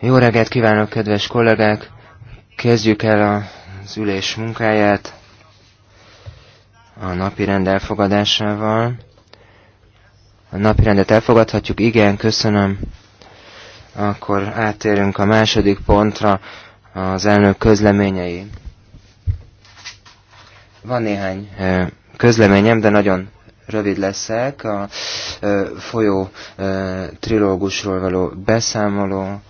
Jó reggelt kívánok, kedves kollégák! Kezdjük el az ülés munkáját a napi rend elfogadásával. A napi rendet elfogadhatjuk, igen, köszönöm. Akkor átérünk a második pontra, az elnök közleményei. Van néhány eh, közleményem, de nagyon rövid leszek. A folyó trilógusról való beszámoló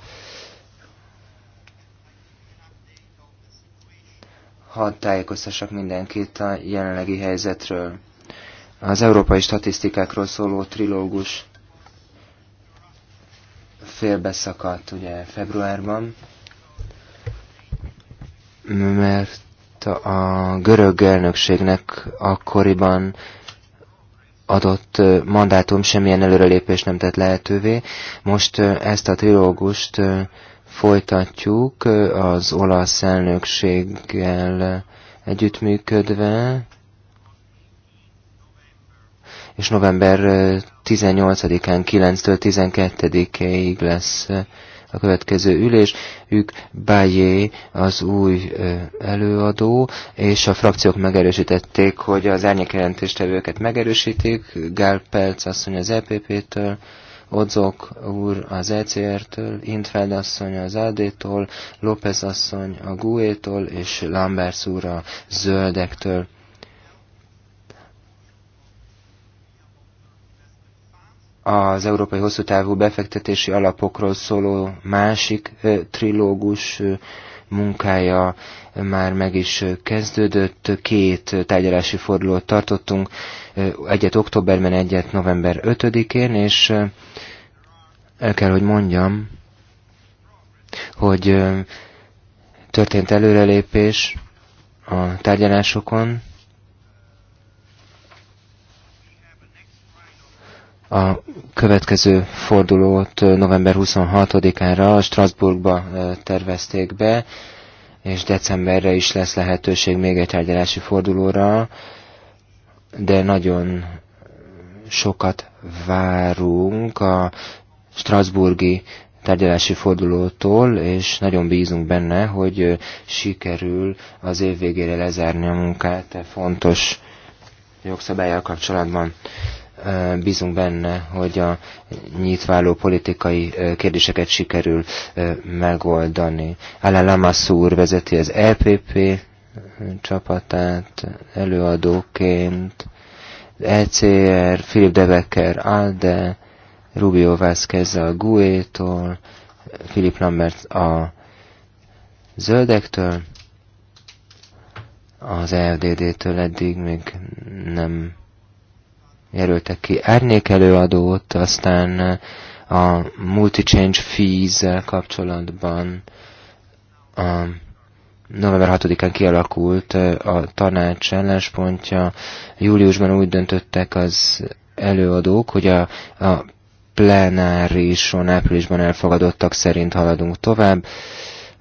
hadd tájékoztassak mindenkit a jelenlegi helyzetről. Az európai statisztikákról szóló trilógus félbeszakadt ugye februárban, mert a görög elnökségnek akkoriban adott mandátum semmilyen előrelépést nem tett lehetővé. Most ezt a trilógust folytatjuk az olasz elnökséggel együttműködve, és november 18-án 9-től 12-ig lesz a következő ülésük, Bájé az új előadó, és a frakciók megerősítették, hogy az árnyékjelentéstevőket megerősítik, Gál Pelc asszony az EPP-től, Odzok úr az ECR-től, Intfeld asszony az AD-tól, López asszony a GUE-tól, és Lambers úr a Zöldektől. az Európai Hosszú Távú Befektetési Alapokról szóló másik trilógus munkája már meg is kezdődött. Két tárgyalási fordulót tartottunk, egyet októberben, egyet november 5-én, és el kell, hogy mondjam, hogy történt előrelépés a tárgyalásokon, A következő fordulót november 26-ára a Strasbourgba tervezték be, és decemberre is lesz lehetőség még egy tárgyalási fordulóra, de nagyon sokat várunk a Strasburgi tárgyalási fordulótól, és nagyon bízunk benne, hogy sikerül az év végére lezárni a munkát e fontos jogszabályjal kapcsolatban. Bízunk benne, hogy a nyitváló politikai kérdéseket sikerül megoldani. Alain úr vezeti az EPP csapatát előadóként, ECR, Philip Debecker, Alde, Rubio Vázquez a GUE-tól, Philip Lambert a zöldektől, az FDD-től e eddig még nem jelöltek ki árnyékelőadót, aztán eh, a multi-change fees kapcsolatban a november 6-án kialakult eh, a tanács ellenspontja. Júliusban úgy döntöttek az előadók, hogy a, a plenárison áprilisban elfogadottak szerint haladunk tovább,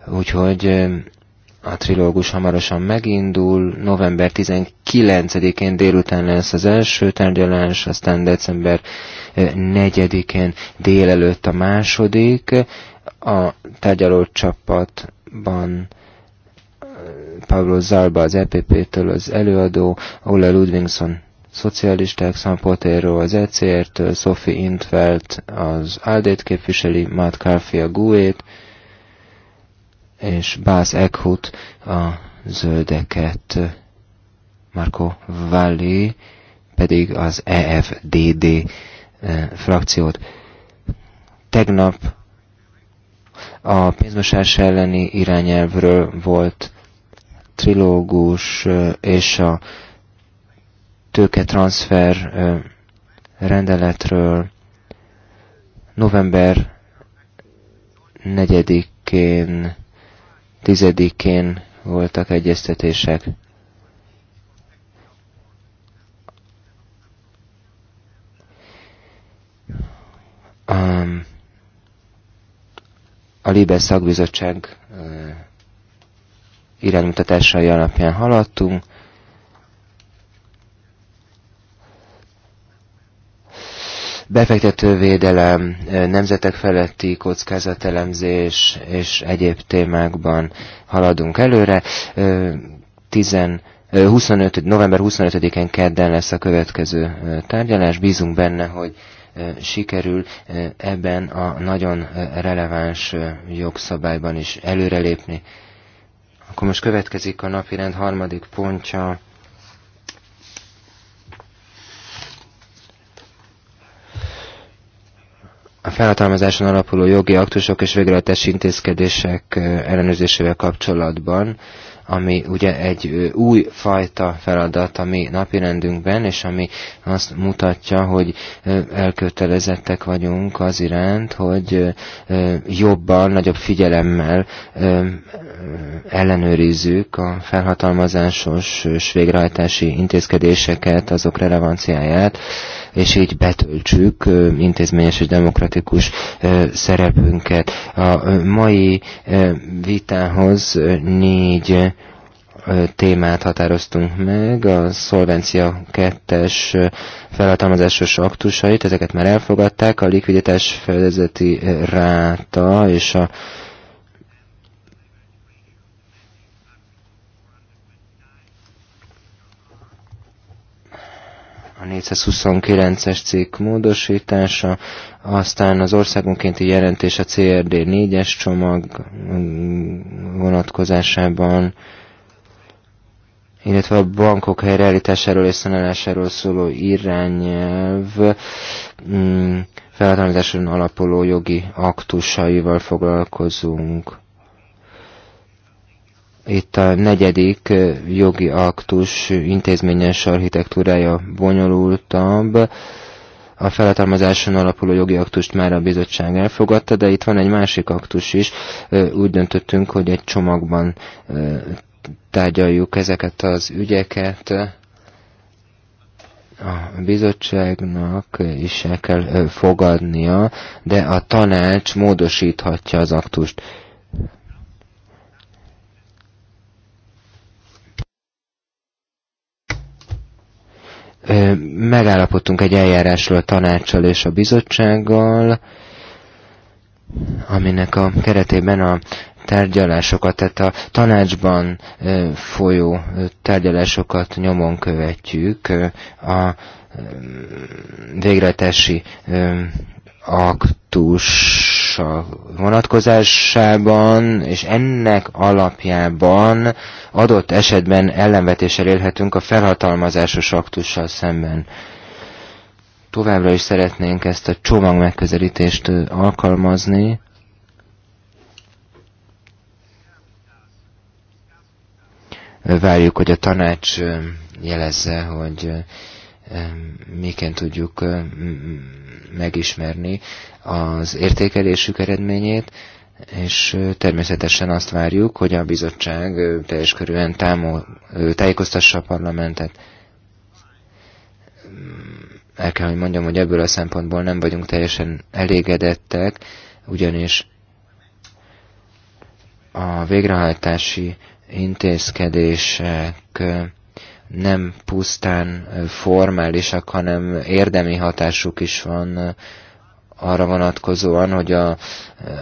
úgyhogy eh, a trilógus hamarosan megindul, november 19-én délután lesz az első tárgyalás, aztán december 4-én eh, délelőtt a második. A tárgyaló csapatban eh, Pablo Zalba az EPP-től az előadó, Ola Ludvingson szocialisták, San Potero az ECR-től, Sophie Intveld az Aldét képviseli, Matt Carfi a GUE-t, és Báz Ekhut a zöldeket, Marco Valli pedig az EFDD eh, frakciót. Tegnap a pénzmosás elleni irányelvről volt trilógus eh, és a tőketranszfer eh, rendeletről november 4-én Tizedikén voltak egyeztetések. Um, a Libe szakbizottság uh, iránymutatásai alapján haladtunk, befektetővédelem, nemzetek feletti kockázatelemzés és egyéb témákban haladunk előre. 10 25, november 25-én kedden lesz a következő tárgyalás. Bízunk benne, hogy sikerül ebben a nagyon releváns jogszabályban is előrelépni. Akkor most következik a napirend harmadik pontja a felhatalmazáson alapuló jogi aktusok és végrehajtási intézkedések ellenőrzésével kapcsolatban, ami ugye egy új fajta feladat a mi napirendünkben, és ami azt mutatja, hogy elkötelezettek vagyunk az iránt, hogy jobban, nagyobb figyelemmel ellenőrizzük a felhatalmazásos és végrehajtási intézkedéseket, azok relevanciáját, és így betöltsük intézményes és demokratikus szerepünket. A mai vitához négy témát határoztunk meg, a szolvencia 2-es felhatalmazásos aktusait, ezeket már elfogadták, a likviditás fedezeti ráta és a a 429-es cikk módosítása, aztán az országonkénti jelentés a CRD 4-es csomag mm, vonatkozásában, illetve a bankok helyreállításáról és szanálásáról szóló irányelv mm, felhatalmazáson alapuló jogi aktusaival foglalkozunk. Itt a negyedik jogi aktus intézményes architektúrája bonyolultabb. A felhatalmazáson alapuló jogi aktust már a bizottság elfogadta, de itt van egy másik aktus is. Úgy döntöttünk, hogy egy csomagban tárgyaljuk ezeket az ügyeket. A bizottságnak is el kell fogadnia, de a tanács módosíthatja az aktust. megállapodtunk egy eljárásról a tanácssal és a bizottsággal, aminek a keretében a tárgyalásokat, tehát a tanácsban folyó tárgyalásokat nyomon követjük a végretesi aktus megoldása vonatkozásában, és ennek alapjában adott esetben ellenvetéssel élhetünk a felhatalmazásos aktussal szemben. Továbbra is szeretnénk ezt a csomag megközelítést alkalmazni, várjuk, hogy a tanács jelezze, hogy miként tudjuk megismerni az értékelésük eredményét, és természetesen azt várjuk, hogy a bizottság teljes körűen tájékoztassa a parlamentet. El kell, hogy mondjam, hogy ebből a szempontból nem vagyunk teljesen elégedettek, ugyanis a végrehajtási intézkedések nem pusztán formálisak, hanem érdemi hatásuk is van arra vonatkozóan, hogy a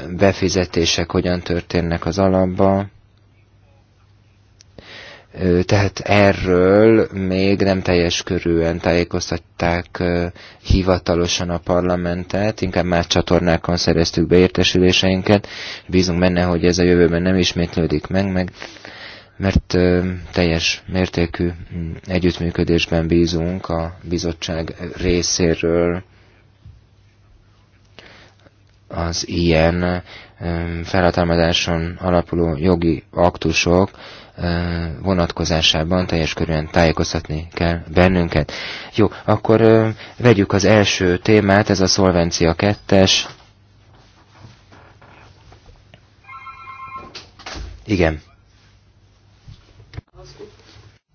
befizetések hogyan történnek az alapba. Tehát erről még nem teljes körűen tájékoztatták hivatalosan a parlamentet, inkább már csatornákon szereztük beértesüléseinket. Bízunk benne, hogy ez a jövőben nem ismétlődik meg, meg mert teljes mértékű együttműködésben bízunk a bizottság részéről az ilyen felhatalmazáson alapuló jogi aktusok vonatkozásában teljes körűen tájékoztatni kell bennünket. Jó, akkor vegyük az első témát, ez a szolvencia kettes. Igen.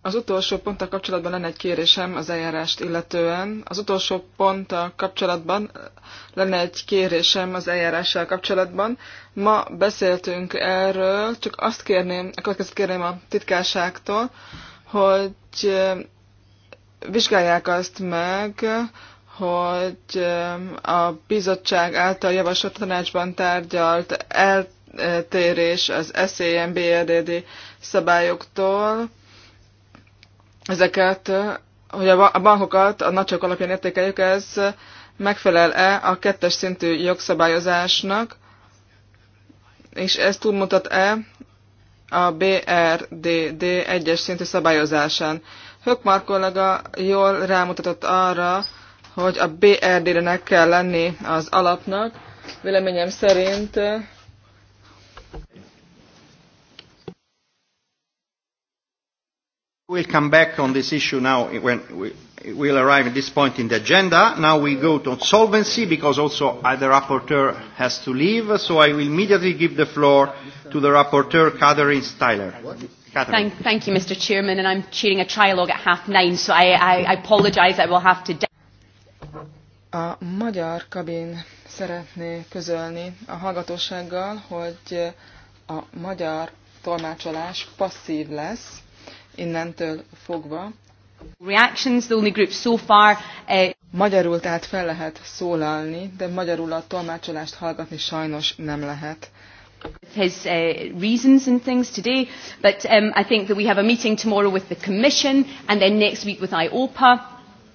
Az utolsó ponttal kapcsolatban lenne egy kérésem az eljárást illetően. Az utolsó ponttal kapcsolatban lenne egy kérésem az eljárással kapcsolatban. Ma beszéltünk erről, csak azt kérném, a következőt kérném a titkárságtól, hogy vizsgálják azt meg, hogy a bizottság által javasolt tanácsban tárgyalt eltérés az szm szabályoktól, ezeket, hogy a bankokat a nagycsok alapján értékeljük, ez megfelel-e a kettes szintű jogszabályozásnak, és ez túlmutat-e a BRDD egyes szintű szabályozásán. Hökmar kollega jól rámutatott arra, hogy a BRD-nek kell lenni az alapnak. Véleményem szerint We'll come back on this issue now when we will arrive at this point in the agenda. Now we go to solvency because also the rapporteur has to leave. So I will immediately give the floor to the rapporteur, Catherine Styler. Thank, thank you, Mr. Chairman, and I'm chairing a trialogue at half nine, so I, I, I apologize. I will have to. A magyar kabin szeretné közölni a hallgatósággal, hogy a magyar tolmácsolás passzív lesz innentől fogva. Reactions, the only group so far, eh... Magyarul tehát fel lehet szólalni, de magyarul a tolmácsolást hallgatni sajnos nem lehet his uh, reasons and things today, but um, I think that we have a meeting tomorrow with the Commission and then next week with IOPA.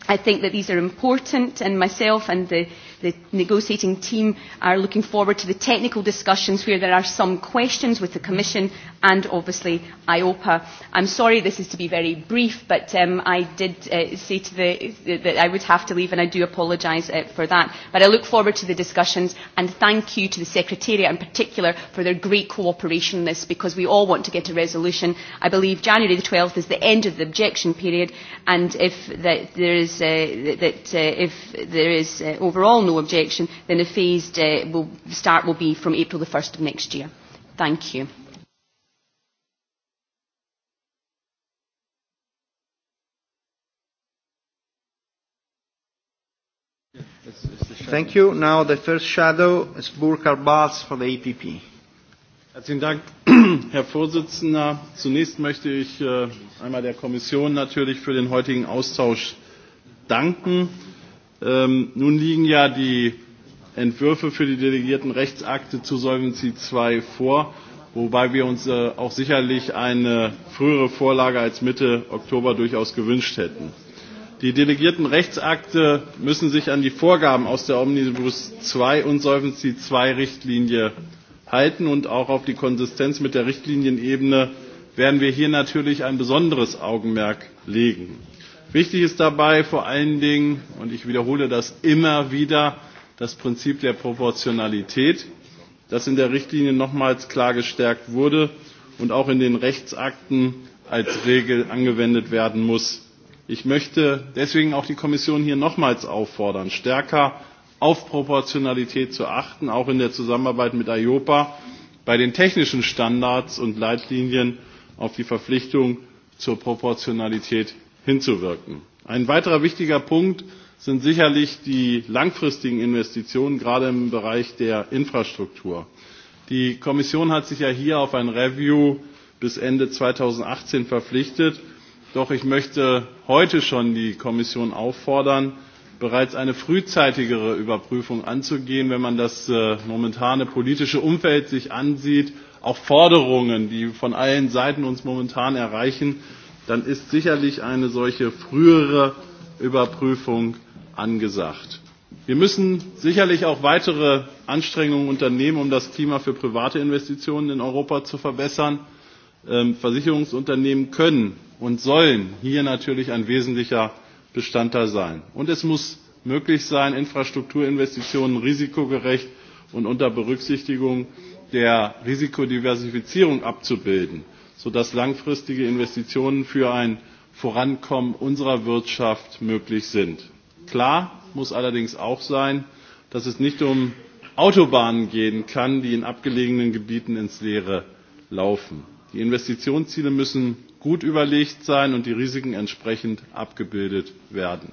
I think that these are important and myself and the, the negotiating team are looking forward to the technical discussions where there are some questions with the Commission and obviously IOPA. I'm sorry this is to be very brief, but um, I did uh, say to the, that I would have to leave, and I do apologise uh, for that. But I look forward to the discussions, and thank you to the Secretariat in particular for their great cooperation on this, because we all want to get a resolution. I believe January the 12th is the end of the objection period, and if that there is, uh, that, uh, if there is uh, overall no objection, then the phased uh, will start will be from April the 1st of next year. Thank you. Thank you. Now the first shadow is Burkhard Balz for the EPP. Herzlichen Dank, Herr Vorsitzender. Zunächst möchte ich äh, einmal der Kommission natürlich für den heutigen Austausch danken. Ähm, nun liegen ja die Entwürfe für die delegierten Rechtsakte zu Solvency II vor, wobei wir uns äh, auch sicherlich eine frühere Vorlage als Mitte Oktober durchaus gewünscht hätten. Die delegierten Rechtsakte müssen sich an die Vorgaben aus der Omnibus II und Solvency II Richtlinie halten und auch auf die Konsistenz mit der Richtlinienebene werden wir hier natürlich ein besonderes Augenmerk legen. Wichtig ist dabei vor allen Dingen, und ich wiederhole das immer wieder, das Prinzip der Proportionalität, das in der Richtlinie nochmals klar gestärkt wurde und auch in den Rechtsakten als Regel angewendet werden muss. Ich möchte deswegen auch die Kommission hier nochmals auffordern, stärker auf Proportionalität zu achten, auch in der Zusammenarbeit mit IOPA bei den technischen Standards und Leitlinien auf die Verpflichtung zur Proportionalität hinzuwirken. Ein weiterer wichtiger Punkt sind sicherlich die langfristigen Investitionen, gerade im Bereich der Infrastruktur. Die Kommission hat sich ja hier auf ein Review bis Ende 2018 verpflichtet Doch ich möchte heute schon die Kommission auffordern, bereits eine frühzeitigere Überprüfung anzugehen, wenn man das äh, momentane politische Umfeld sich ansieht, auch Forderungen, die von allen Seiten uns momentan erreichen, dann ist sicherlich eine solche frühere Überprüfung angesagt. Wir müssen sicherlich auch weitere Anstrengungen unternehmen, um das Klima für private Investitionen in Europa zu verbessern. Ähm, Versicherungsunternehmen können und sollen hier natürlich ein wesentlicher Bestandteil sein. Und es muss möglich sein, Infrastrukturinvestitionen risikogerecht und unter Berücksichtigung der Risikodiversifizierung abzubilden, sodass langfristige Investitionen für ein Vorankommen unserer Wirtschaft möglich sind. Klar muss allerdings auch sein, dass es nicht um Autobahnen gehen kann, die in abgelegenen Gebieten ins Leere laufen. Die Investitionsziele müssen gut überlegt sein und die Risiken entsprechend abgebildet werden.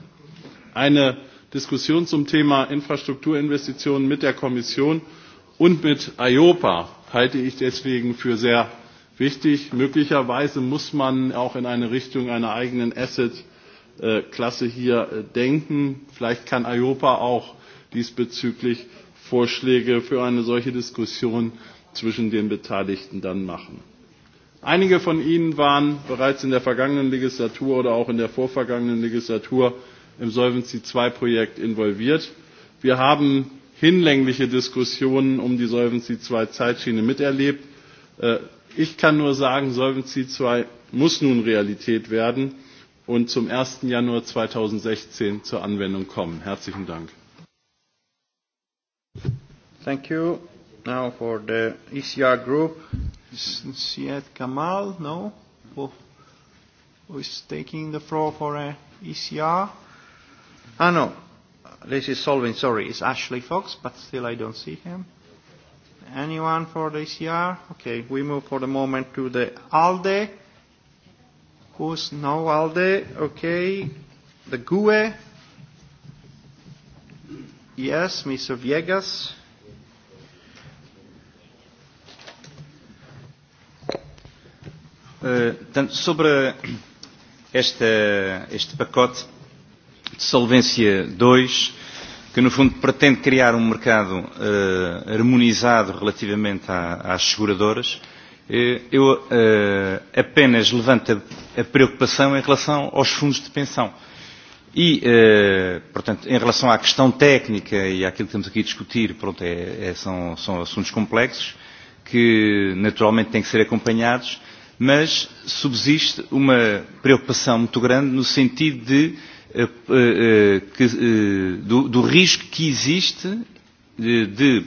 Eine Diskussion zum Thema Infrastrukturinvestitionen mit der Kommission und mit IOPA halte ich deswegen für sehr wichtig. Möglicherweise muss man auch in eine Richtung einer eigenen Asset-Klasse hier äh, denken. Vielleicht kann IOPA auch diesbezüglich Vorschläge für eine solche Diskussion zwischen den Beteiligten dann machen. Einige von Ihnen waren bereits in der vergangenen Legislatur oder auch in der vorvergangenen Legislatur im Solvency II-Projekt involviert. Wir haben hinlängliche Diskussionen um die Solvency II-Zeitschiene miterlebt. Äh, ich kann nur sagen, Solvency II muss nun Realität werden und zum 1. Januar 2016 zur Anwendung kommen. Herzlichen Dank. Thank you now for the ECR group. Syed Kamal, no? Who, who is taking the floor for uh, ECR? Ah, no. This is Solvin, sorry. It's Ashley Fox, but still I don't see him. Anyone for the ECR? Okay, we move for the moment to the ALDE. Who's no ALDE? Okay. The GUE? Yes, Mr. Viegas. Portanto, eh, sobre esta, este pacote de Solvência 2, que no fundo pretende criar um mercado uh, harmonizado relativamente à, às seguradoras, uh, eu uh, apenas levanto a, a preocupação em relação aos fundos de pensão. E, uh, portanto, em relação à questão técnica e àquilo que estamos aqui a discutir, pronto, é, é, são, são assuntos complexos que naturalmente têm que ser acompanhados, mas subsiste uma preocupação muito grande no sentido de, eh, eh, eh, do, do risco que existe de, de,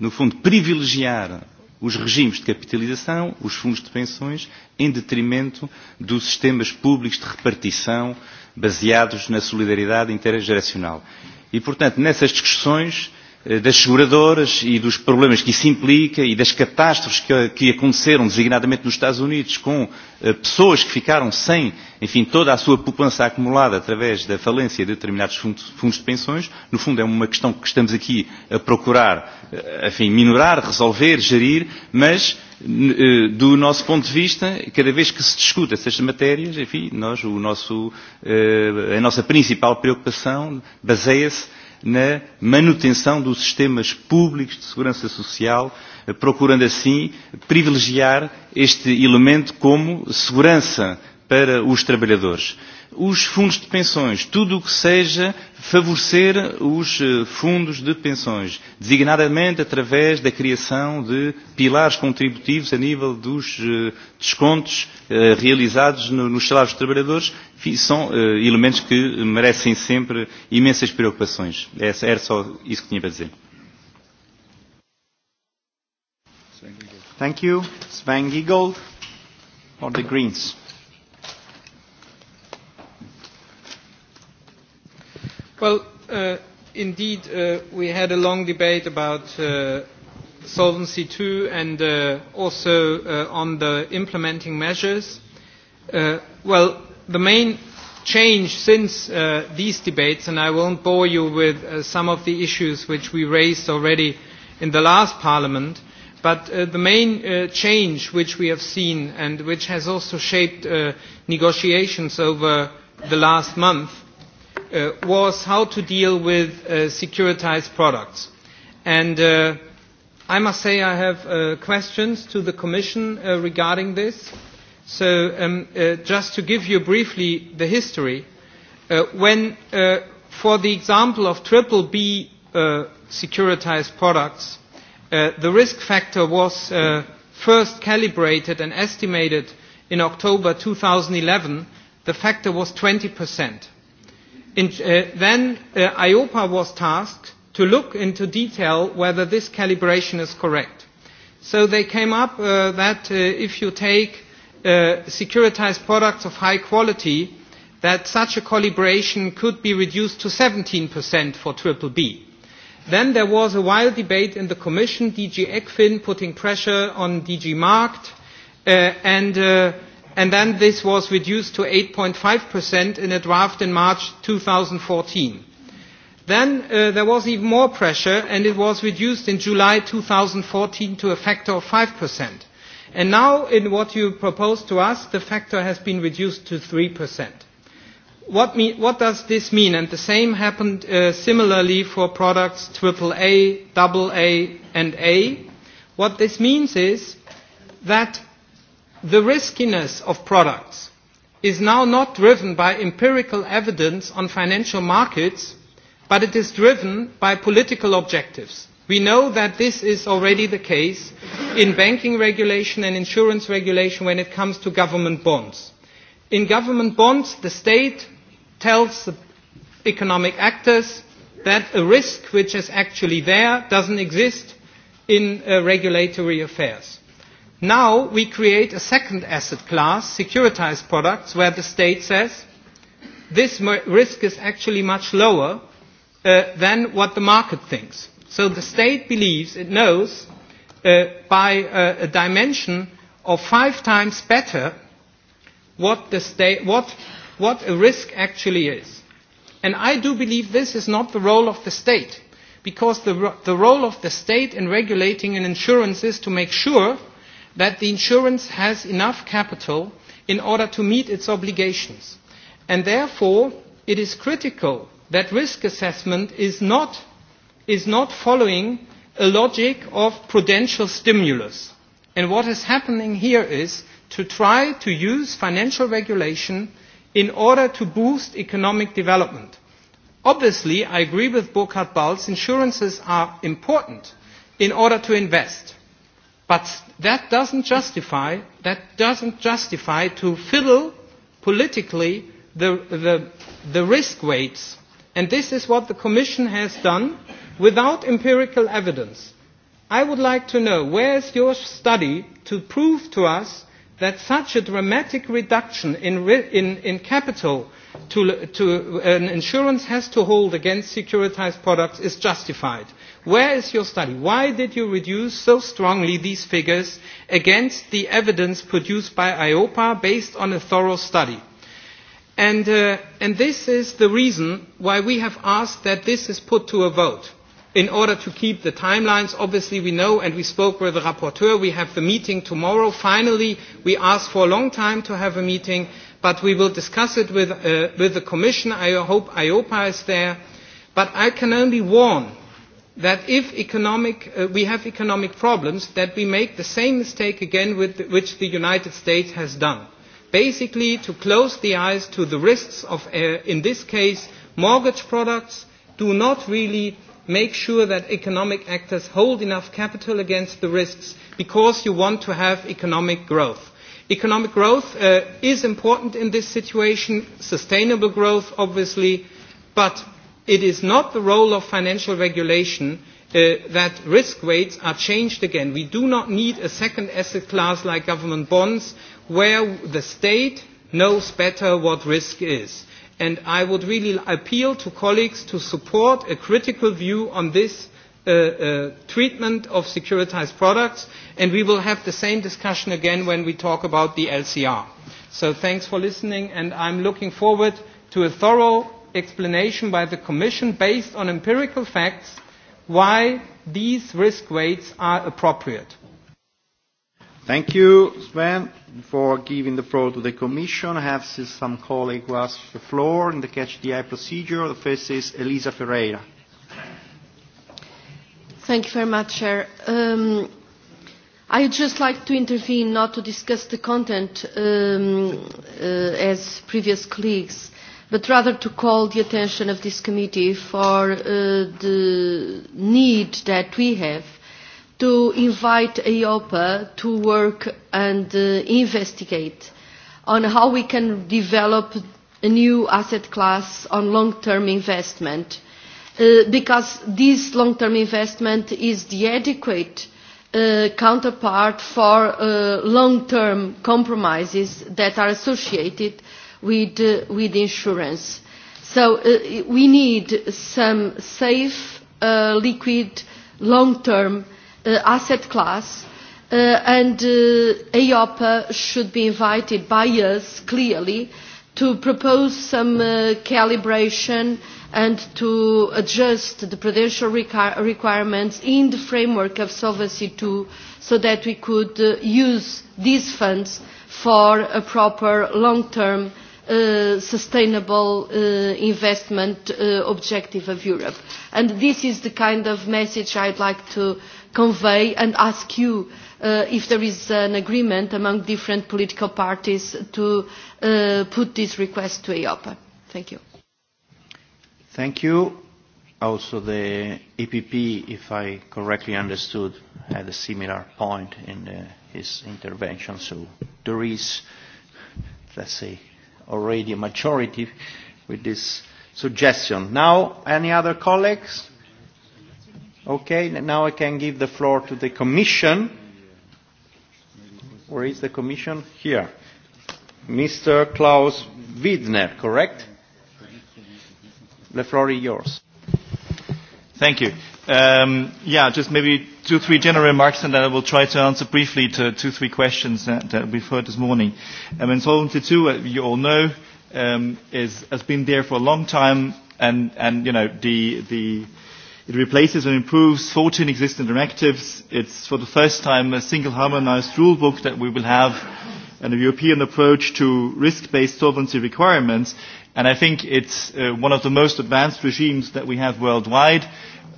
no fundo, privilegiar os regimes de capitalização, os fundos de pensões, em detrimento dos sistemas públicos de repartição baseados na solidariedade intergeracional. E, portanto, nessas discussões, Eh, das seguradoras e dos problemas que isso implica e das catástrofes que, que aconteceram designadamente nos Estados Unidos com eh, pessoas que ficaram sem, enfim, toda a sua poupança acumulada através da falência de determinados fundos, fundos de pensões, no fundo é uma questão que estamos aqui a procurar, eh, enfim, minorar, resolver, gerir, mas eh, do nosso ponto de vista, cada vez que se discute essas matérias, enfim, nós, o nosso, eh, a nossa principal preocupação baseia-se na manutenção dos sistemas públicos de segurança social, eh, procurando assim privilegiar este elemento como segurança para os trabalhadores os fundos de pensões, tudo o que seja favorecer os eh, fundos de pensões, designadamente através da criação de pilares contributivos a nível dos eh, descontos eh, realizados nos salários dos trabalhadores, são elementos que merecem sempre imensas preocupações. Era só isso que tinha para dizer. Thank you. Sven Giegold for the Greens. Well, uh, indeed, uh, we had a long debate about uh, Solvency II and uh, also uh, on the implementing measures. Uh, well, the main change since uh, these debates, and I won't bore you with uh, some of the issues which we raised already in the last Parliament, but uh, the main uh, change which we have seen and which has also shaped uh, negotiations over the last month uh, was how to deal with uh, securitized products. And uh, I must say I have uh, questions to the Commission uh, regarding this. So um, uh, just to give you briefly the history, uh, when uh, for the example of triple B uh, securitized products, uh, the risk factor was uh, first calibrated and estimated in October 2011, the factor was 20 percent. In, uh, then uh, IOPA was tasked to look into detail whether this calibration is correct. So they came up uh, that uh, if you take uh, securitized products of high quality, that such a calibration could be reduced to 17% for triple B. Then there was a wild debate in the Commission, DG ECFIN putting pressure on DG Markt, uh, and uh, and then this was reduced to 8.5% in a draft in March 2014. Then uh, there was even more pressure, and it was reduced in July 2014 to a factor of 5%. And now, in what you propose to us, the factor has been reduced to 3%. What, me, what does this mean? And the same happened uh, similarly for products AAA, AA, and A. What this means is that the riskiness of products is now not driven by empirical evidence on financial markets, but it is driven by political objectives. We know that this is already the case in banking regulation and insurance regulation when it comes to government bonds. In government bonds, the state tells the economic actors that a risk which is actually there doesn't exist in uh, regulatory affairs. Now we create a second asset class, securitized products, where the state says this risk is actually much lower uh, than what the market thinks. So the state believes it knows uh, by uh, a dimension of five times better what, the state, what, what a risk actually is. And I do believe this is not the role of the state, because the, the role of the state in regulating an insurance is to make sure that the insurance has enough capital in order to meet its obligations. And therefore, it is critical that risk assessment is not, is not following a logic of prudential stimulus. And what is happening here is to try to use financial regulation in order to boost economic development. Obviously, I agree with Burkhard Balz, insurances are important in order to invest. But that doesn't justify, that doesn't justify to fiddle politically the, the, the risk weights. And this is what the Commission has done without empirical evidence. I would like to know where is your study to prove to us that such a dramatic reduction in, in, in capital to, to, an insurance has to hold against securitized products is justified? Where is your study? Why did you reduce so strongly these figures against the evidence produced by IOPA based on a thorough study? And, uh, and this is the reason why we have asked that this is put to a vote in order to keep the timelines. Obviously, we know, and we spoke with the rapporteur, we have the meeting tomorrow. Finally, we asked for a long time to have a meeting, but we will discuss it with, uh, with the Commission. I hope IOPA is there. But I can only warn that if economic, uh, we have economic problems, that we make the same mistake again with the, which the United States has done. Basically, to close the eyes to the risks of, uh, in this case, mortgage products, do not really make sure that economic actors hold enough capital against the risks because you want to have economic growth. Economic growth uh, is important in this situation, sustainable growth, obviously, but it is not the role of financial regulation uh, that risk weights are changed again. We do not need a second asset class like government bonds where the state knows better what risk is. And I would really appeal to colleagues to support a critical view on this uh, uh, treatment of securitized products, and we will have the same discussion again when we talk about the LCR. So thanks for listening, and I'm looking forward to a thorough explanation by the Commission based on empirical facts why these risk weights are appropriate. Thank you, Sven. for giving the floor to the Commission, I have some colleague who asked the floor in the Catch the Eye procedure. The first is Elisa Ferreira. Thank you very much, Chair. Um, I would just like to intervene not to discuss the content um, uh, as previous colleagues but rather to call the attention of this committee for uh, the need that we have to invite EIOPA to work and uh, investigate on how we can develop a new asset class on long-term investment uh, because this long-term investment is the adequate uh, counterpart for uh, long-term compromises that are associated with, uh, with insurance. So uh, we need some safe, uh, liquid, long-term uh, asset class uh, and uh, AOPA should be invited by us clearly to propose some uh, calibration and to adjust the prudential requir requirements in the framework of Solvency II so that we could uh, use these funds for a proper long-term Uh, sustainable uh, investment uh, objective of Europe. And this is the kind of message I'd like to convey and ask you uh, if there is an agreement among different political parties to uh, put this request to EOPA. Thank you. Thank you. Also, the EPP, if I correctly understood, had a similar point in uh, his intervention. So there is, let's say, already a majority with this suggestion. Now, any other colleagues? Okay, now I can give the floor to the Commission. Where is the Commission? Here. Mr. Klaus Widner, correct? The floor is yours. Thank you. Um, yeah, just maybe two, or three general remarks, and then I will try to answer briefly to two, or three questions that, that we've heard this morning. Um, I and Solvency II, uh, you all know, um, is, has been there for a long time, and, and you know, the, the, it replaces and improves 14 existing directives. It's for the first time a single harmonized rule book that we will have and a European approach to risk-based solvency requirements. And I think it's uh, one of the most advanced regimes that we have worldwide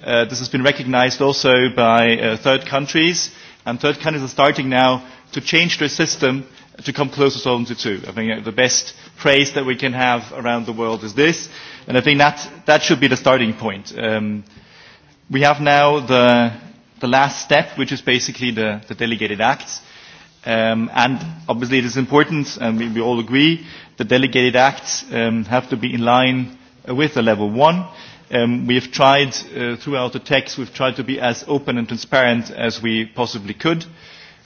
Uh, this has been recognized also by uh, third countries, and third countries are starting now to change their system to come closer to Solvency II. I think uh, the best praise that we can have around the world is this, and I think that, that should be the starting point. Um, we have now the, the last step, which is basically the, the delegated acts. Um, and obviously it is important, and we, we all agree, the delegated acts um, have to be in line with the level one Um, we have tried, uh, throughout the text, we've tried to be as open and transparent as we possibly could.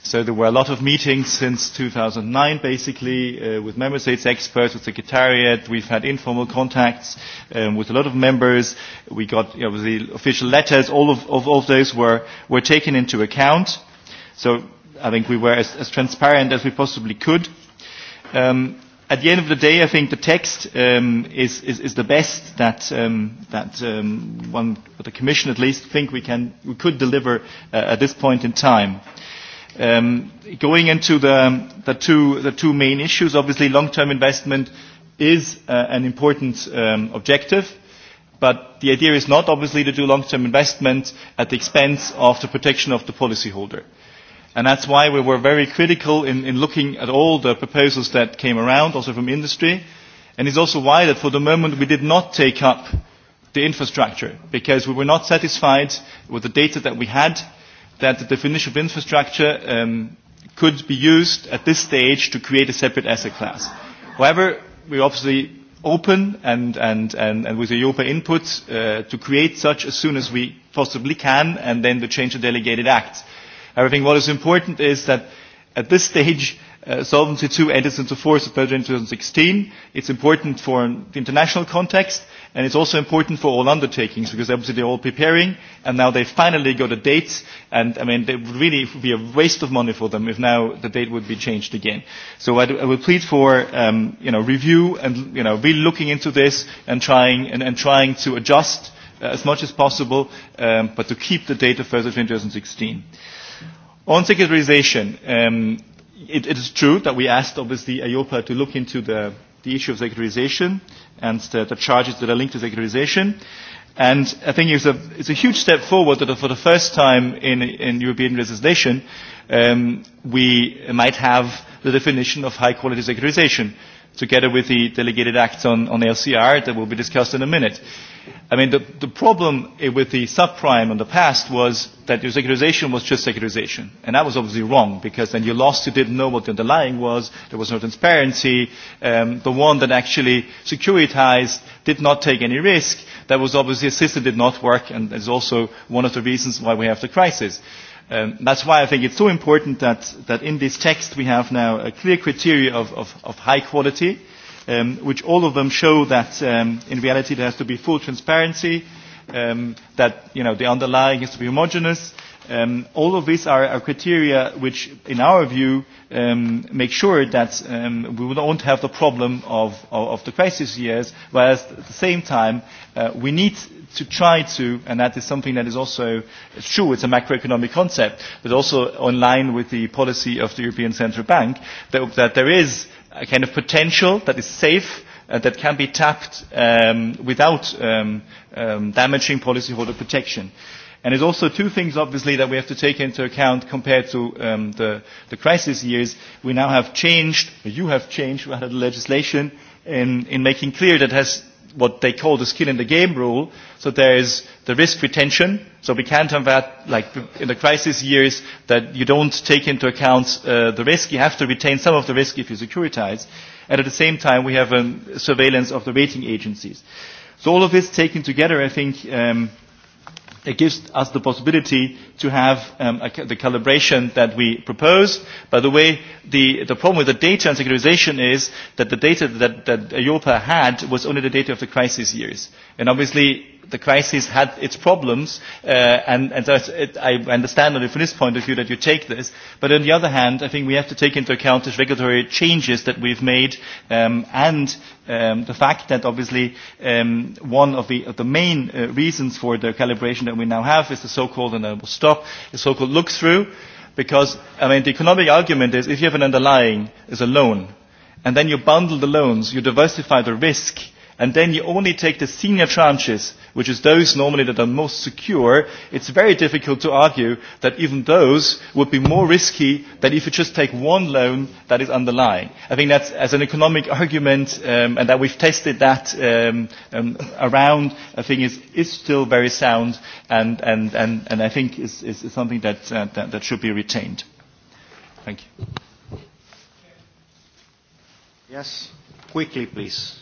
So there were a lot of meetings since 2009, basically, uh, with member states experts, with secretariat. We've had informal contacts um, with a lot of members. We got you know, the official letters. All of, of, of those were, were taken into account. So I think we were as, as transparent as we possibly could. Um, at the end of the day, I think the text um, is, is, is the best that, um, that um, one, the Commission at least, think we, can, we could deliver uh, at this point in time. Um, going into the, the, two, the two main issues, obviously long-term investment is uh, an important um, objective, but the idea is not obviously to do long-term investment at the expense of the protection of the policyholder. Uh, And that's why we were very critical in, in looking at all the proposals that came around, also from industry. And it's also why that for the moment we did not take up the infrastructure, because we were not satisfied with the data that we had, that the definition of infrastructure um, could be used at this stage to create a separate asset class. However, we're obviously open and, and, and, and with the Europa input uh, to create such as soon as we possibly can, and then to change the delegated acts everything. what is important is that at this stage, uh, Solvency II enters into force in 2016. It's important for the international context, and it's also important for all undertakings because obviously they're all preparing, and now they finally got a date. And I mean, it would really be a waste of money for them if now the date would be changed again. So I, do, I would plead for um, you know review and you know really looking into this and trying and, and trying to adjust uh, as much as possible, um, but to keep the date of 1 2016. On secularization, um, it, it is true that we asked, obviously, IOPA to look into the, the issue of secularization and the, the charges that are linked to secularization. And I think it's a, it's a huge step forward that for the first time in, in European legislation, um, we might have the definition of high-quality securitization together with the delegated acts on, on LCR that will be discussed in a minute. I mean, the, the problem with the subprime in the past was that your securitization was just securitization. And that was obviously wrong because then you lost, you didn't know what the underlying was, there was no transparency. Um, the one that actually securitized did not take any risk. That was obviously a system that did not work and is also one of the reasons why we have the crisis. Um, that's why I think it's so important that, that in this text we have now a clear criteria of, of, of high quality, um, which all of them show that um, in reality there has to be full transparency, um, that you know, the underlying has to be homogeneous. Um, all of these are, are criteria which, in our view, um, make sure that um, we won't have the problem of, of, of the crisis years, whereas at the same time uh, we need to try to, and that is something that is also it's true, it's a macroeconomic concept, but also in line with the policy of the European Central Bank, that, that there is a kind of potential that is safe uh, that can be tapped um, without um, um, damaging policyholder protection. And there's also two things, obviously, that we have to take into account compared to um, the, the crisis years. We now have changed, or you have changed, rather, the legislation in, in making clear that has what they call the skill in the game rule. So there is the risk retention. So we can't have that, like in the crisis years, that you don't take into account uh, the risk. You have to retain some of the risk if you securitize. And at the same time, we have a um, surveillance of the rating agencies. So all of this taken together, I think, um, it gives us the possibility to have um, a, the calibration that we propose. By the way, the, the problem with the data and securitization is that the data that, that Europa had was only the data of the crisis years. And obviously, the crisis had its problems, uh, and, and so it, I understand that from this point of view that you take this. But on the other hand, I think we have to take into account the regulatory changes that we've made um, and um, the fact that obviously um, one of the, of the main uh, reasons for the calibration that we now have is the so-called, and I will stop, the so-called look-through, because I mean, the economic argument is if you have an underlying, is a loan, and then you bundle the loans, you diversify the risk, and then you only take the senior tranches, which is those normally that are most secure, it's very difficult to argue that even those would be more risky than if you just take one loan that is underlying. I think that's as an economic argument, um, and that we've tested that um, um, around, I think is, is still very sound, and, and, and, and I think is, is, is something that, uh, that, that should be retained. Thank you. Yes, quickly, please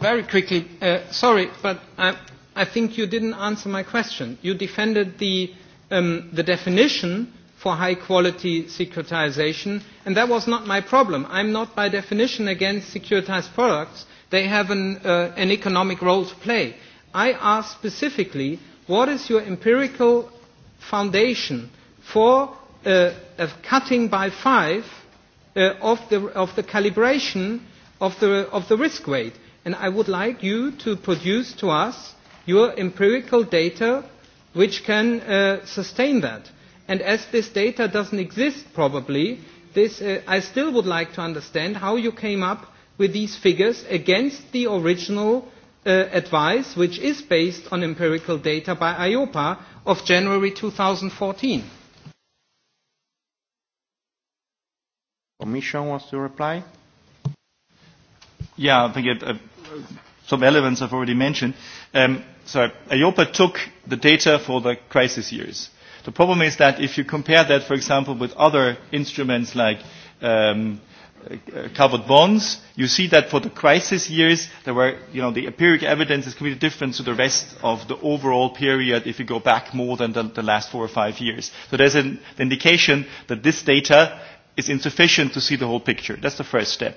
very quickly, uh, sorry, but I, I think you didn't answer my question. You defended the, um, the definition for high quality securitization, and that was not my problem. I'm not by definition against securitized products. They have an, uh, an economic role to play. I asked specifically, what is your empirical foundation for uh, a cutting by five uh, of, the, of the calibration of the, of the risk weight? and I would like you to produce to us your empirical data which can uh, sustain that. And as this data doesn't exist probably, this, uh, I still would like to understand how you came up with these figures against the original uh, advice, which is based on empirical data by IOPA of January 2014. Commission wants to reply? Yeah, I think it, uh, some elements I've already mentioned. Um, so EIOPA took the data for the crisis years. The problem is that if you compare that, for example, with other instruments like um, uh, covered bonds, you see that for the crisis years, there were, you know, the empiric evidence is completely different to the rest of the overall period if you go back more than the, the last four or five years. So there's an indication that this data is insufficient to see the whole picture. That's the first step.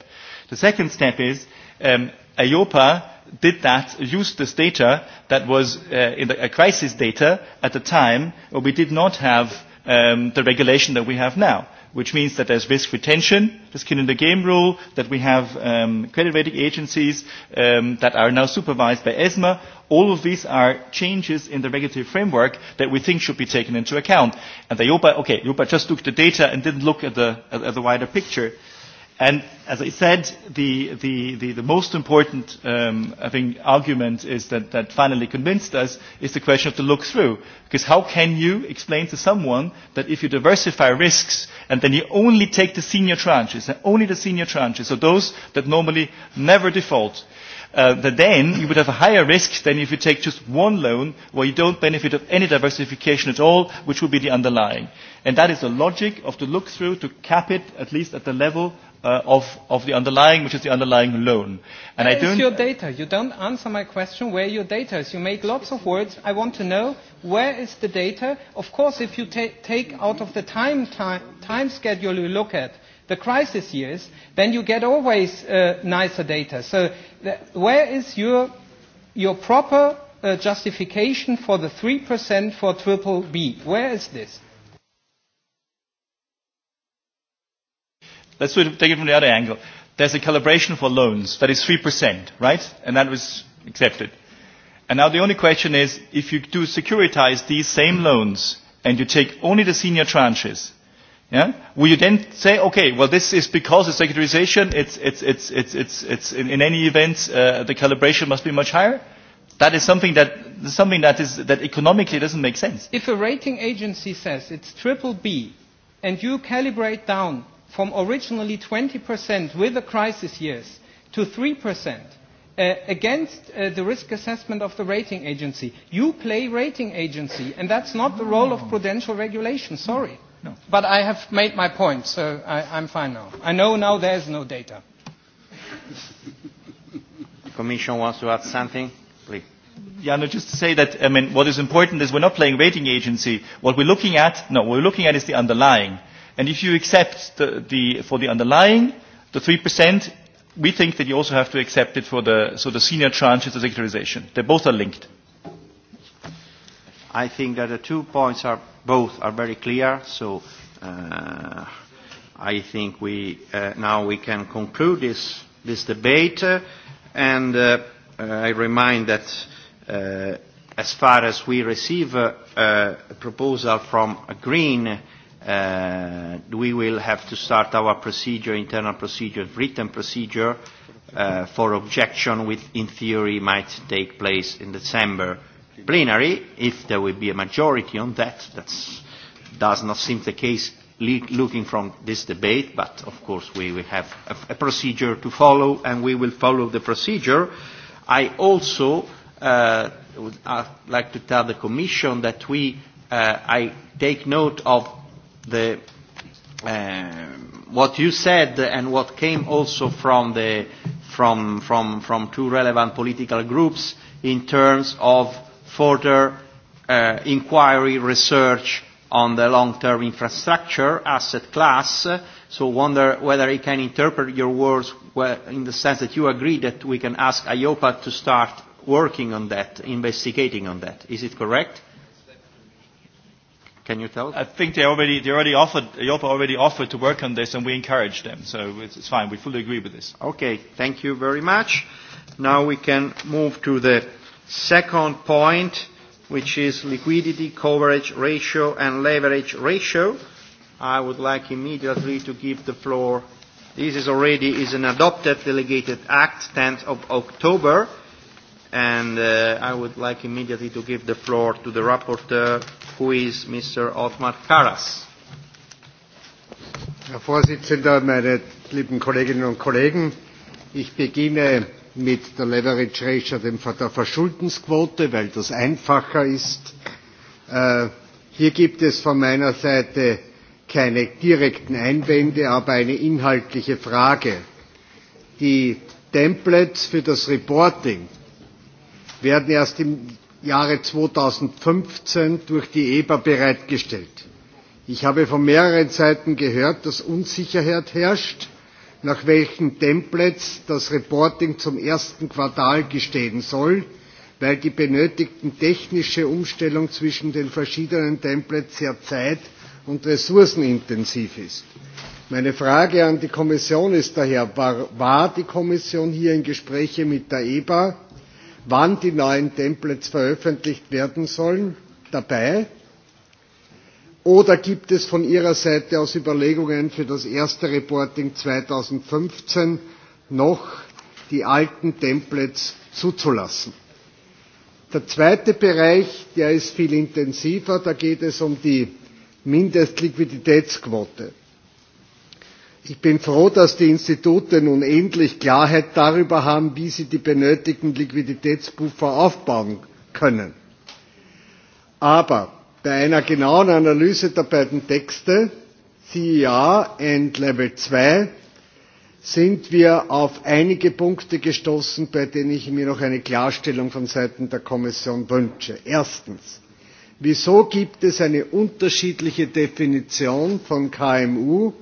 The second step is um, EIOPA did that, used this data that was uh, in the, a crisis data at the time, but we did not have um, the regulation that we have now, which means that there's risk retention, the skin in the game rule, that we have um, credit rating agencies um, that are now supervised by ESMA. All of these are changes in the regulatory framework that we think should be taken into account. And the EIOPA, okay, EIOPA just took the data and didn't look at the, at, at the wider picture. And as I said, the, the, the, the most important, um, I think, argument is that, that finally convinced us is the question of the look-through. Because how can you explain to someone that if you diversify risks and then you only take the senior tranches, and only the senior tranches, so those that normally never default, uh, that then you would have a higher risk than if you take just one loan where you don't benefit of any diversification at all, which would be the underlying. And that is the logic of the look-through to cap it at least at the level uh, of, of the underlying, which is the underlying loan. And where I don't is your data? You don't answer my question where your data is. You make lots of words. I want to know where is the data. Of course, if you ta take out of the time, time, time schedule you look at, the crisis years, then you get always uh, nicer data. So the, where is your, your proper uh, justification for the 3% for triple B? Where is this? Let's sort of take it from the other angle. There's a calibration for loans that is 3%, right? And that was accepted. And now the only question is, if you do securitize these same loans and you take only the senior tranches, yeah, will you then say, okay, well this is because of securitization, it's, it's, it's, it's, it's, it's in, in any event, uh, the calibration must be much higher? That is something that, something that, is, that economically doesn't make sense. If a rating agency says it's triple B and you calibrate down from originally 20% with the crisis years to 3% uh, against uh, the risk assessment of the rating agency. You play rating agency, and that's not the role of prudential regulation, sorry. No. But I have made my point, so I, I'm fine now. I know now there's no data. the Commission wants to add something? Please. Yeah, no, just to say that, I mean, what is important is we're not playing rating agency. What we're looking at, no, what we're looking at is the underlying And if you accept the, the, for the underlying, the 3%, we think that you also have to accept it for the, so the senior tranche is the securitization. They both are linked. I think that the two points are both are very clear. So uh, I think we uh, now we can conclude this this debate, uh, and uh, uh I remind that uh, as far as we receive a, uh, a proposal from a Green uh, we will have to start our procedure, internal procedure, written procedure uh, for objection, which in theory might take place in December plenary, if there will be a majority on that. That does not seem the case looking from this debate, but of course we will have a, a procedure to follow and we will follow the procedure. I also uh, would uh, like to tell the Commission that we, uh, I take note of the, uh, what you said and what came also from, the, from, from, from two relevant political groups in terms of further uh, inquiry, research on the long-term infrastructure asset class. So wonder whether I can interpret your words in the sense that you agree that we can ask IOPA to start working on that, investigating on that. Is it correct? Can you tell? I think they already, they already offered, IOPA already offered to work on this and we encourage them. So it's, it's fine. We fully agree with this. Okay. Thank you very much. Now we can move to the second point, which is liquidity coverage ratio and leverage ratio. I would like immediately to give the floor. This is already is an adopted delegated act, 10th of October and uh, I would like immediately to give the floor to the rapporteur, who is Mr. Othmar Karas. Herr Vorsitzender, meine lieben Kolleginnen und Kollegen, ich beginne mit der Leverage Ratio, dem, der Verschuldensquote, weil das einfacher ist. Äh, hier gibt es von meiner Seite keine direkten Einwände, aber eine inhaltliche Frage. Die Templates für das Reporting werden erst im jahre zweitausendfünfzehn durch die eba bereitgestellt. ich habe von mehreren seiten gehört dass unsicherheit herrscht nach welchen templates das reporting zum ersten quartal geschehen soll weil die benötigte technische umstellung zwischen den verschiedenen templates sehr zeit und ressourcenintensiv ist. meine frage an die kommission ist daher war die kommission hier in gesprächen mit der eba wann die neuen Templates veröffentlicht werden sollen dabei? Oder gibt es von Ihrer Seite aus Überlegungen für das erste Reporting 2015 noch die alten Templates zuzulassen? Der zweite Bereich, der ist viel intensiver, da geht es um die Mindestliquiditätsquote ich bin froh dass die institute nun endlich klarheit darüber haben wie sie die benötigten liquiditätspuffer aufbauen können. aber bei einer genauen analyse der beiden texte cer und level zwei sind wir auf einige punkte gestoßen bei denen ich mir noch eine klarstellung von seiten der kommission wünsche. erstens wieso gibt es eine unterschiedliche definition von kmu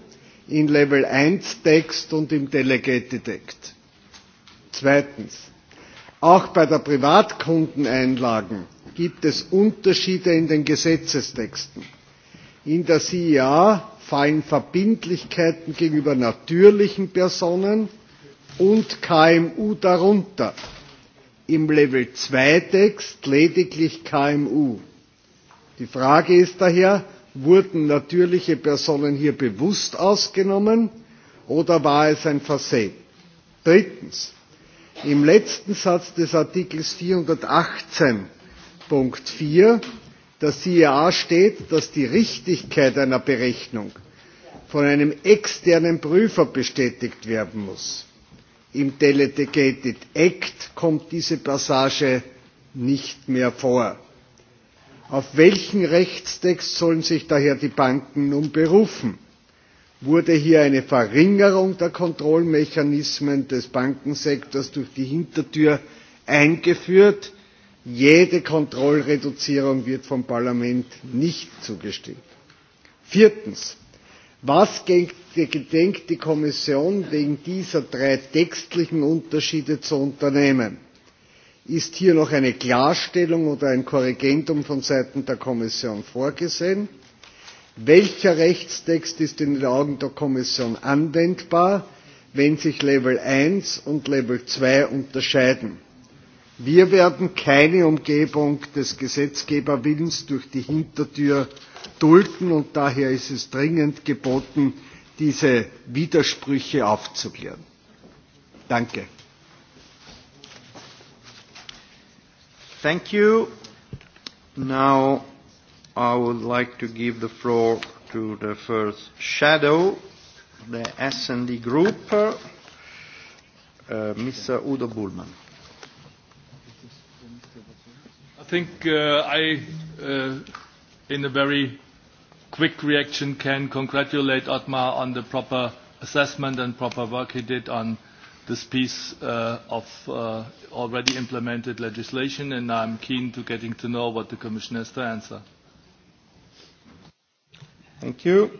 in Level eins Text und im Delegated Act. Zweitens. Auch bei den Privatkundeneinlagen gibt es Unterschiede in den Gesetzestexten. In der CIA fallen Verbindlichkeiten gegenüber natürlichen Personen und KMU darunter. Im Level zwei Text lediglich KMU. Die Frage ist daher, wurden natürliche personen hier bewusst ausgenommen oder war es ein versehen? drittens im letzten satz des artikels vierhundertachtzehn absatz vier der cia steht dass die richtigkeit einer berechnung von einem externen prüfer bestätigt werden muss. im delegated act kommt diese passage nicht mehr vor. Auf welchen Rechtstext sollen sich daher die Banken nun berufen? Wurde hier eine Verringerung der Kontrollmechanismen des Bankensektors durch die Hintertür eingeführt? Jede Kontrollreduzierung wird vom Parlament nicht zugestimmt. Viertens. Was gedenkt die Kommission wegen dieser drei textlichen Unterschiede zu unternehmen? ist hier noch eine klarstellung oder ein korrigendum von seiten der kommission vorgesehen? welcher rechtstext ist in den augen der kommission anwendbar wenn sich level eins und level zwei unterscheiden? wir werden keine umgebung des gesetzgeberwillens durch die hintertür dulden und daher ist es dringend geboten diese widersprüche aufzuklären. danke! Thank you. Now I would like to give the floor to the first shadow, the S&D Group, uh, Mr. Udo Bullman. I think uh, I, uh, in a very quick reaction, can congratulate Otmar on the proper assessment and proper work he did on this piece uh, of uh, already implemented legislation, and I'm keen to getting to know what the Commission has to answer. Thank you.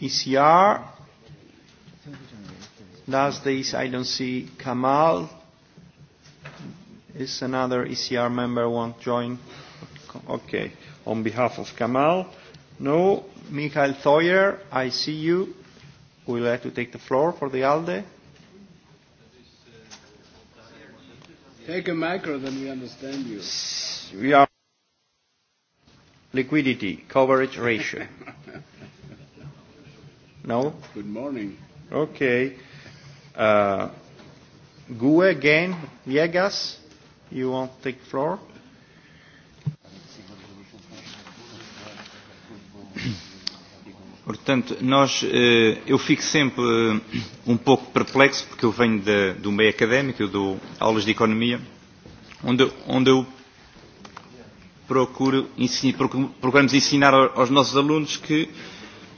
ECR. Last days I don't see Kamal. Is another ECR member want to join? Okay. On behalf of Kamal. No. Michael Thoyer, I see you. Would you to take the floor for the ALDE? Take a micro, then we understand you. We are liquidity coverage ratio. no? Good morning. Okay. Uh, GUE again, Viegas, you want to take floor? Portanto, nós, eh, eu fico sempre eh, um pouco perplexo, porque eu venho de, do meio académico, eu dou aulas de economia, onde, onde eu procuro, ensinar, procuramos ensinar aos nossos alunos que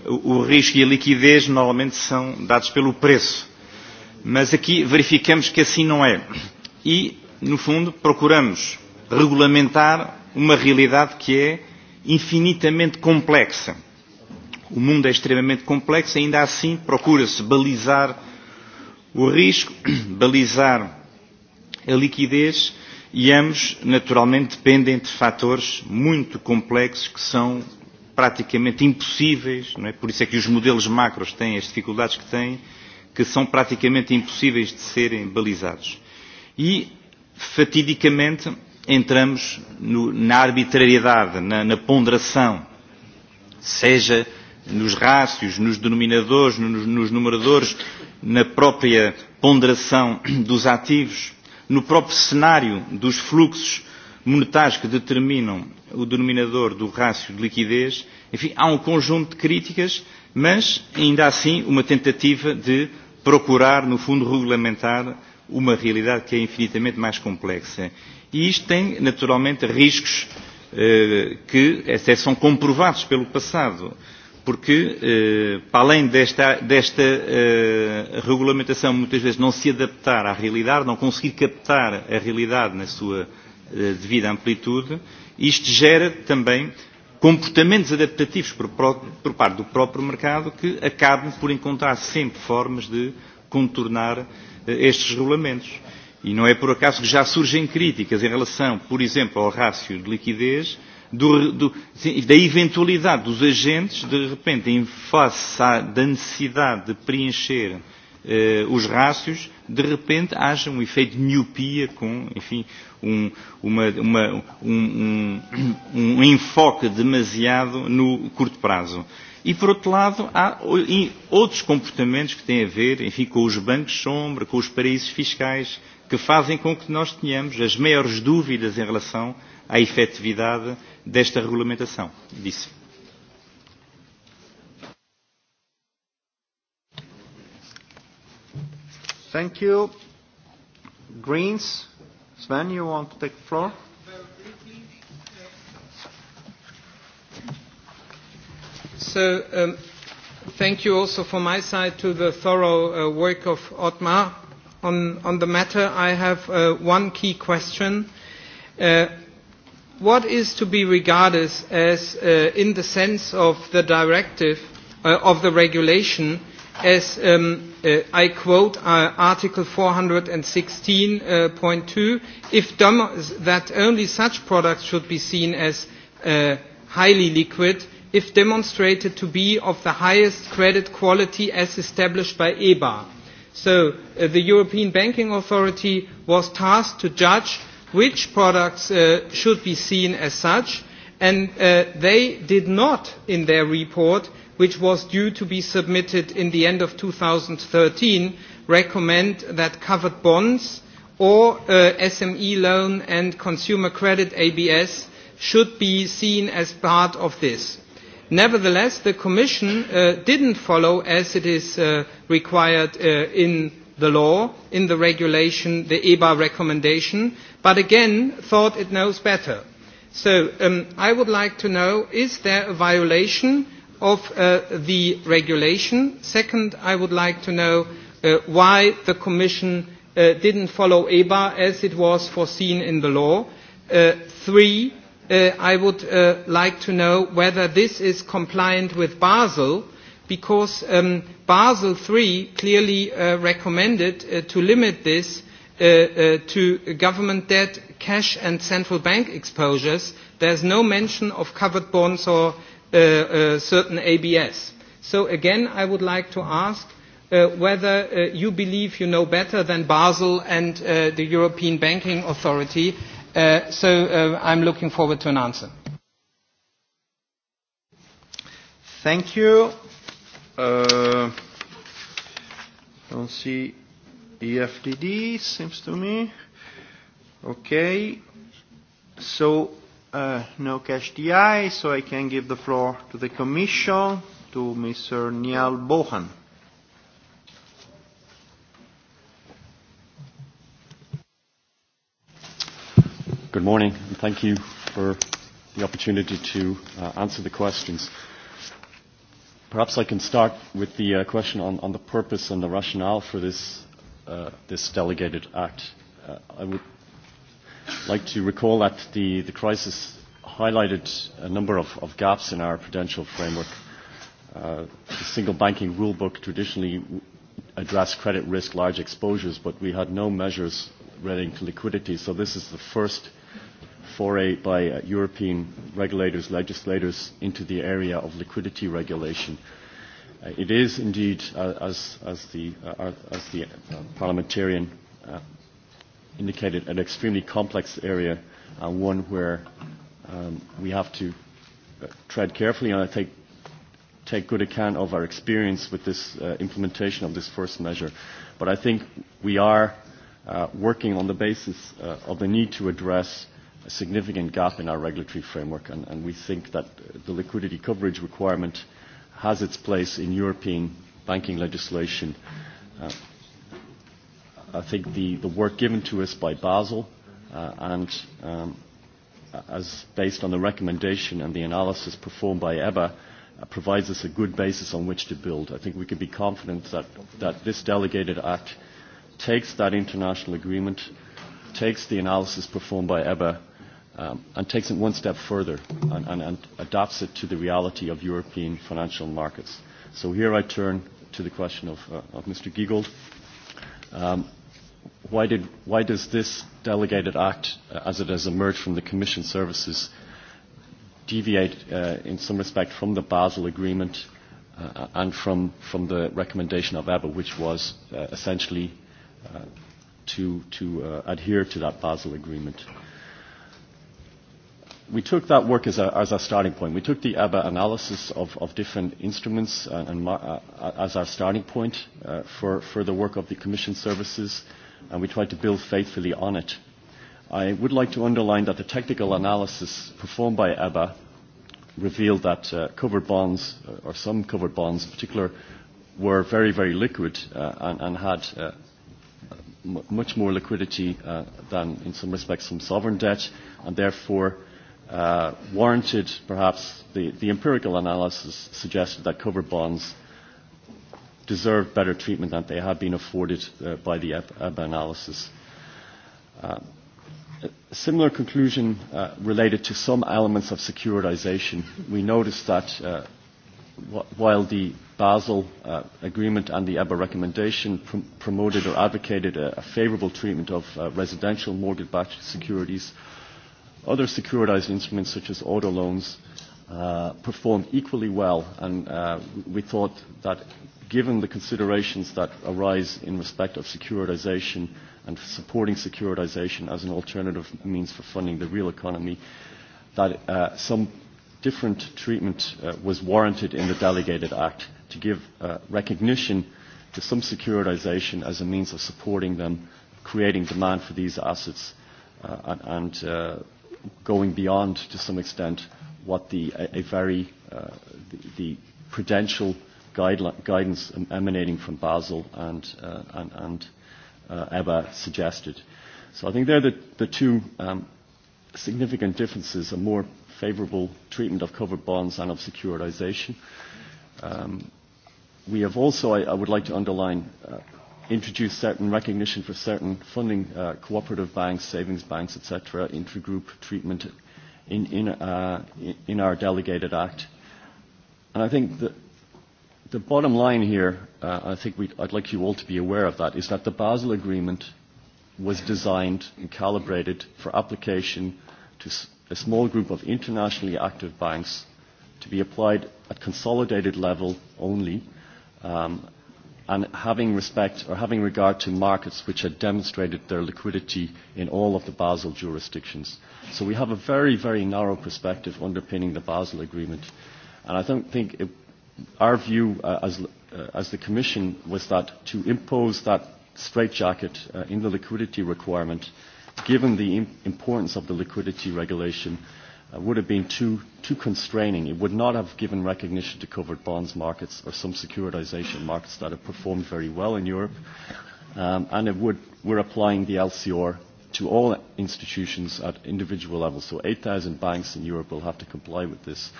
o, o risco e a liquidez normalmente são dados pelo preço. Mas aqui verificamos que assim não é. E, no fundo, procuramos regulamentar uma realidade que é infinitamente complexa O mundo é extremamente complexo, ainda assim procura-se balizar o risco, balizar a liquidez e ambos, naturalmente, dependem de fatores muito complexos que são praticamente impossíveis, não é? por isso é que os modelos macros têm as dificuldades que têm, que são praticamente impossíveis de serem balizados. E, fatidicamente, entramos no, na arbitrariedade, na, na ponderação, seja nos rácios, nos denominadores, nos, nos numeradores, na própria ponderação dos ativos, no próprio cenário dos fluxos monetários que determinam o denominador do rácio de liquidez. Enfim, há um conjunto de críticas, mas ainda assim uma tentativa de procurar, no fundo, regulamentar uma realidade que é infinitamente mais complexa. E isto tem, naturalmente, riscos eh, que até são comprovados pelo passado. Eh, porque, eh, para além desta, desta eh, regulamentação muitas vezes não se adaptar à realidade, não conseguir captar a realidade na sua eh, devida amplitude, isto gera também comportamentos adaptativos por, por parte do próprio mercado que acabam por encontrar sempre formas de contornar estes regulamentos. E não é por acaso que já surgem críticas em relação, por exemplo, ao rácio de liquidez, eh, do, do, e da eventualidade dos agentes, de repente, em face à, da necessidade de preencher eh, os rácios, de repente haja um efeito de miopia com, enfim, um, uma, uma, um, um, um enfoque demasiado no curto prazo. E, por outro lado, há e outros comportamentos que têm a ver, enfim, com os bancos sombra, com os paraísos fiscais, que fazem com que nós tenhamos as maiores dúvidas em relação à efetividade desta regulamentação. Disse. Thank you. Greens, Sven, you want to take the floor? So, um, thank you also from my side to the thorough uh, work of Otmar on, on the matter. I have uh, one key question. Uh, what is to be regarded as, uh, in the sense of the directive, uh, of the regulation, as um, uh, I quote uh, Article 416.2, uh, if that only such products should be seen as uh, highly liquid, if demonstrated to be of the highest credit quality as established by EBA. So uh, the European Banking Authority was tasked to judge which products uh, should be seen as such, and uh, they did not in their report, which was due to be submitted in the end of 2013, recommend that covered bonds or uh, SME loan and consumer credit ABS should be seen as part of this. Nevertheless, the Commission uh, didn't follow, as it is uh, required uh, in the law, in the regulation, the EBA recommendation, but again thought it knows better. So um, I would like to know, is there a violation of uh, the regulation? Second, I would like to know uh, why the Commission uh, didn't follow EBA as it was foreseen in the law. Uh, three, uh, I would uh, like to know whether this is compliant with Basel, because um, Basel III clearly uh, recommended uh, to limit this Uh, uh, to government debt, cash and central bank exposures, there's no mention of covered bonds or uh, uh, certain ABS. So again, I would like to ask uh, whether uh, you believe you know better than Basel and uh, the European Banking Authority. Uh, so uh, I'm looking forward to an answer. Thank you. Uh, I don't see EFDD, seems to me. Okay. So, uh, no cash DI, so I can give the floor to the Commission, to Mr. Niall Bohan. Good morning, and thank you for the opportunity to uh, answer the questions. Perhaps I can start with the uh, question on, on the purpose and the rationale for this uh, this delegated act. Uh, I would like to recall that the, the crisis highlighted a number of, of gaps in our prudential framework. Uh, the single banking rulebook traditionally addressed credit risk, large exposures, but we had no measures relating to liquidity. So this is the first foray by uh, European regulators, legislators into the area of liquidity regulation. Uh, Uh, it is indeed, uh, as, as the, uh, as the uh, parliamentarian uh, indicated, an extremely complex area and uh, one where um, we have to uh, tread carefully and I think take good account of our experience with this uh, implementation of this first measure. But I think we are uh, working on the basis uh, of the need to address a significant gap in our regulatory framework, and, and we think that the liquidity coverage requirement has its place in European banking legislation. Uh, I think the, the work given to us by Basel uh, and um, as based on the recommendation and the analysis performed by EBA uh, provides us a good basis on which to build. I think we can be confident that, that this delegated act takes that international agreement, takes the analysis performed by EBA, um, and takes it one step further and, and, and adapts it to the reality of European financial markets. So here I turn to the question of, uh, of Mr. Giegold. Um, why, did, why does this delegated act, uh, as it has emerged from the Commission services, deviate uh, in some respect from the Basel Agreement uh, and from, from the recommendation of EBA, which was uh, essentially uh, to, to uh, adhere to that Basel Agreement? Uh, we took that work as a, as our starting point. We took the ABBA analysis of, of different instruments uh, and, and, uh, as our starting point uh, for, for the work of the Commission services, and we tried to build faithfully on it. I would like to underline that the technical analysis performed by ABBA revealed that uh, covered bonds, uh, or some covered bonds in particular, were very, very liquid uh, and, and had uh, m much more liquidity uh, than, in some respects, some sovereign debt, and therefore uh, warranted, perhaps, the, the empirical analysis suggested that covered bonds deserve better treatment than they have been afforded uh, by the EBA analysis. Uh, a similar conclusion uh, related to some elements of securitization. We noticed that uh, wh- while the Basel uh, agreement and the EBA recommendation pr promoted or advocated a, a favorable treatment of uh, residential mortgage-backed securities, uh, Other securitized instruments such as auto loans uh, performed equally well, and uh, we thought that given the considerations that arise in respect of securitization and supporting securitization as an alternative means for funding the real economy, that uh, some different treatment uh, was warranted in the Delegated Act to give uh, recognition to some securitization as a means of supporting them, creating demand for these assets, uh, and, and uh, going beyond, to some extent, what the, a, a very, uh, the, the prudential guidance emanating from Basel and, uh, and, and uh, EBA suggested. So I think they're the, the two um, significant differences, a more favourable treatment of covered bonds and of securitisation. Um, we have also, I, I would like to underline, uh, introduce certain recognition for certain funding, uh, cooperative banks, savings banks, etc., Intergroup treatment in, in, uh, in our delegated act. And I think that the bottom line here, uh, I think we'd, I'd like you all to be aware of that, is that the Basel Agreement was designed and calibrated for application to a small group of internationally active banks to be applied at consolidated level only um, and having respect or having regard to markets which had demonstrated their liquidity in all of the Basel jurisdictions. So we have a very, very narrow perspective underpinning the Basel Agreement. And I don't think it, our view uh, as, uh, as the Commission was that to impose that straitjacket uh, in the liquidity requirement, given the im importance of the liquidity regulation, would have been too, too constraining. It would not have given recognition to covered bonds markets or some securitization markets that have performed very well in Europe. Um, and it would, we're applying the LCR to all institutions at individual levels. So 8,000 banks in Europe will have to comply with this.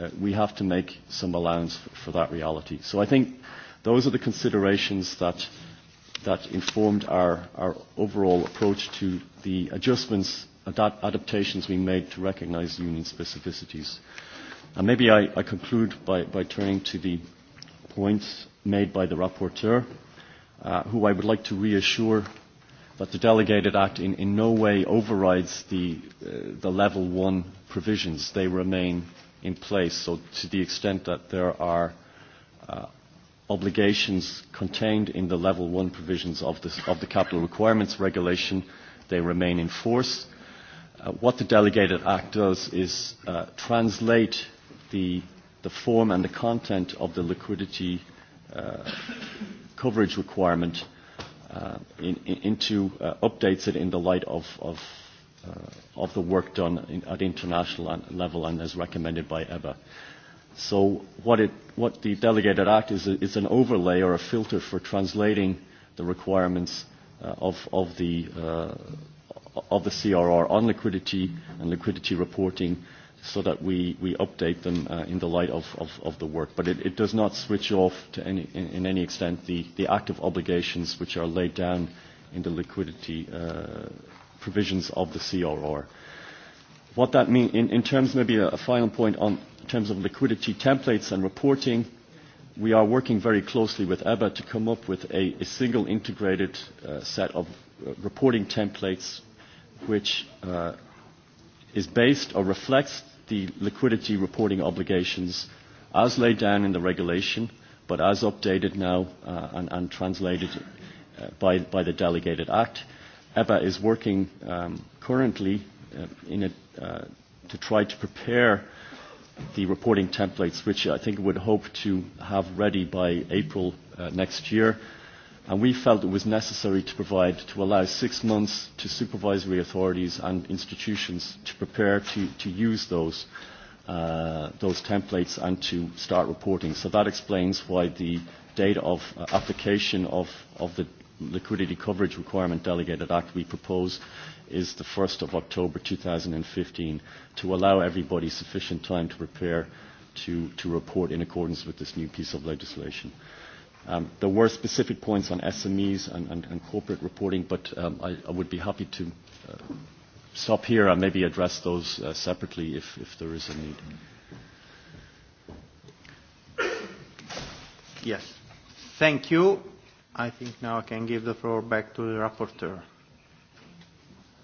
Uh, we have to make some allowance for, for that reality. So I think those are the considerations that, that informed our, our overall approach to the adjustments adapt adaptations we made to recognize union specificities. And maybe I, I conclude by, by turning to the points made by the rapporteur, uh, who I would like to reassure that the Delegated Act in, in no way overrides the, uh, the Level one provisions. They remain in place. So to the extent that there are uh, obligations contained in the Level one provisions of, this, of the Capital Requirements Regulation, they remain in force. Uh, Uh, what the Delegated Act does is uh, translate the, the form and the content of the liquidity uh, coverage requirement uh, in, in, into uh, updates it in the light of, of, uh, of the work done in, at international level and as recommended by EBA. So what, it, what the Delegated Act is, is an overlay or a filter for translating the requirements uh, of, of the uh, of the CRR on liquidity and liquidity reporting so that we, we update them uh, in the light of, of, of the work. But it, it does not switch off to any, in, in any extent the, the active obligations which are laid down in the liquidity uh, provisions of the CRR. What that means, in, in terms, maybe a, a final point on in terms of liquidity templates and reporting, we are working very closely with EBA to come up with a, a single integrated uh, set of uh, reporting templates which uh, is based or reflects the liquidity reporting obligations as laid down in the regulation, but as updated now uh, and, and translated uh, by, by the Delegated Act. EBA is working um, currently uh, in a, uh, to try to prepare the reporting templates, which I think would hope to have ready by April uh, next year and we felt it was necessary to provide to allow six months to supervisory authorities and institutions to prepare to, to use those, uh, those templates and to start reporting. So that explains why the date of uh, application of, of the liquidity coverage requirement delegated act we propose is the 1st of October 2015 to allow everybody sufficient time to prepare to, to report in accordance with this new piece of legislation. Um, there were specific points on SMEs and, and, and corporate reporting, but um, I, I would be happy to uh, stop here and maybe address those uh, separately if, if there is a need. Yes. Thank you. I think now I can give the floor back to the rapporteur.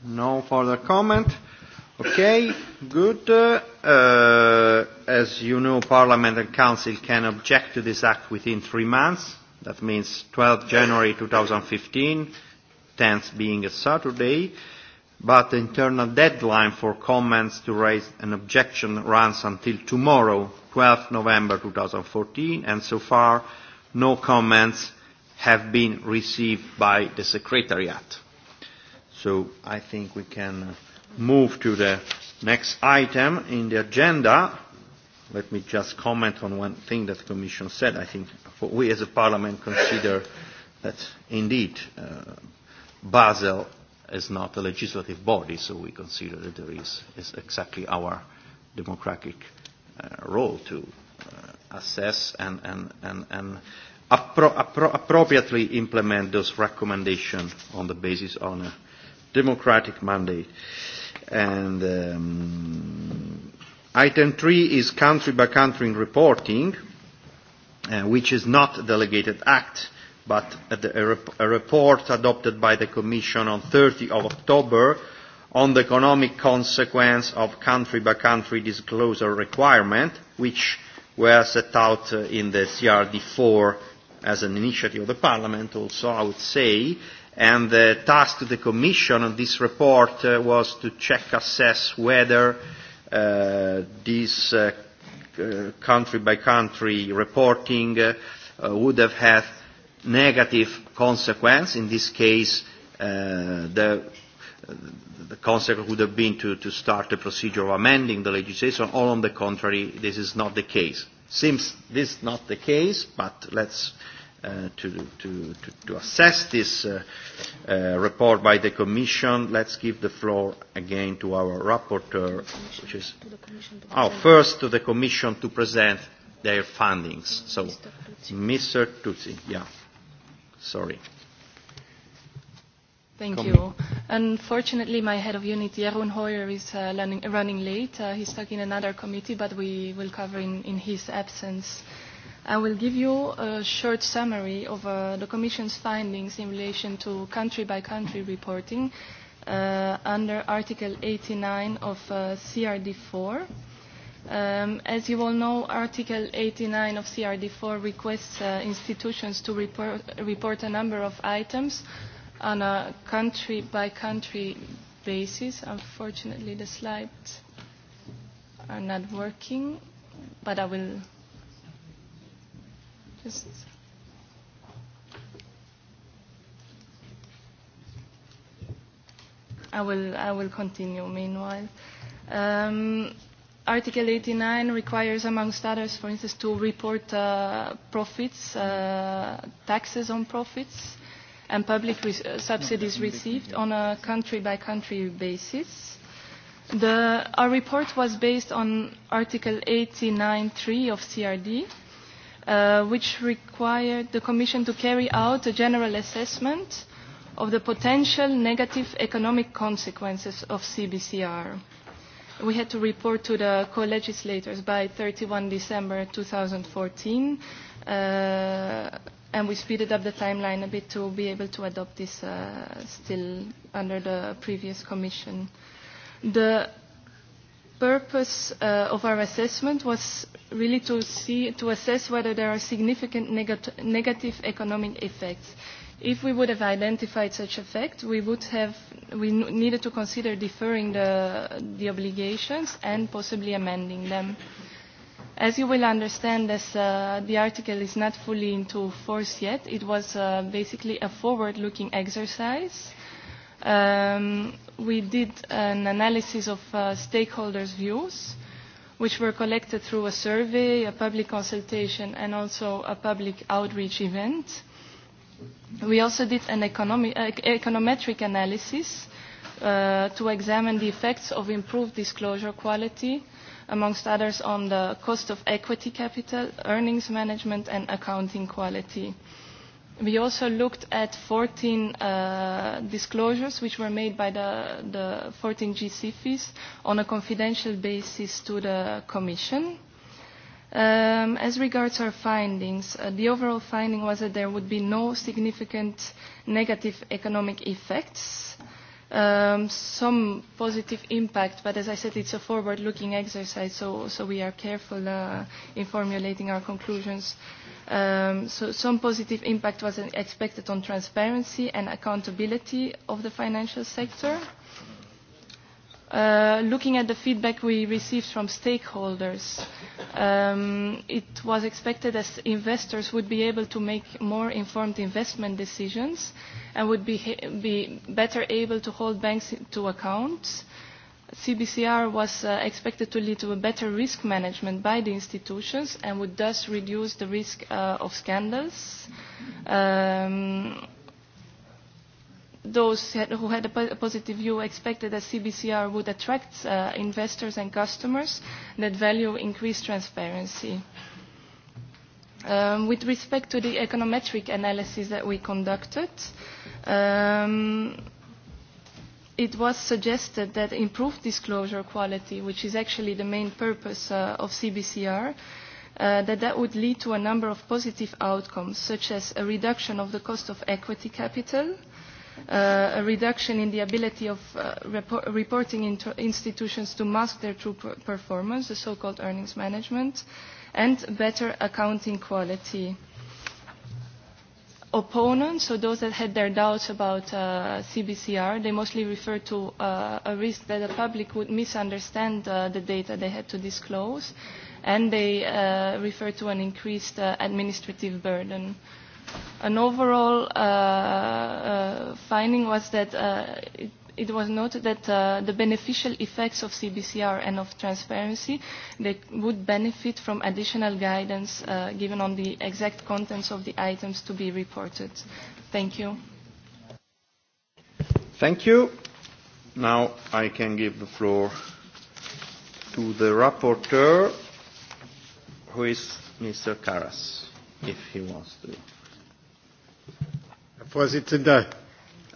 No further comment. Okay, good. Uh, as you know, Parliament and Council can object to this Act within three months. That means 12 January 2015, 10th being a Saturday. But the internal deadline for comments to raise an objection runs until tomorrow, 12 November 2014, and so far no comments have been received by the Secretariat. So I think we can Uh, move to the next item in the agenda, let me just comment on one thing that the Commission said. I think we as a Parliament consider that indeed uh, Basel is not a legislative body, so we consider that there is, is exactly our democratic uh, role to uh, assess and, and, and, and appro appro appropriately implement those recommendations on the basis of a democratic mandate. Uh, And um, item three is country by country reporting, uh, which is not a delegated act, but a, a, a report adopted by the Commission on 30 of October on the economic consequence of country by country disclosure requirement, which were set out uh, in the CRD4 as an initiative of the Parliament also, I would say and the task to the Commission on this report uh, was to check, assess whether uh, this uh, country-by-country uh, reporting uh, uh, would have had negative consequence. In this case, uh, the, the consequence would have been to, to start the procedure of amending the legislation. All on the contrary, this is not the case. Seems this is not the case, but let's uh, Uh, to, to, to, to assess this uh, uh, report by the Commission, let's give the floor again to our rapporteur, which is oh, first to the Commission to present their findings. So, Mr. Tutsi, yeah, sorry. Thank Come. you. Unfortunately, my head of unit, Jeroen Hoyer, is uh, running, running late. Uh, he's stuck in another committee, but we will cover in, in his absence. I will give you a short summary of uh, the Commission's findings in relation to country-by-country -country reporting uh, under Article 89 of uh, CRD4. Um, as you all know, Article 89 of CRD4 requests uh, institutions to report, report a number of items on a country-by-country -country basis. Unfortunately, the slides are not working, but I will I will, I will continue meanwhile. Um, Article 89 requires, amongst others, for instance, to report uh, profits, uh, taxes on profits, and public re uh, subsidies received on a country-by-country -country basis. The, our report was based on Article 89.3 of CRD, uh, which required the Commission to carry out a general assessment of the potential negative economic consequences of CBCR. We had to report to the co-legislators by 31 December 2014, uh, and we speeded up the timeline a bit to be able to adopt this uh, still under the previous Commission. The purpose uh, of our assessment was really to, see, to assess whether there are significant negat negative economic effects. If we would have identified such effect, we would have we needed to consider deferring the, the obligations and possibly amending them. As you will understand, as uh, the article is not fully into force yet, it was uh, basically a forward-looking exercise um, we did an analysis of uh, stakeholders' views, which were collected through a survey, a public consultation, and also a public outreach event. We also did an economic, uh, e-, econometric analysis uh, to examine the effects of improved disclosure quality, amongst others on the cost of equity capital, earnings management, and accounting quality. Uh, We also looked at 14 uh, disclosures which were made by the, the 14 GCFs on a confidential basis to the Commission. Um, as regards our findings, uh, the overall finding was that there would be no significant negative economic effects uh, um, some positive impact, but as I said, it's a forward-looking exercise, so, so we are careful uh, in formulating our conclusions. Um, so some positive impact was expected on transparency and accountability of the financial sector. Uh, looking at the feedback we received from stakeholders, um, it was expected that investors would be able to make more informed investment decisions and would be, be better able to hold banks to account. CBCR was uh, expected to lead to a better risk management by the institutions and would thus reduce the risk uh, of scandals. Um, those who had a positive view expected that CBCR would attract uh, investors and customers that value increased transparency. Um, with respect to the econometric analysis that we conducted, um, it was suggested that improved disclosure quality, which is actually the main purpose uh, of CBCR, uh, that that would lead to a number of positive outcomes, such as a reduction of the cost of equity capital, uh, uh, a reduction in the ability of uh, report, reporting inter institutions to mask their true per performance, the so-called earnings management, and better accounting quality. Opponents, so those that had their doubts about uh, CBCR, they mostly referred to uh, a risk that the public would misunderstand uh, the data they had to disclose, and they uh, referred to an increased uh, administrative burden. Uh, an overall uh, uh, finding was that uh, it, it was noted that uh, the beneficial effects of CBCR and of transparency they would benefit from additional guidance uh, given on the exact contents of the items to be reported. Thank you. Thank you. Now I can give the floor to the rapporteur, who is Mr. Karas, if he wants to präsident!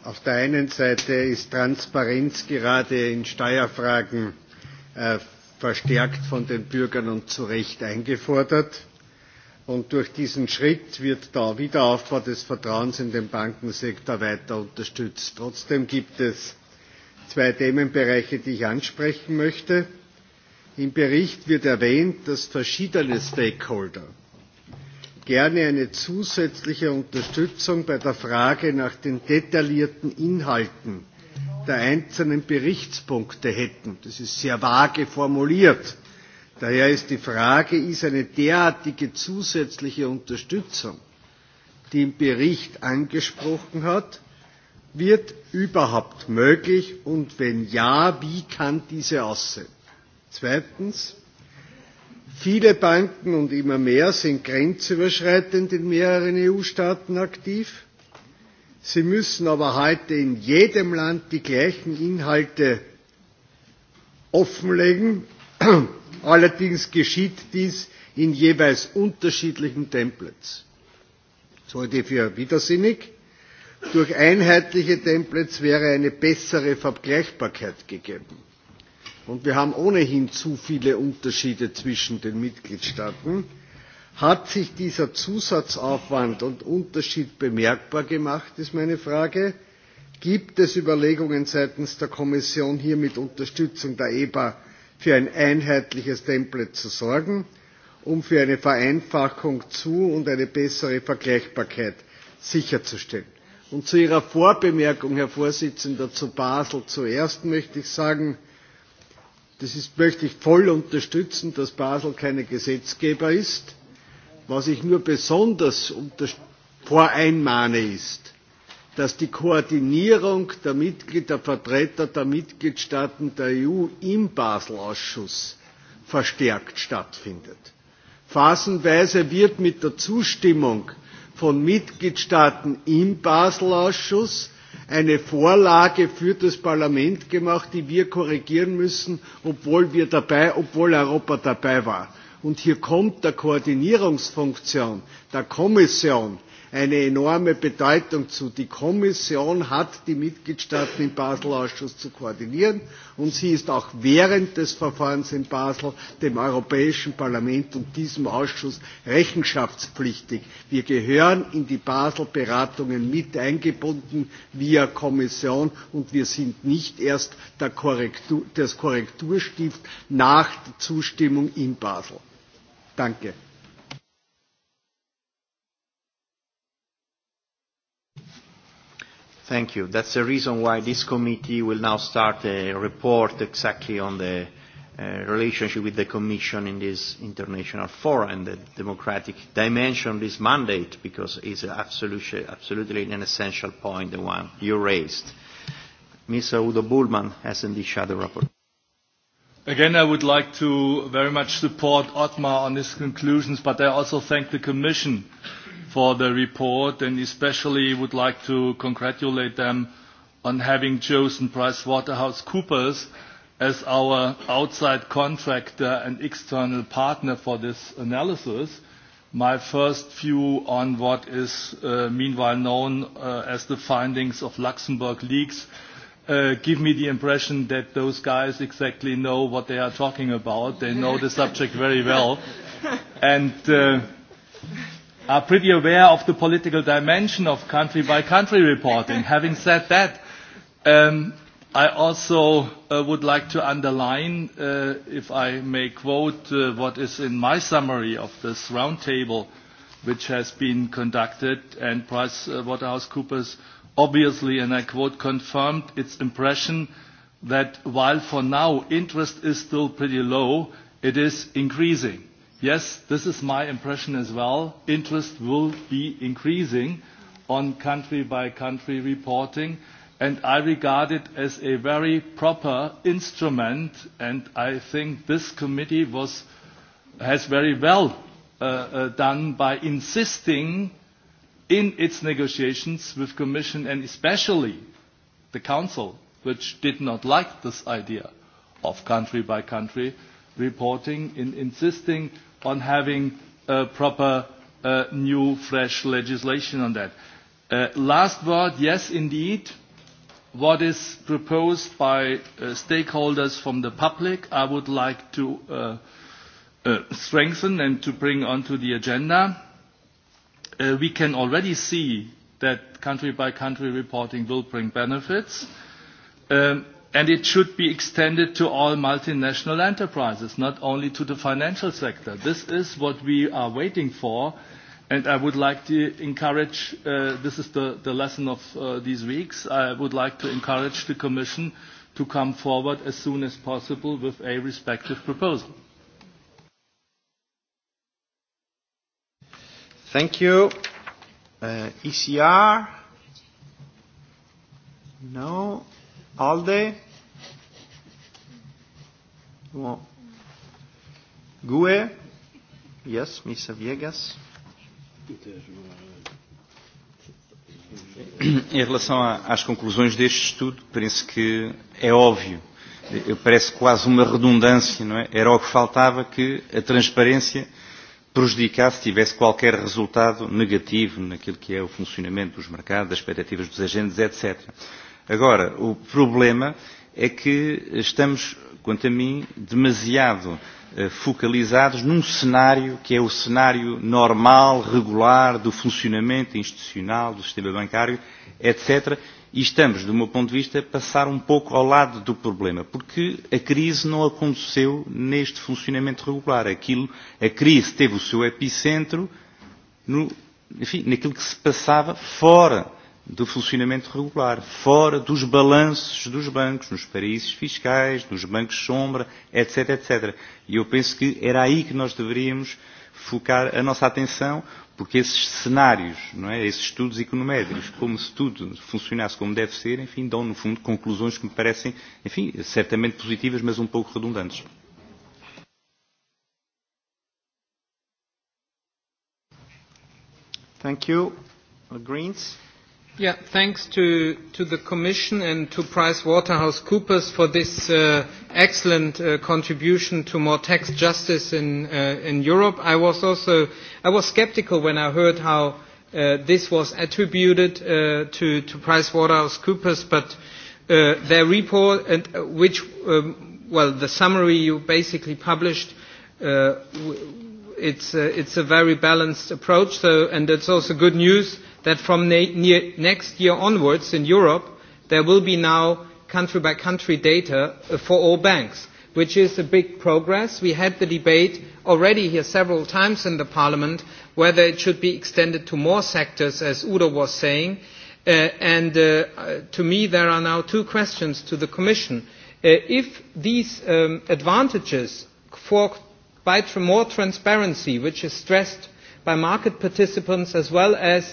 auf der einen Seite ist Transparenz gerade in Steuerfragen äh, verstärkt von den Bürgern und zu Recht eingefordert. Und durch diesen Schritt wird der Wiederaufbau des Vertrauens in den Bankensektor weiter unterstützt. Trotzdem gibt es zwei Themenbereiche, die ich ansprechen möchte. Im Bericht wird erwähnt, dass verschiedene Stakeholder gerne eine zusätzliche unterstützung bei der frage nach den detaillierten inhalten der einzelnen berichtspunkte hätten. das ist sehr vage formuliert. daher ist die frage ist eine derartige zusätzliche unterstützung die im bericht angesprochen wird überhaupt möglich und wenn ja wie kann diese aussehen? zweitens Viele Banken und immer mehr sind grenzüberschreitend in mehreren EU-Staaten aktiv. Sie müssen aber heute in jedem Land die gleichen Inhalte offenlegen. Allerdings geschieht dies in jeweils unterschiedlichen Templates. Das halte ich für widersinnig. Durch einheitliche Templates wäre eine bessere Vergleichbarkeit gegeben und wir haben ohnehin zu viele Unterschiede zwischen den Mitgliedstaaten, hat sich dieser Zusatzaufwand und Unterschied bemerkbar gemacht, ist meine Frage. Gibt es Überlegungen seitens der Kommission, hier mit Unterstützung der EBA für ein einheitliches Template zu sorgen, um für eine Vereinfachung zu und eine bessere Vergleichbarkeit sicherzustellen? Und zu Ihrer Vorbemerkung, Herr Vorsitzender, zu Basel zuerst möchte ich sagen, das möchte ich voll unterstützen, dass Basel kein Gesetzgeber ist. Was ich nur besonders voreinmahne ist, dass die Koordinierung der, Mitglied, der Vertreter der Mitgliedstaaten der EU im Basel-Ausschuss verstärkt stattfindet. Phasenweise wird mit der Zustimmung von Mitgliedstaaten im Basel-Ausschuss eine Vorlage für das Parlament gemacht, die wir korrigieren müssen, obwohl wir dabei, obwohl Europa dabei war. Und hier kommt der Koordinierungsfunktion der Kommission eine enorme Bedeutung zu. Die Kommission hat die Mitgliedstaaten im Basel-Ausschuss zu koordinieren und sie ist auch während des Verfahrens in Basel dem Europäischen Parlament und diesem Ausschuss rechenschaftspflichtig. Wir gehören in die Basel-Beratungen mit eingebunden via Kommission und wir sind nicht erst der Korrektur, das Korrekturstift nach Zustimmung in Basel. Danke. Thank you. That's the reason why this committee will now start a report exactly on the uh, relationship with the Commission in this international forum and the democratic dimension of this mandate, because it's absolutely, absolutely an essential point, the one you raised. Mr. Udo Bullman, has in the Shadow report. Again, I would like to very much support Otmar on his conclusions, but I also thank the Commission for the report and especially would like to congratulate them on having chosen PricewaterhouseCoopers as our outside contractor and external partner for this analysis. My first view on what is uh, meanwhile known uh, as the findings of Luxembourg leaks uh, give me the impression that those guys exactly know what they are talking about. They know the subject very well and uh, are pretty aware of the political dimension of country by country reporting. Having said that, um, I also uh, would like to underline, uh, if I may quote uh, what is in my summary of this roundtable, which has been conducted, and PricewaterhouseCoopers uh, Coopers obviously, and I quote, confirmed its impression that while for now interest is still pretty low, it is increasing. Yes, this is my impression as well. Interest will be increasing on country-by-country reporting, and I regard it as a very proper instrument, and I think this committee was, has very well uh, uh, done by insisting in its negotiations with Commission and especially the Council, which did not like this idea of country by country reporting in insisting on having a proper uh, new fresh legislation on that. Uh, last word, yes indeed, what is proposed by uh, stakeholders from the public I would like to uh, uh, strengthen and to bring onto the agenda Uh, we can already see that country by country reporting will bring benefits. Um, and it should be extended to all multinational enterprises, not only to the financial sector. This is what we are waiting for. And I would like to encourage, uh, this is the, the lesson of uh, these weeks, I would like to encourage the Commission to come forward as soon as possible with a respective proposal. Thank you. Uh, ECR? No. ALDE? Well. GUE? Yes, Mr. Viegas. Em relação às conclusões deste estudo, penso que é óbvio, eh, parece quase uma redundância, não é? Era o que faltava que a transparência uh, prejudicar se tivesse qualquer resultado negativo naquilo que é o funcionamento dos mercados, das expectativas dos agentes, etc. Agora, o problema é que estamos, quanto a mim, demasiado eh, focalizados num cenário que é o cenário normal, regular, do funcionamento institucional, do sistema bancário, etc., E estamos, do meu ponto de vista, a passar um pouco ao lado do problema, porque a crise não aconteceu neste funcionamento regular. Aquilo, a crise teve o seu epicentro no, enfim, naquilo que se passava fora do funcionamento regular, fora dos balanços dos bancos, nos paraísos fiscais, nos bancos sombra, etc, etc. E eu penso que era aí que nós deveríamos focar a nossa atenção, Porque esses cenários, não é? esses estudos econométricos, como se tudo funcionasse como deve ser, enfim, dão, no fundo, conclusões que me parecem, enfim, certamente positivas, mas um pouco redundantes. Thank you. Greens. Yeah, thanks to, to the Commission and to PricewaterhouseCoopers for this uh, excellent uh, contribution to more tax justice in, uh, in Europe. I was also I was skeptical when I heard how uh, this was attributed uh, to, to PricewaterhouseCoopers, but uh, their report, and, uh, which, um, well, the summary you basically published, uh, it's, uh, it's a very balanced approach, so, and it's also good news that from near next year onwards in Europe, there will be now country by country data uh, for all banks, which is a big progress. We had the debate already here several times in the Parliament whether it should be extended to more sectors, as Udo was saying. Uh, and uh, uh to me, there are now two questions to the Commission. Uh, if these um, advantages for by more transparency, which is stressed by market participants as well as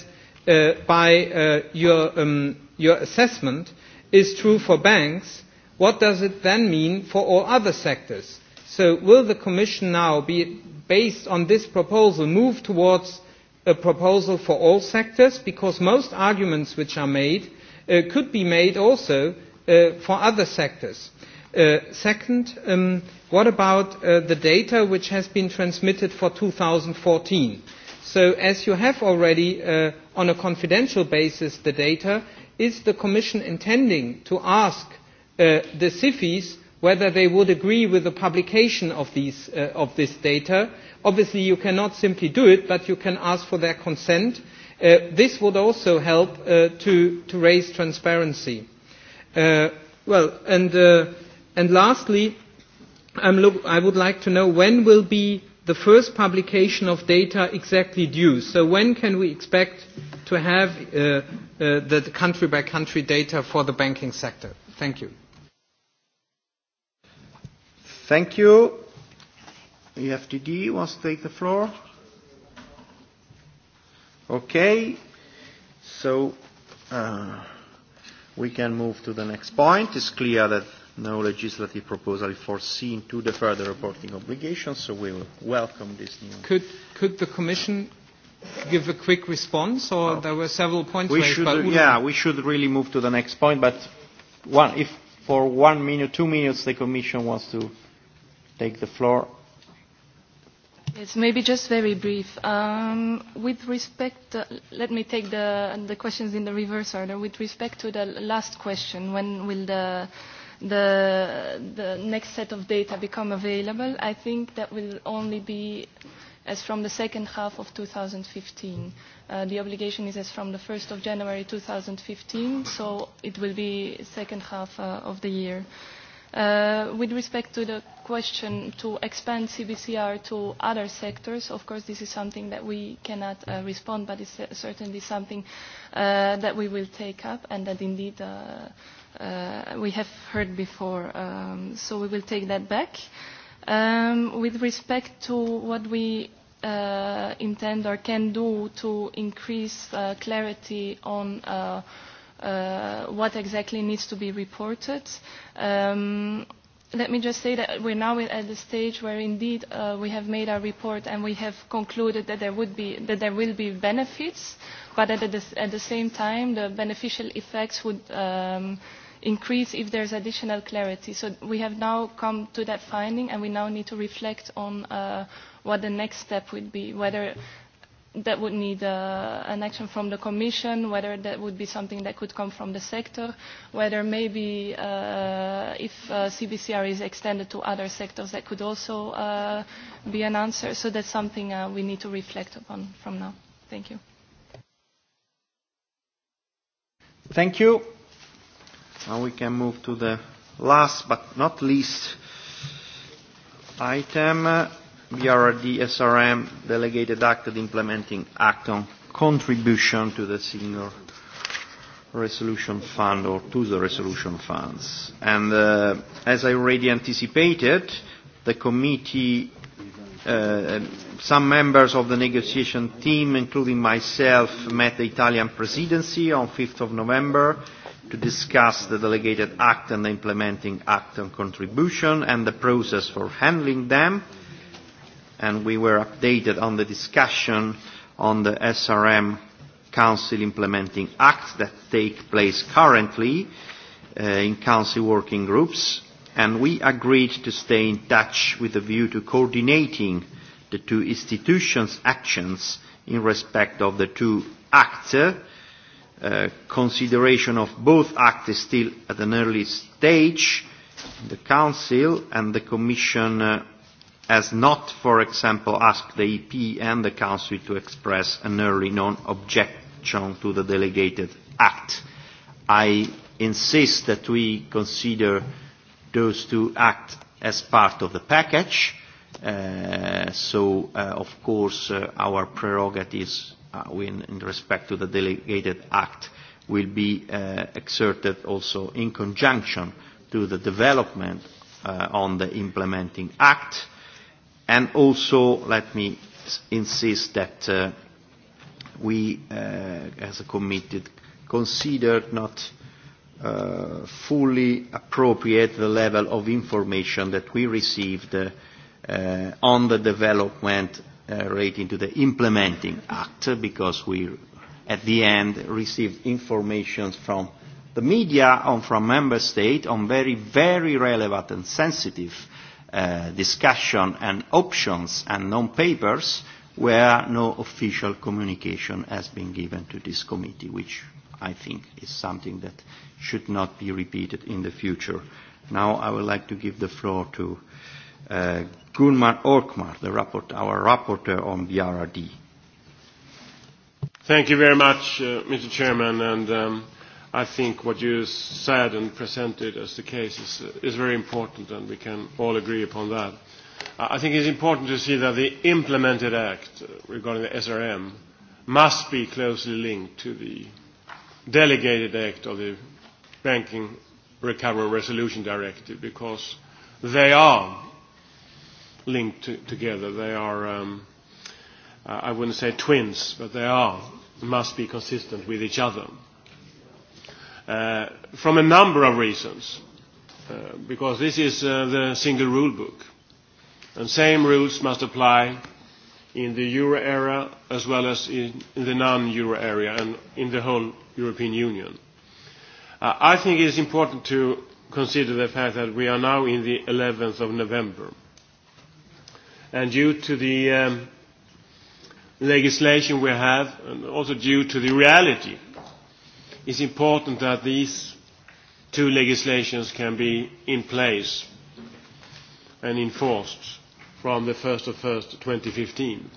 uh, by uh, your, um, your assessment is true for banks, what does it then mean for all other sectors? So will the Commission now, be based on this proposal, move towards a proposal for all sectors? Because most arguments which are made uh, could be made also uh, for other sectors. Uh, second, um, what about uh, the data which has been transmitted for 2014? So as you have already uh, on a confidential basis the data, is the Commission intending to ask uh, the CIFIs whether they would agree with the publication of, these, uh, of this data? Obviously, you cannot simply do it, but you can ask for their consent. Uh, this would also help uh, to, to raise transparency. Uh, well, and, uh, and lastly, I'm um, look, I would like to know when will be the first publication of data exactly due? So when can we expect uh, to have uh, uh, the country by country data for the banking sector. Thank you. Thank you. EFTD wants to take the floor. Okay. So uh, we can move to the next point. It's clear that no legislative proposal is foreseen to the further reporting obligations, so we will welcome this new. Could, could the Commission give a quick response, or well, there were several points we raised? Should, but yeah, we should really move to the next point, but one, if for one minute, two minutes, the Commission wants to take the floor. Yes, maybe just very brief. Um, with respect, uh, let me take the, the questions in the reverse order. With respect to the last question, when will the the, the next set of data become available, I think that will only be as from the second half of 2015. Uh, the obligation is as from the 1st of January 2015, so it will be second half uh, of the year. Uh, with respect to the question to expand CBCR to other sectors, of course this is something that we cannot uh, respond, but it's uh, certainly something uh, that we will take up and that indeed uh, uh, we have heard before. Um, so we will take that back. Uh, Um, with respect to what we uh, intend or can do to increase uh, clarity on uh, uh, what exactly needs to be reported, um, let me just say that we're now at the stage where indeed uh, we have made our report and we have concluded that there, would be, that there will be benefits, but at the, at the same time the beneficial effects would um, uh, increase if there's additional clarity. So we have now come to that finding and we now need to reflect on uh, what the next step would be, whether that would need uh, an action from the Commission, whether that would be something that could come from the sector, whether maybe uh, if uh, CBCR is extended to other sectors, that could also uh, be an answer. So that's something uh, we need to reflect upon from now. Thank you. Thank you. Now we can move to the last but not least item, BRRD SRM Delegated Act Implementing Act on Contribution to the Single Resolution Fund or to the Resolution Funds. And uh, as I already anticipated, the committee, uh, some members of the negotiation team, including myself, met the Italian presidency on 5th of November to discuss the delegated act and the implementing act and contribution and the process for handling them. And we were updated on the discussion on the SRM Council implementing act that take place currently uh, in Council working groups. And we agreed to stay in touch with a view to coordinating the two institutions' actions in respect of the two acts. Uh, Uh, consideration of both acts is still at an early stage. The Council and the Commission uh, has not, for example, asked the EP and the Council to express an early non-objection to the delegated act. I insist that we consider those two acts as part of the package. Uh, so, uh, of course, uh, our prerogatives uh, in, in respect to the delegated act will be uh, exerted also in conjunction to the development uh, on the implementing act and also let me insist that uh, we uh, as a committee considered not uh, fully appropriate the level of information that we received uh, uh, on the development Uh, relating to the implementing act because we at the end received information from the media and from member states on very, very relevant and sensitive uh, discussion and options and non-papers where no official communication has been given to this committee, which I think is something that should not be repeated in the future. Now I would like to give the floor to uh, Gunmar Orkmar, the rapport, our rapporteur on BRRD. Thank you very much, uh, Mr. Chairman. And um, I think what you said and presented as the case is, uh, is very important, and we can all agree upon that. Uh, I think it's important to see that the implemented act uh, regarding the SRM must be closely linked to the delegated act of the Banking Recovery Resolution Directive because they are linked to, together. They are, um, uh, I wouldn't say twins, but they are, must be consistent with each other. Uh, from a number of reasons, uh, because this is uh, the single rule book. And same rules must apply in the euro area as well as in, in the non-euro area and in the whole European Union. Uh, I think it is important to consider the fact that we are now in the 11th of November and due to the um, legislation we have, and also due to the reality, it's important that these two legislations can be in place and enforced from the 1st of 1st, 2015.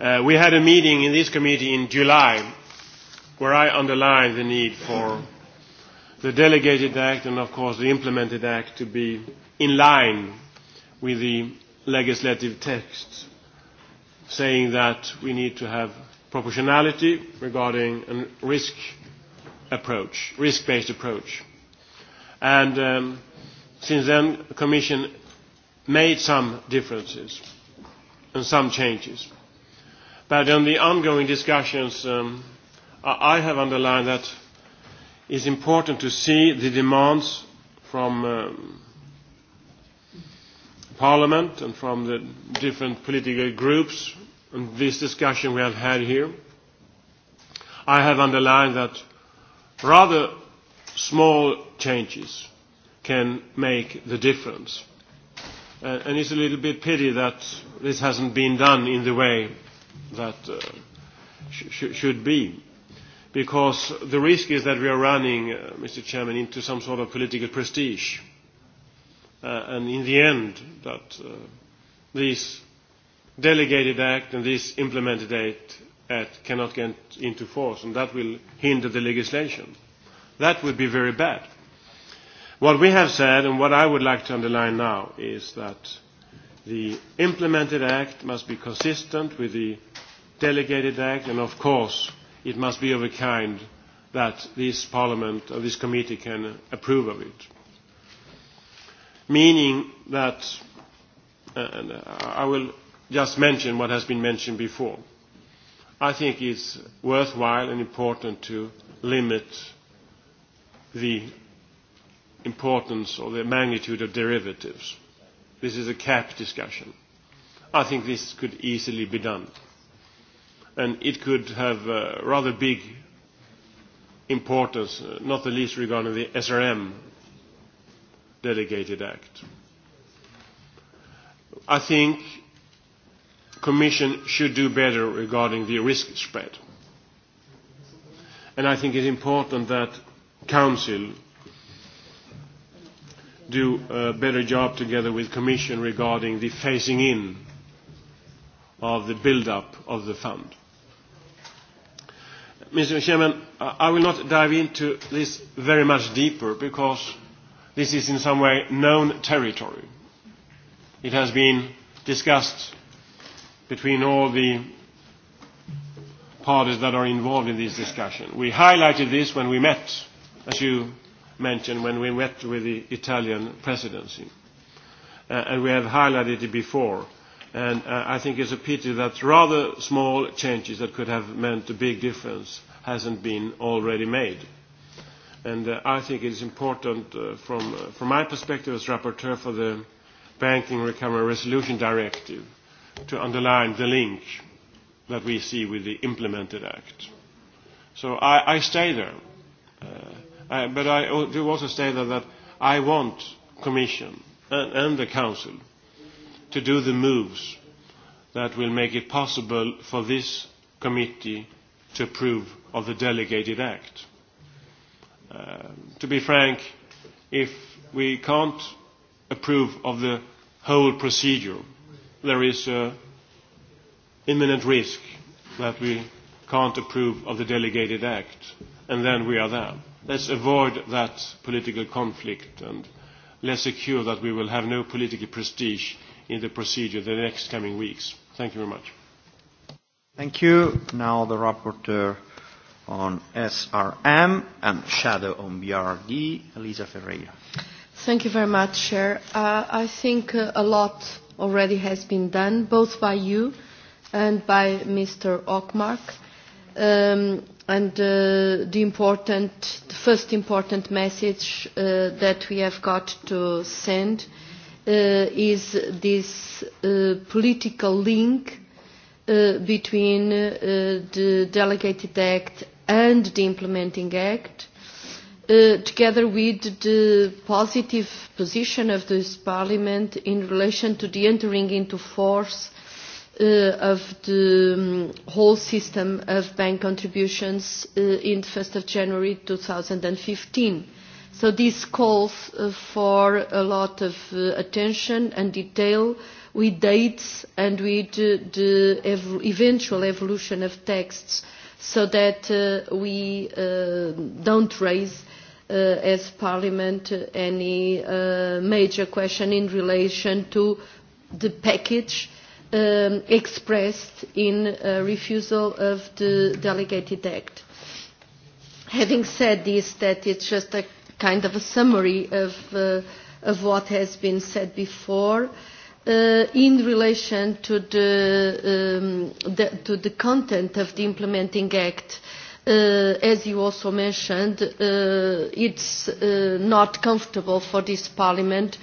Uh, we had a meeting in this committee in July where I underlined the need for the delegated act and of course the implemented act to be in line with the legislative texts, saying that we need to have proportionality regarding a risk approach, risk-based approach. And um, since then, the Commission made some differences and some changes. But in the ongoing discussions, um, I have underlined that it's important to see the demands from um, Parliament and from the different political groups and this discussion we have had here, I have underlined that rather small changes can make the difference. Uh, and it's a little bit pity that this hasn't been done in the way that uh, sh should be. Because the risk is that we are running, uh, Mr. Chairman, into some sort of political prestige uh, and in the end that uh, this delegated act and this implemented act, act cannot get into force and that will hinder the legislation. That would be very bad. What we have said and what I would like to underline now is that the implemented act must be consistent with the delegated act and of course it must be of a kind that this parliament or this committee can approve of it meaning that and uh, I will just mention what has been mentioned before. I think it's worthwhile and important to limit the importance or the magnitude of derivatives. This is a cap discussion. I think this could easily be done. And it could have a rather big importance, uh, not the least regarding the SRM delegated act. I think Commission should do better regarding the risk spread. And I think it's important that Council do a better job together with Commission regarding the phasing in of the build-up of the fund. Mr. Chairman, I will not dive into this very much deeper because this is in some way known territory. It has been discussed between all the parties that are involved in this discussion. We highlighted this when we met, as you mentioned, when we met with the Italian presidency. Uh, and we have highlighted it before. And uh, I think it's a pity that rather small changes that could have meant a big difference hasn't been already made. And uh, I think it is important uh, from, uh, from my perspective as rapporteur for the Banking Recovery Resolution Directive to underline the link that we see with the implemented act. So I, I stay there. Uh, I, but I do also say that, that I want Commission and, and the Council to do the moves that will make it possible for this committee to approve of the delegated act. Uh, to be frank, if we can't approve of the whole procedure, there is an uh, imminent risk that we can't approve of the delegated act, and then we are there. Let's avoid that political conflict and let's secure that we will have no political prestige in the procedure the next coming weeks. Thank you very much. Thank you. Now the rapporteur, on SRM and shadow on BRD, Elisa Ferreira. Thank you very much, Chair. Uh, I think uh, a lot already has been done, both by you and by Mr. Ockmark. Um, and uh, the important, the first important message uh, that we have got to send uh, is this uh, political link uh, between uh, the Delegated Act and the Implementing Act, uh, together with the positive position of this Parliament in relation to the entering into force uh, of the um, whole system of bank contributions uh, in the 1st of January 2015. So this calls uh, for a lot of uh, attention and detail with dates and with uh, the ev eventual evolution of texts uh, so that uh, we uh, don't raise uh, as Parliament uh, any uh, major question in relation to the package um, expressed in a uh, refusal of the delegated act. Having said this, that it's just a kind of a summary of, uh, of what has been said before, uh, uh, in relation to the, um, the, to the content of the implementing act, uh, as you also mentioned, uh, it's uh, not comfortable for this parliament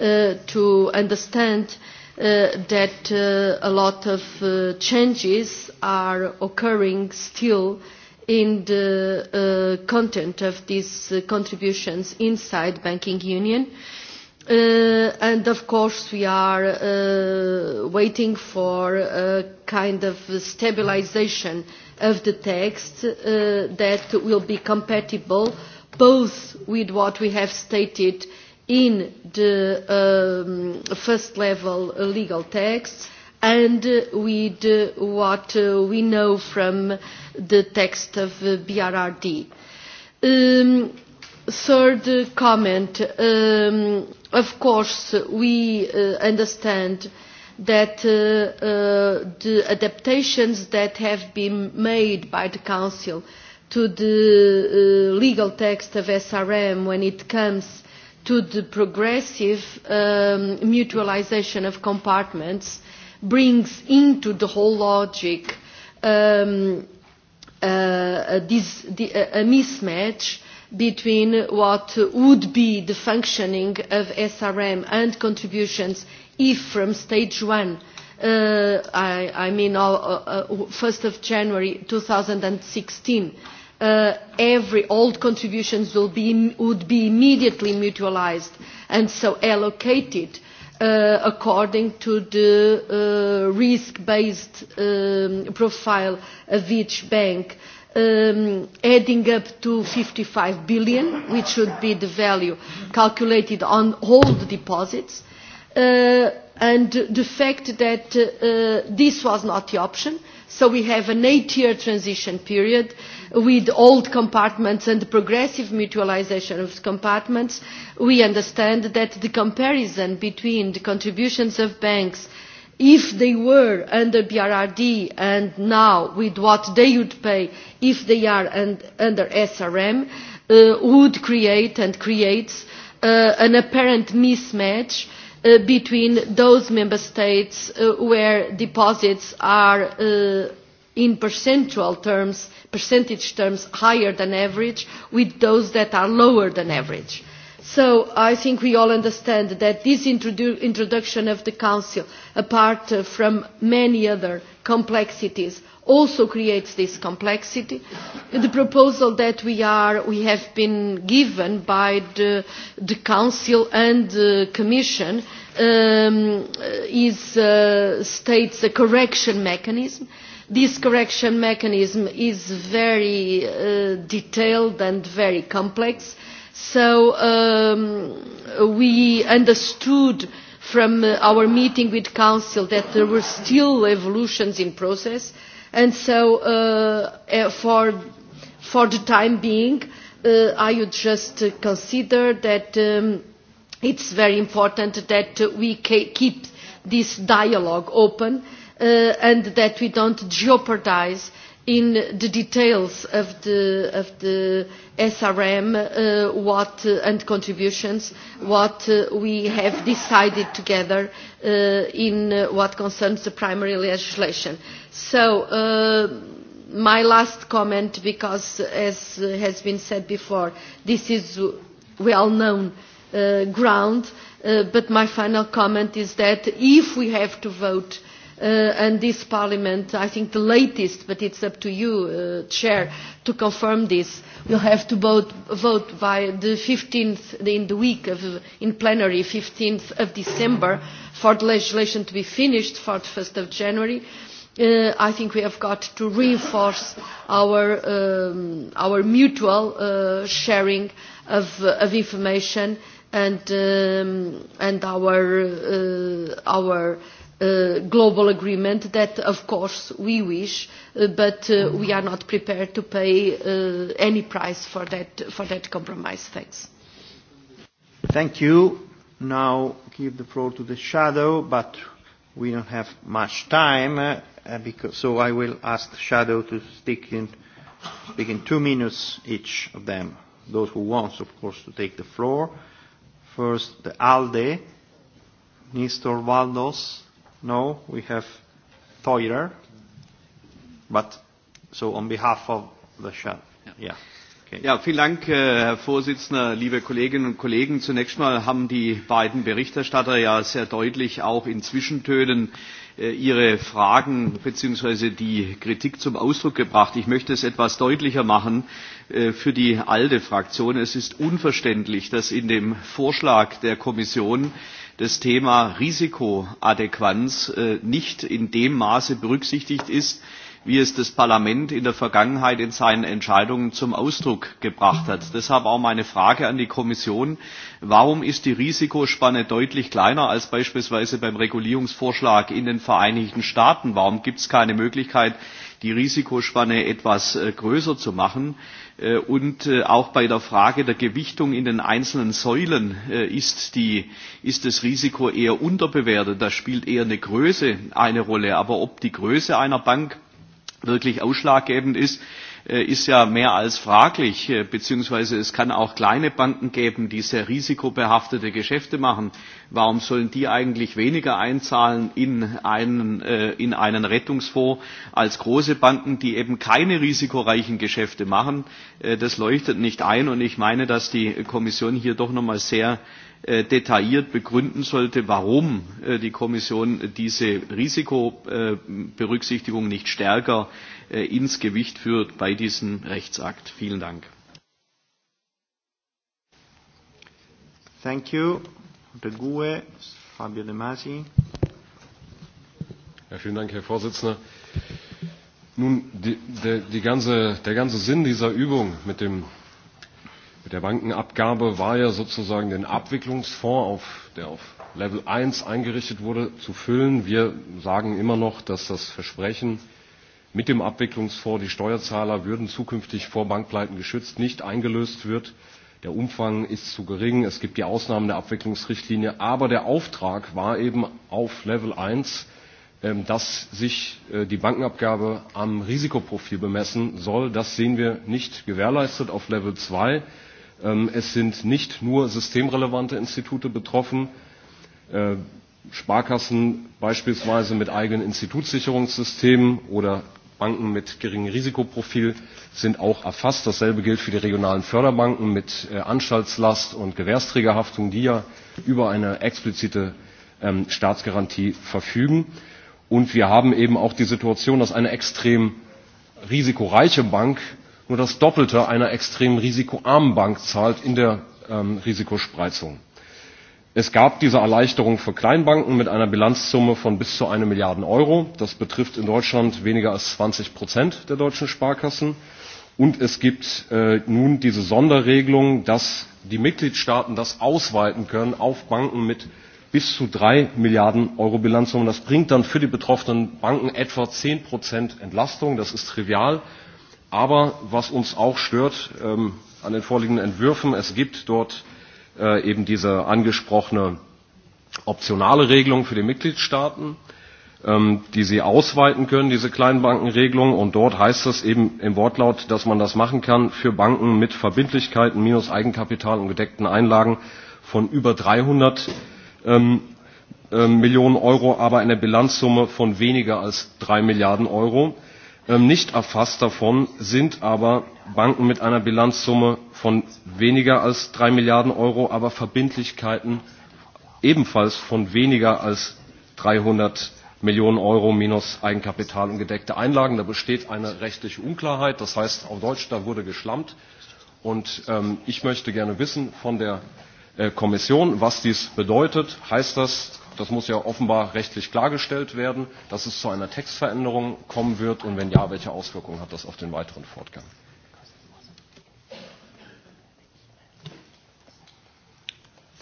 uh, to understand uh, that uh, a lot of uh, changes are occurring still in the uh, content of these uh, contributions inside banking union. Uh, Uh, and of course, we are uh, waiting for a uh, kind of stabilization of the text uh, that will be compatible both with what we have stated in the um, first level legal text and with what uh, we know from the text of uh, BRRD. Um, Third comment, um, of course we uh, understand that uh, uh, the adaptations that have been made by the Council to the uh, legal text of SRM when it comes to the progressive um, mutualization of compartments brings into the whole logic um, uh, this, the, a mismatch between what would be the functioning of SRM and contributions if from stage one, uh, I, I mean all, uh, 1st uh, of January 2016, uh, every old contributions will be, would be immediately mutualized and so allocated uh, according to the uh, risk-based um, profile of each bank um, adding up to 55 billion, which should be the value calculated on all the deposits. Uh, and the fact that uh, this was not the option, so we have an eight-year transition period with old compartments and progressive mutualisation of compartments, we understand that the comparison between the contributions of banks if they were under BRRD and now with what they would pay if they are and, under SRM uh, would create and creates uh, an apparent mismatch uh, between those member states uh, where deposits are uh, in percentual terms, percentage terms higher than average with those that are lower than average so i think we all understand that this introduction of the council apart uh, from many other complexities also creates this complexity. the proposal that we, are, we have been given by the, the council and the commission um, uh, is, uh, states a correction mechanism this correction mechanism is very uh, detailed and very complex So um, we understood from uh, our meeting with Council that there were still evolutions in process. And so uh, eh, for, for the time being, uh, I would just consider that um, it's very important that we keep this dialogue open uh, and that we don't jeopardize uh, in the details of the, of the SRM uh, what, uh, and contributions, what uh, we have decided together uh, in uh, what concerns the primary legislation. So uh, my last comment, because as has been said before, this is well-known uh, ground, uh, but my final comment is that if we have to vote uh, uh, and this parliament, I think the latest, but it's up to you, uh, Chair, to confirm this, will have to vote, vote by the 15th, in the week of, in plenary, 15th of December, for the legislation to be finished for the 1st of January. Uh, I think we have got to reinforce our, um, our mutual uh, sharing of, uh, of information and, um, and our, uh, our Uh, global agreement that, of course, we wish, uh, but uh, mm-hmm. we are not prepared to pay uh, any price for that, for that compromise. Thanks. Thank you. Now give the floor to the shadow, but we don't have much time, uh, because, so I will ask the shadow to speak in, speak in two minutes each of them. Those who want, of course, to take the floor. First, the ALDE, Mr. Valdos. No, we have Teurer. But so on behalf of the shell. Yeah. yeah. Ja, vielen Dank, äh, Herr Vorsitzender, liebe Kolleginnen und Kollegen. Zunächst mal haben die beiden Berichterstatter ja sehr deutlich auch in Zwischentönen äh, ihre Fragen bzw. die Kritik zum Ausdruck gebracht. Ich möchte es etwas deutlicher machen äh, für die ALDE-Fraktion. Es ist unverständlich, dass in dem Vorschlag der Kommission das Thema Risikoadäquanz äh, nicht in dem Maße berücksichtigt ist, wie es das Parlament in der Vergangenheit in seinen Entscheidungen zum Ausdruck gebracht hat. Deshalb auch meine Frage an die Kommission. Warum ist die Risikospanne deutlich kleiner als beispielsweise beim Regulierungsvorschlag in den Vereinigten Staaten? Warum gibt es keine Möglichkeit, die Risikospanne etwas äh, größer zu machen? Äh, und äh, auch bei der Frage der Gewichtung in den einzelnen Säulen äh, ist, die, ist das Risiko eher unterbewertet. Da spielt eher eine Größe eine Rolle. Aber ob die Größe einer Bank wirklich ausschlaggebend ist, Äh, ist ja mehr als fraglich, äh, beziehungsweise es kann auch kleine Banken geben, die sehr risikobehaftete Geschäfte machen. Warum sollen die eigentlich weniger einzahlen in einen, äh, in einen Rettungsfonds als große Banken, die eben keine risikoreichen Geschäfte machen? das leuchtet nicht ein und ich meine, dass die Kommission hier doch noch nochmal sehr detailliert begründen sollte, warum die Kommission diese Risikoberücksichtigung nicht stärker Äh, ins Gewicht führt bei diesem Rechtsakt. Vielen Dank. Thank you. De GUE, Fabio De Masi. Ja, vielen Dank, Herr Vorsitzender. Nun, die, die, die ganze, der ganze Sinn dieser Übung mit, dem, mit der Bankenabgabe war ja sozusagen den Abwicklungsfonds, auf, der auf Level 1 eingerichtet wurde, zu füllen. Wir sagen immer noch, dass das Versprechen äh, mit dem Abwicklungsfonds die Steuerzahler würden zukünftig vor Bankpleiten geschützt, nicht eingelöst wird. Der Umfang ist zu gering. Es gibt die Ausnahmen der Abwicklungsrichtlinie. Aber der Auftrag war eben auf Level 1, ähm, dass sich äh, die Bankenabgabe am Risikoprofil bemessen soll. Das sehen wir nicht gewährleistet auf Level 2. Ähm, es sind nicht nur systemrelevante Institute betroffen. Äh, Sparkassen beispielsweise mit eigenen Institutssicherungssystemen oder Banken mit geringem Risikoprofil sind auch erfasst. Dasselbe gilt für die regionalen Förderbanken mit äh, Anstaltslast und Gewährsträgerhaftung, die ja über eine explizite ähm, Staatsgarantie verfügen. Und wir haben eben auch die Situation, dass eine extrem risikoreiche Bank nur das Doppelte einer extrem risikoarmen Bank zahlt in der ähm, Risikospreizung. Es gab diese Erleichterung für Kleinbanken mit einer Bilanzsumme von bis zu eine Milliarden Euro. Das betrifft in Deutschland weniger als 20 Prozent der deutschen Sparkassen. Und es gibt äh, nun diese Sonderregelung, dass die Mitgliedstaaten das ausweiten können auf Banken mit bis zu drei Milliarden Euro Bilanzsumme. Das bringt dann für die betroffenen Banken etwa zehn Prozent Entlastung. Das ist trivial. Aber was uns auch stört ähm, an den vorliegenden Entwürfen, es gibt dort äh, Äh, eben diese angesprochene optionale Regelung für die Mitgliedstaaten, ähm, die sie ausweiten können, diese Kleinbankenregelung. Und dort heißt es eben im Wortlaut, dass man das machen kann für Banken mit Verbindlichkeiten minus Eigenkapital und gedeckten Einlagen von über 300 ähm, äh, Millionen Euro, aber eine Bilanzsumme von weniger als 3 Milliarden Euro. Ähm, nicht erfasst davon sind aber Banken mit einer Bilanzsumme von weniger als drei Milliarden Euro, aber Verbindlichkeiten ebenfalls von weniger als 300 Millionen Euro minus Eigenkapital und gedeckte Einlagen. Da besteht eine rechtliche Unklarheit. Das heißt auf Deutsch, da wurde geschlampt. Und ähm, ich möchte gerne wissen von der äh, Kommission, was dies bedeutet. Heißt das, das muss ja offenbar rechtlich klargestellt werden, dass es zu einer Textveränderung kommen wird? Und wenn ja, welche Auswirkungen hat das auf den weiteren Fortgang?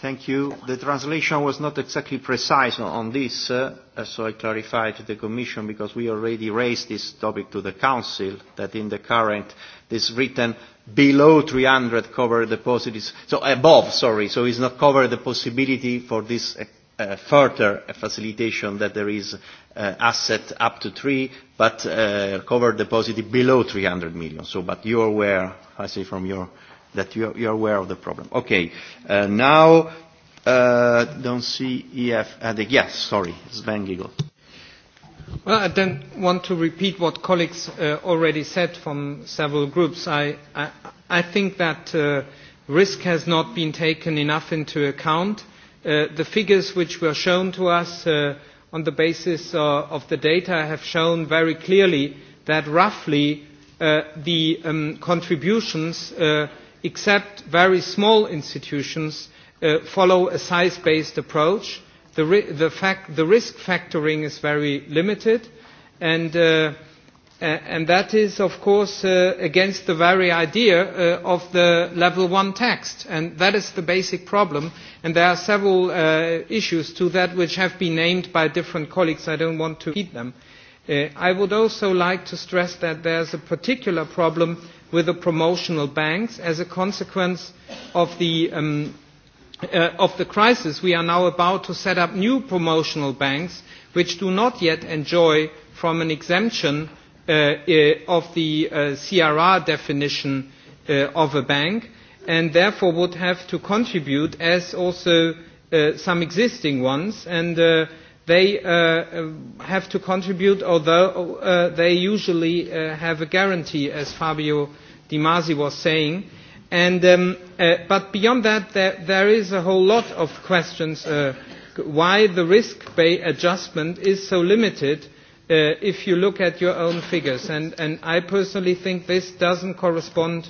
Thank you. The translation was not exactly precise on this, uh, uh, so I clarified to the Commission because we already raised this topic to the Council that in the current this written below 300 cover deposits, so above, sorry, so it's not cover the possibility for this uh, uh, further facilitation that there is uh, asset up to three, but uh, cover deposit below 300 million. So, but you're aware, I say from your that you are, you are aware of the problem. Okay, uh, now uh, don't see EF adding. Yes, sorry, Sven Giegel. Well, I don't want to repeat what colleagues uh, already said from several groups. I, I, I think that uh, risk has not been taken enough into account. Uh, the figures which were shown to us uh, on the basis uh, of the data have shown very clearly that roughly uh, the um, contributions uh, except very small institutions, uh, follow a size-based approach. The, ri the, fact, the risk factoring is very limited, and, uh, and that is, of course, uh, against the very idea uh, of the level one text. And that is the basic problem. And there are several uh, issues to that which have been named by different colleagues. I don't want to repeat them. Uh, I would also like to stress that there is a particular problem with the promotional banks as a consequence of the, um, uh, of the crisis. We are now about to set up new promotional banks which do not yet enjoy from an exemption uh, uh, of the uh, CRR definition uh, of a bank and therefore would have to contribute as also uh, some existing ones. And uh, they uh, uh, have to contribute, although uh, they usually uh, have a guarantee, as Fabio Di Masi was saying. And, um, uh, but beyond that, there, there is a whole lot of questions uh, why the risk-based adjustment is so limited uh, if you look at your own figures. And, and I personally think this doesn't correspond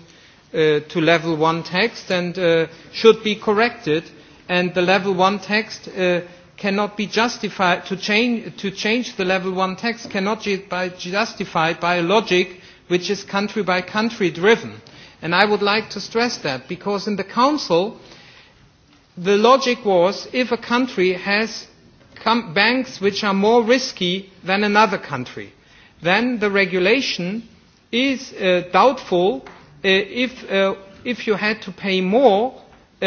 uh, to level one text and uh, should be corrected. And the level one text uh, cannot be justified to change, to change the level one tax cannot be justified by a logic which is country by country driven. And I would like to stress that because in the Council, the logic was if a country has banks which are more risky than another country, then the regulation is uh, doubtful uh, if, uh, if you had to pay more uh,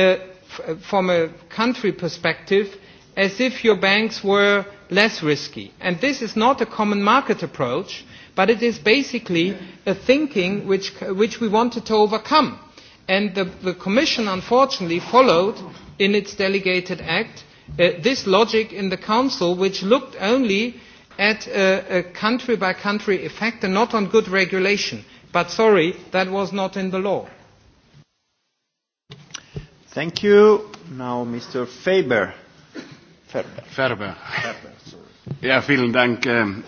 f- from a country perspective as if your banks were less risky. And this is not a common market approach, but it is basically a thinking which, which we wanted to overcome. And the, the Commission, unfortunately, followed in its delegated act uh, this logic in the Council, which looked only at a, a country by country effect and not on good regulation. But sorry, that was not in the law. Thank you. Now, Mr. Faber. Ferber. Ferber. Ferber ja, vielen Dank. Ähm,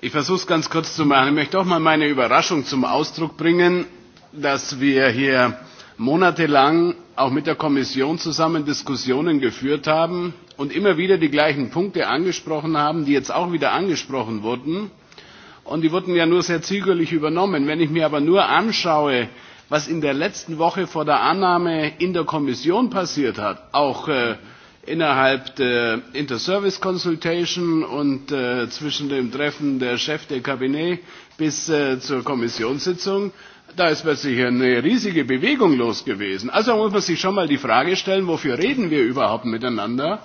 ich versuche es ganz kurz zu machen. Ich möchte auch mal meine Überraschung zum Ausdruck bringen, dass wir hier monatelang auch mit der Kommission zusammen Diskussionen geführt haben und immer wieder die gleichen Punkte angesprochen haben, die jetzt auch wieder angesprochen wurden. Und die wurden ja nur sehr zügig übernommen. Wenn ich mir aber nur anschaue, was in der letzten Woche vor der Annahme in der Kommission passiert hat, auch äh, innerhalb der inter Consultation und äh, zwischen dem Treffen der Chef der Kabinett bis äh, zur Kommissionssitzung, da ist plötzlich eine riesige Bewegung los gewesen. Also muss man sich schon mal die Frage stellen, wofür reden wir überhaupt miteinander,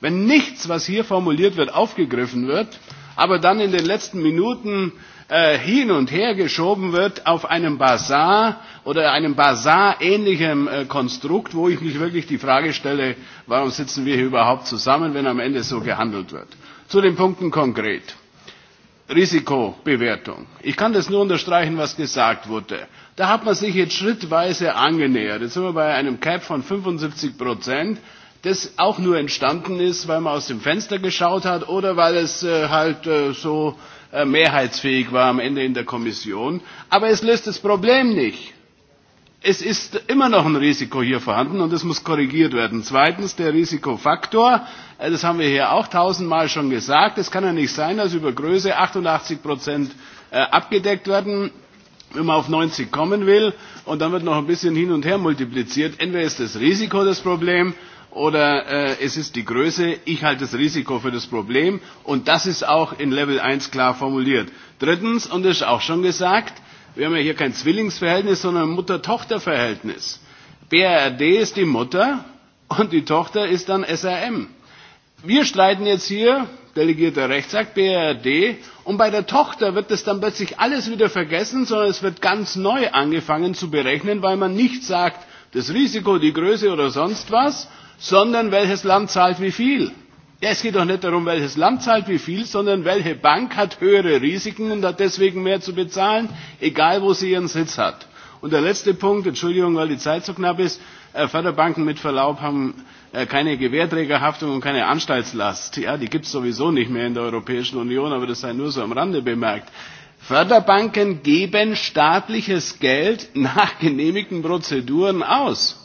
wenn nichts, was hier formuliert wird, aufgegriffen wird, aber dann in den letzten Minuten äh, äh, hin und her geschoben wird auf einem Basar oder einem Basar-ähnlichen äh, Konstrukt, wo ich mich wirklich die Frage stelle, warum sitzen wir hier überhaupt zusammen, wenn am Ende so gehandelt wird. Zu den Punkten konkret. Risikobewertung. Ich kann das nur unterstreichen, was gesagt wurde. Da hat man sich jetzt schrittweise angenähert. Jetzt sind wir bei einem Cap von 75 Prozent, das auch nur entstanden ist, weil man aus dem Fenster geschaut hat oder weil es äh, halt äh, so Äh, mehrheitsfähig war am Ende in der Kommission. Aber es löst das Problem nicht. Es ist immer noch ein Risiko hier vorhanden und es muss korrigiert werden. Zweitens der Risikofaktor. Äh, das haben wir hier auch tausendmal schon gesagt. Es kann ja nicht sein, dass über Größe 88 Prozent äh, abgedeckt werden wenn man auf 90 kommen will und dann wird noch ein bisschen hin und her multipliziert. Entweder ist das Risiko das Problem oder äh, es ist die Größe. Ich halte das Risiko für das Problem und das ist auch in Level 1 klar formuliert. Drittens, und das ist auch schon gesagt, wir haben ja hier kein Zwillingsverhältnis, sondern ein Mutter-Tochter-Verhältnis. BRD ist die Mutter und die Tochter ist dann SRM. Wir streiten jetzt hier, delegierter Rechtsakt, BRD, und bei der Tochter wird das dann plötzlich alles wieder vergessen, sondern es wird ganz neu angefangen zu berechnen, weil man nicht sagt, das Risiko, die Größe oder sonst was, sondern welches Land zahlt wie viel. Ja, es geht doch nicht darum, welches Land zahlt wie viel, sondern welche Bank hat höhere Risiken und hat deswegen mehr zu bezahlen, egal wo sie ihren Sitz hat. Und der letzte Punkt, Entschuldigung, weil die Zeit so knapp ist, äh, Förderbanken mit Verlaub haben äh, keine Gewährträgerhaftung und keine Anstaltslast. Ja, die gibt es sowieso nicht mehr in der Europäischen Union, aber das sei nur so am Rande bemerkt. Förderbanken geben staatliches Geld nach genehmigten Prozeduren aus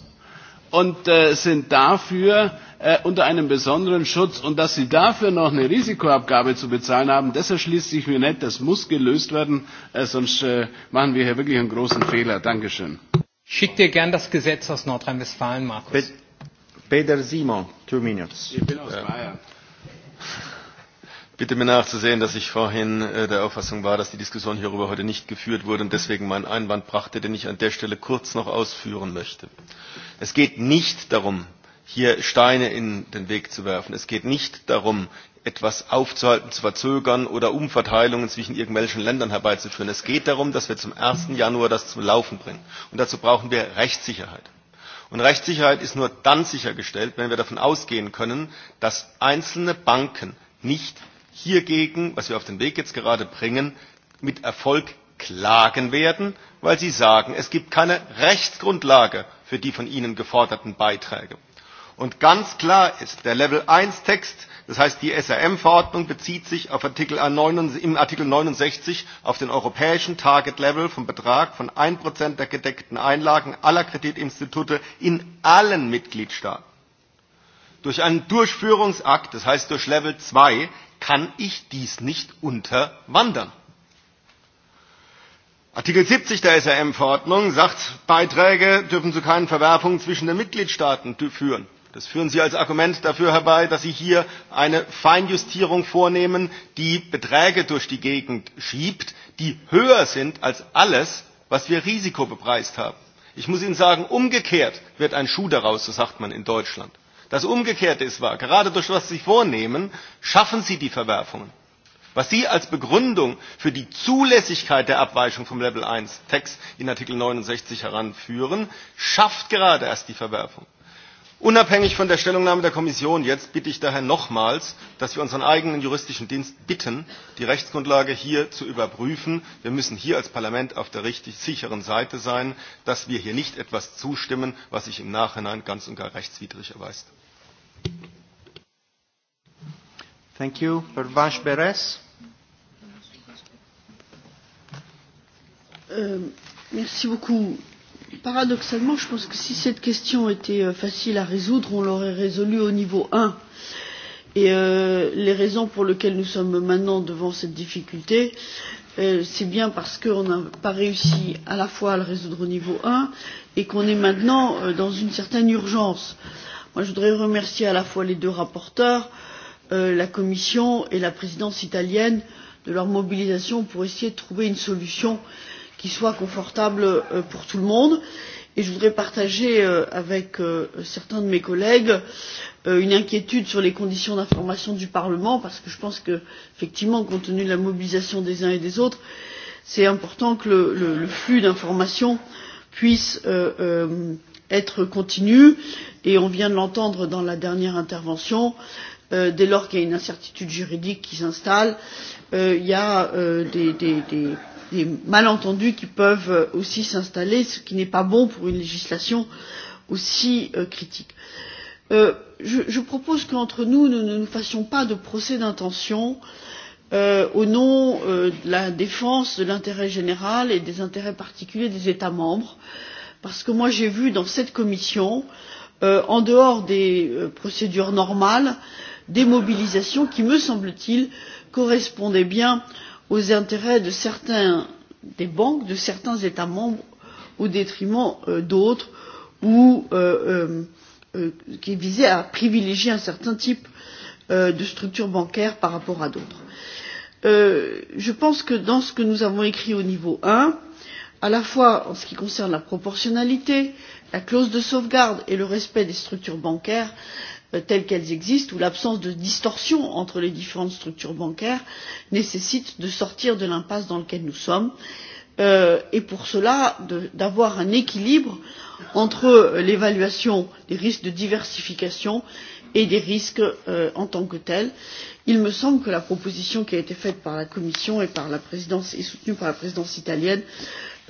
und äh, sind dafür äh, unter einem besonderen Schutz. Und dass sie dafür noch eine Risikoabgabe zu bezahlen haben, das erschließt sich mir nicht. Das muss gelöst werden, äh, sonst machen wir hier wirklich einen großen Fehler. Dankeschön. Schick dir gern das Gesetz aus Nordrhein-Westfalen, Markus. Peter Simon, two minutes. Ich bin aus Bayern bitte mir nachzusehen, dass ich vorhin äh, der Auffassung war, dass die Diskussion hierüber heute nicht geführt wurde und deswegen meinen Einwand brachte, den ich an der Stelle kurz noch ausführen möchte. Es geht nicht darum, hier Steine in den Weg zu werfen. Es geht nicht darum, etwas aufzuhalten, zu verzögern oder Umverteilungen zwischen irgendwelchen Ländern herbeizuführen. Es geht darum, dass wir zum 1. Januar das zum Laufen bringen. Und dazu brauchen wir Rechtssicherheit. Und Rechtssicherheit ist nur dann sichergestellt, wenn wir davon ausgehen können, dass einzelne Banken nicht hiergegen, was wir auf den Weg jetzt gerade bringen, mit Erfolg klagen werden, weil sie sagen, es gibt keine Rechtsgrundlage für die von ihnen geforderten Beiträge. Und ganz klar ist, der Level 1 Text, das heißt die SRM-Verordnung bezieht sich auf Artikel, im Artikel 69 auf den europäischen Target Level vom Betrag von 1% der gedeckten Einlagen aller Kreditinstitute in allen Mitgliedstaaten. Durch einen Durchführungsakt, das heißt durch Level 2, kann ich dies nicht unterwandern. Artikel 70 der SRM-Verordnung sagt, Beiträge dürfen zu keinen Verwerfungen zwischen den Mitgliedstaaten führen. Das führen Sie als Argument dafür herbei, dass Sie hier eine Feinjustierung vornehmen, die Beträge durch die Gegend schiebt, die höher sind als alles, was wir risikobepreist haben. Ich muss Ihnen sagen, umgekehrt wird ein Schuh daraus, so sagt man in Deutschland. Das Umgekehrte ist wahr. Gerade durch was Sie sich vornehmen, schaffen Sie die Verwerfungen. Was Sie als Begründung für die Zulässigkeit der Abweichung vom Level 1 Text in Artikel 69 heranführen, schafft gerade erst die Verwerfung. Unabhängig von der Stellungnahme der Kommission jetzt bitte ich daher nochmals, dass wir unseren eigenen juristischen Dienst bitten, die Rechtsgrundlage hier zu überprüfen. Wir müssen hier als Parlament auf der richtig sicheren Seite sein, dass wir hier nicht etwas zustimmen, was sich im Nachhinein ganz und gar rechtswidrig erweist. Thank you. Pervash Beres. Euh, merci beaucoup. Paradoxalement, je pense que si cette question était euh, facile à résoudre, on l'aurait résolue au niveau 1. Et euh, les raisons pour lesquelles nous sommes maintenant devant cette difficulté, euh, c'est bien parce qu'on n'a pas réussi à la fois à le résoudre au niveau 1 et qu'on est maintenant euh, dans une certaine urgence. Euh, je voudrais remercier à la fois les deux rapporteurs, euh, la Commission et la présidence italienne de leur mobilisation pour essayer de trouver une solution qui soit confortable euh, pour tout le monde. Et je voudrais partager euh, avec certains de mes collègues une inquiétude sur les conditions d'information du Parlement, parce que je pense que, effectivement, compte tenu de la mobilisation des uns et des autres, c'est important que le, le, le flux d'informations puisse euh, euh, être continue et on vient de l'entendre dans la dernière intervention euh, dès lors qu'il y a une incertitude juridique qui s'installe euh, il y a euh, des, des, des, des malentendus qui peuvent euh, aussi s'installer ce qui n'est pas bon pour une législation aussi euh, critique. Euh, je, je propose qu'entre nous nous ne nous fassions pas de procès d'intention euh, au nom euh, de la défense de l'intérêt général et des intérêts particuliers des états membres. Euh, parce que moi j'ai vu dans cette commission euh, en dehors des euh, procédures normales des mobilisations qui me semble t il correspondaient bien aux intérêts de certains des banques de certains états membres au détriment euh, d'autres ou euh, euh, euh qui visaient à privilégier un certain type euh, de structure bancaire par rapport à d'autres. Euh, je pense que dans ce que nous avons écrit au niveau 1, à la fois en ce qui concerne la proportionnalité la clause de sauvegarde et le respect des structures bancaires euh, telles qu'elles existent ou l'absence de distorsion entre les différentes structures bancaires nécessite de sortir de l'impasse dans laquelle nous sommes euh, et pour cela d'avoir un équilibre entre euh, l'évaluation des risques de diversification et des risques en tant que tels. il me semble que la proposition qui a été faite par la commission et soutenue par la présidence italienne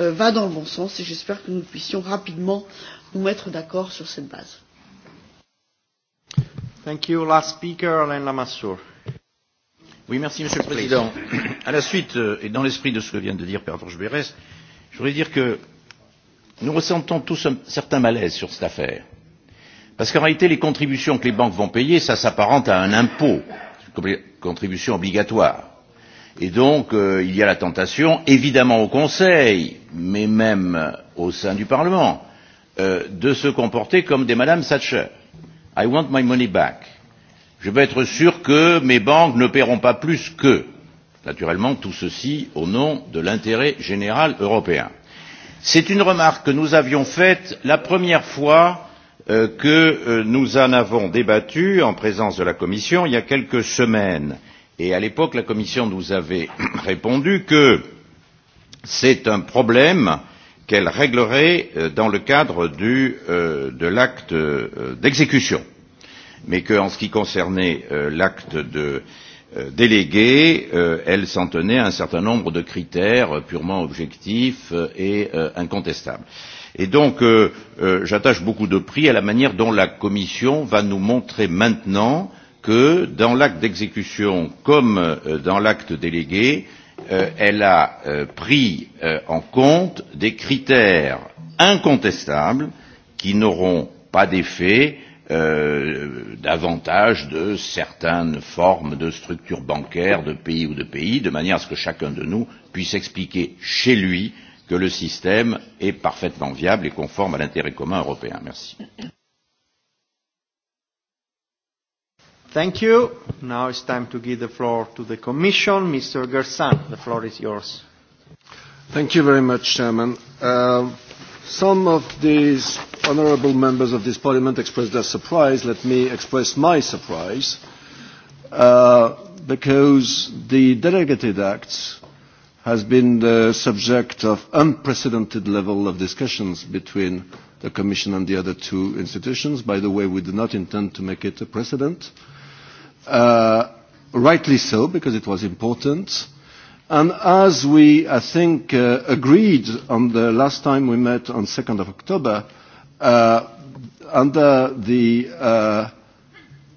Euh, va dans le bon sens et j'espère que nous puissions rapidement nous mettre d'accord sur cette base. Thank you. Last speaker, Alain Lamassoure. Oui, merci, Monsieur le Président. À la suite, euh, et dans l'esprit de ce que vient de dire Père Berès, je voudrais dire que nous ressentons tous un certain malaise sur cette affaire. Parce qu'en réalité, les contributions que les banques vont payer, ça s'apparente à un impôt, une contribution obligatoire Et donc, euh, il y a la tentation, évidemment au Conseil, mais même au sein du Parlement, euh, de se comporter comme des Madame Thatcher. I want my money back. Je veux être sûr que mes banques ne paieront pas plus que. Naturellement, tout ceci au nom de l'intérêt général européen. C'est une remarque que nous avions faite la première fois euh, que euh, nous en avons débattu en présence de la Commission il y a quelques semaines et à l'époque la commission nous avait répondu que c'est un problème qu'elle réglerait euh, dans le cadre du, euh, de l'acte euh, d'exécution mais qu'en ce qui concernait euh, l'acte de euh, délégué, euh, elle s'en tenait à un certain nombre de critères euh, purement objectifs et incontestables. Et donc, euh, euh, j'attache beaucoup de prix à la manière dont la Commission va nous montrer maintenant euh, que dans l'acte d'exécution comme euh, dans l'acte délégué, euh, elle a euh, pris en compte des critères incontestables qui n'auront pas d'effet euh, davantage de certaines formes de structures bancaires de pays ou de pays, de manière à ce que chacun de nous puisse expliquer chez lui que le système est parfaitement viable et conforme à l'intérêt commun européen. Merci. Thank you. Now it's time to give the floor to the Commission. Mr. Gersan, the floor is yours. Thank you very much, Chairman. Uh, some of these honourable members of this Parliament expressed their surprise. Let me express my surprise, uh, because the delegated acts has been the subject of unprecedented level of discussions between the Commission and the other two institutions. By the way, we do not intend to make it a precedent. Uh, uh, rightly so, because it was important. And as we, I think, uh, agreed on the last time we met on 2nd of October, uh, under the uh,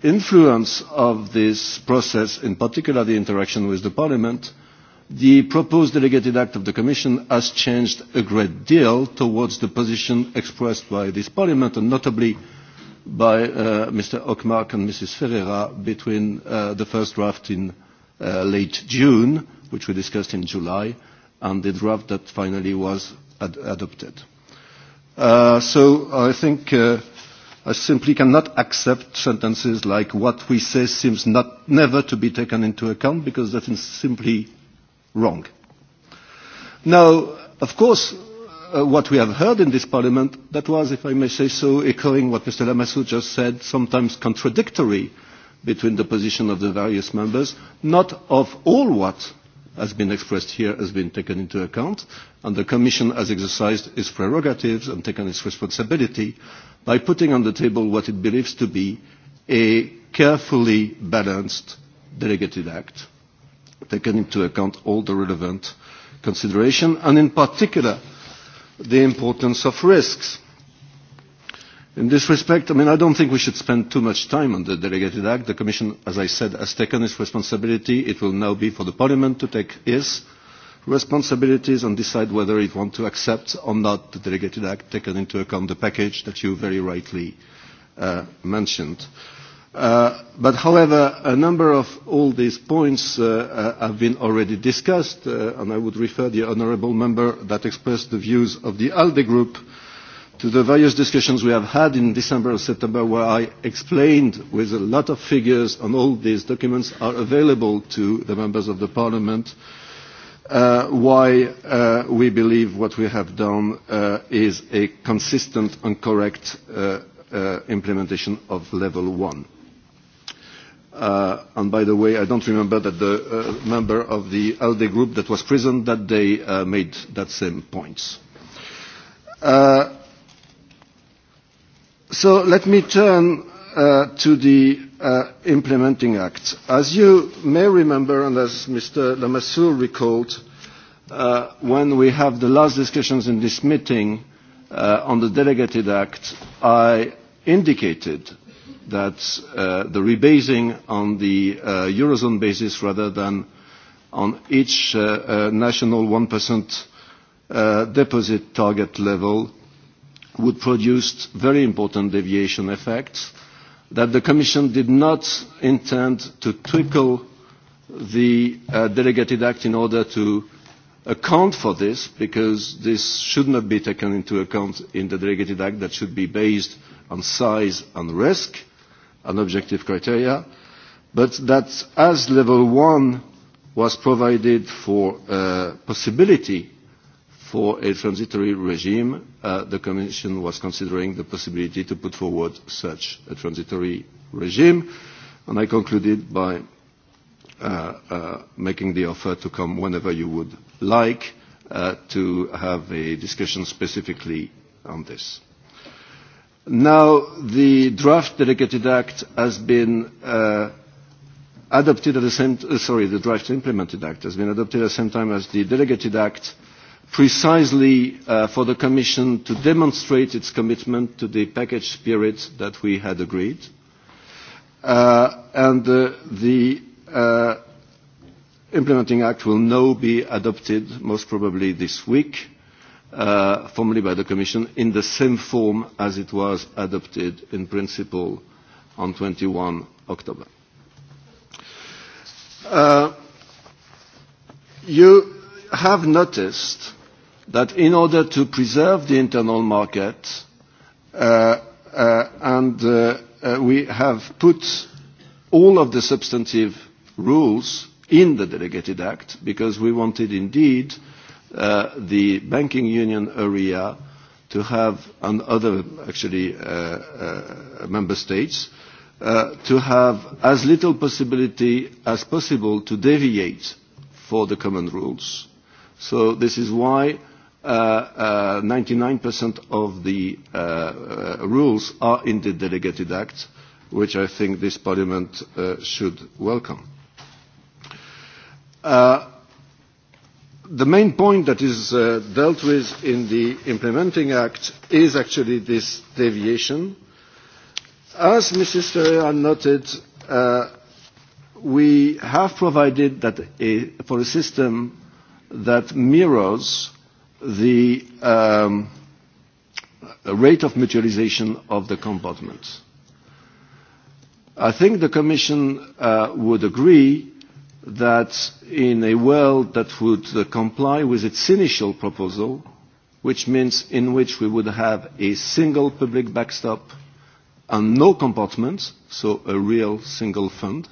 influence of this process, in particular the interaction with the Parliament, the proposed delegated act of the Commission has changed a great deal towards the position expressed by this Parliament, and notably by uh, Mr. Ockmark and Mrs. Ferreira between uh, the first draft in uh, late June, which we discussed in July, and the draft that finally was ad adopted. Uh, so I think uh, I simply cannot accept sentences like what we say seems not, never to be taken into account because that is simply wrong. Now, of course, Uh, what we have heard in this parliament, that was, if I may say so, echoing what Mr. Lamassoure just said, sometimes contradictory between the position of the various members, not of all what has been expressed here has been taken into account, and the Commission has exercised its prerogatives and taken its responsibility by putting on the table what it believes to be a carefully balanced delegated act, taking into account all the relevant consideration, and in particular the importance of risks. In this respect, I mean, I don't think we should spend too much time on the delegated act. The Commission, as I said, has taken its responsibility. It will now be for the Parliament to take its responsibilities and decide whether it wants to accept or not the delegated act, taking into account the package that you very rightly uh, mentioned. Uh, Uh, but however, a number of all these points uh, uh, have been already discussed, uh, and I would refer the honourable member that expressed the views of the ALDE group to the various discussions we have had in December and September, where I explained with a lot of figures, and all these documents are available to the members of the parliament, uh, why uh, we believe what we have done uh, is a consistent and correct uh, uh, implementation of level one. Uh, and by the way, I don't remember that the uh, member of the ALDE group that was present that day uh, made that same points. Uh, so let me turn uh, to the uh, implementing act. As you may remember, and as Mr. Lamassoure recalled, uh, when we have the last discussions in this meeting uh, on the delegated act, I indicated that uh, the rebasing on the uh, Eurozone basis rather than on each uh, uh, national 1% uh, deposit target level would produce very important deviation effects, that the Commission did not intend to twinkle the uh, delegated act in order to account for this, because this should not be taken into account in the delegated act that should be based on size and risk, an objective criteria, but that as level one was provided for a uh, possibility for a transitory regime, uh, the Commission was considering the possibility to put forward such a transitory regime. And I concluded by uh, uh, making the offer to come whenever you would like uh, to have a discussion specifically on this. Now the draft delegated act has been uh, adopted at the same, uh, sorry, the draft implemented act has been adopted at the same time as the delegated act precisely uh, for the Commission to demonstrate its commitment to the package spirit that we had agreed. Uh, and uh, the uh, implementing act will now be adopted most probably this week uh, formally by the Commission in the same form as it was adopted in principle on 21 October. Uh, you have noticed that in order to preserve the internal market, uh, uh, and uh, uh, we have put all of the substantive rules in the delegated act because we wanted indeed uh, Uh, the banking union area to have, and other actually uh, uh, member states, uh, to have as little possibility as possible to deviate for the common rules. So this is why 99% uh, uh, of the uh, uh, rules are in the delegated act, which I think this parliament uh, should welcome. Uh, the main point that is uh, dealt with in the implementing act is actually this deviation. As Mrs. Ferreira noted, uh, we have provided that a, for a system that mirrors the um, rate of mutualization of the compartments. I think the Commission uh, would agree that in a world that would uh, comply with its initial proposal, which means in which we would have a single public backstop and no compartments, so a real single fund,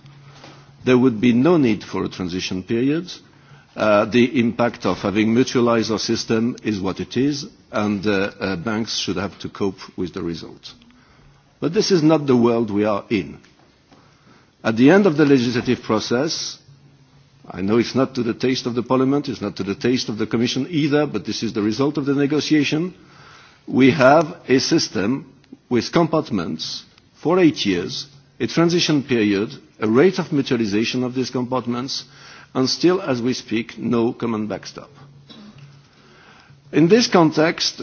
there would be no need for a transition period. Uh, the impact of having mutualized our system is what it is, and uh, uh, banks should have to cope with the result. But this is not the world we are in. At the end of the legislative process, I know it's not to the taste of the Parliament, it's not to the taste of the Commission either, but this is the result of the negotiation. We have a system with compartments for eight years, a transition period, a rate of mutualization of these compartments, and still, as we speak, no common backstop. In this context,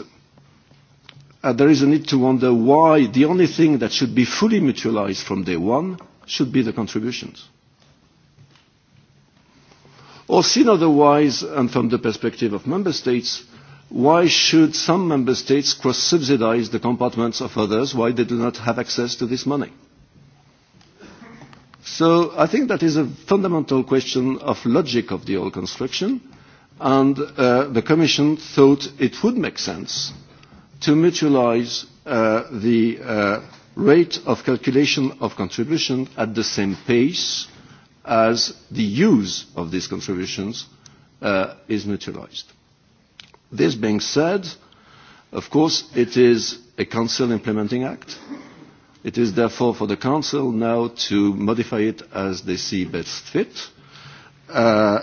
uh, there is a need to wonder why the only thing that should be fully mutualized from day one should be the contributions. Or seen otherwise, and from the perspective of member states, why should some member states cross-subsidize the compartments of others while they do not have access to this money? So I think that is a fundamental question of logic of the whole construction, and uh, the Commission thought it would make sense to mutualize uh, the uh, rate of calculation of contribution at the same pace as the use of these contributions uh, is neutralized. This being said, of course, it is a Council implementing act. It is therefore for the Council now to modify it as they see best fit. Uh,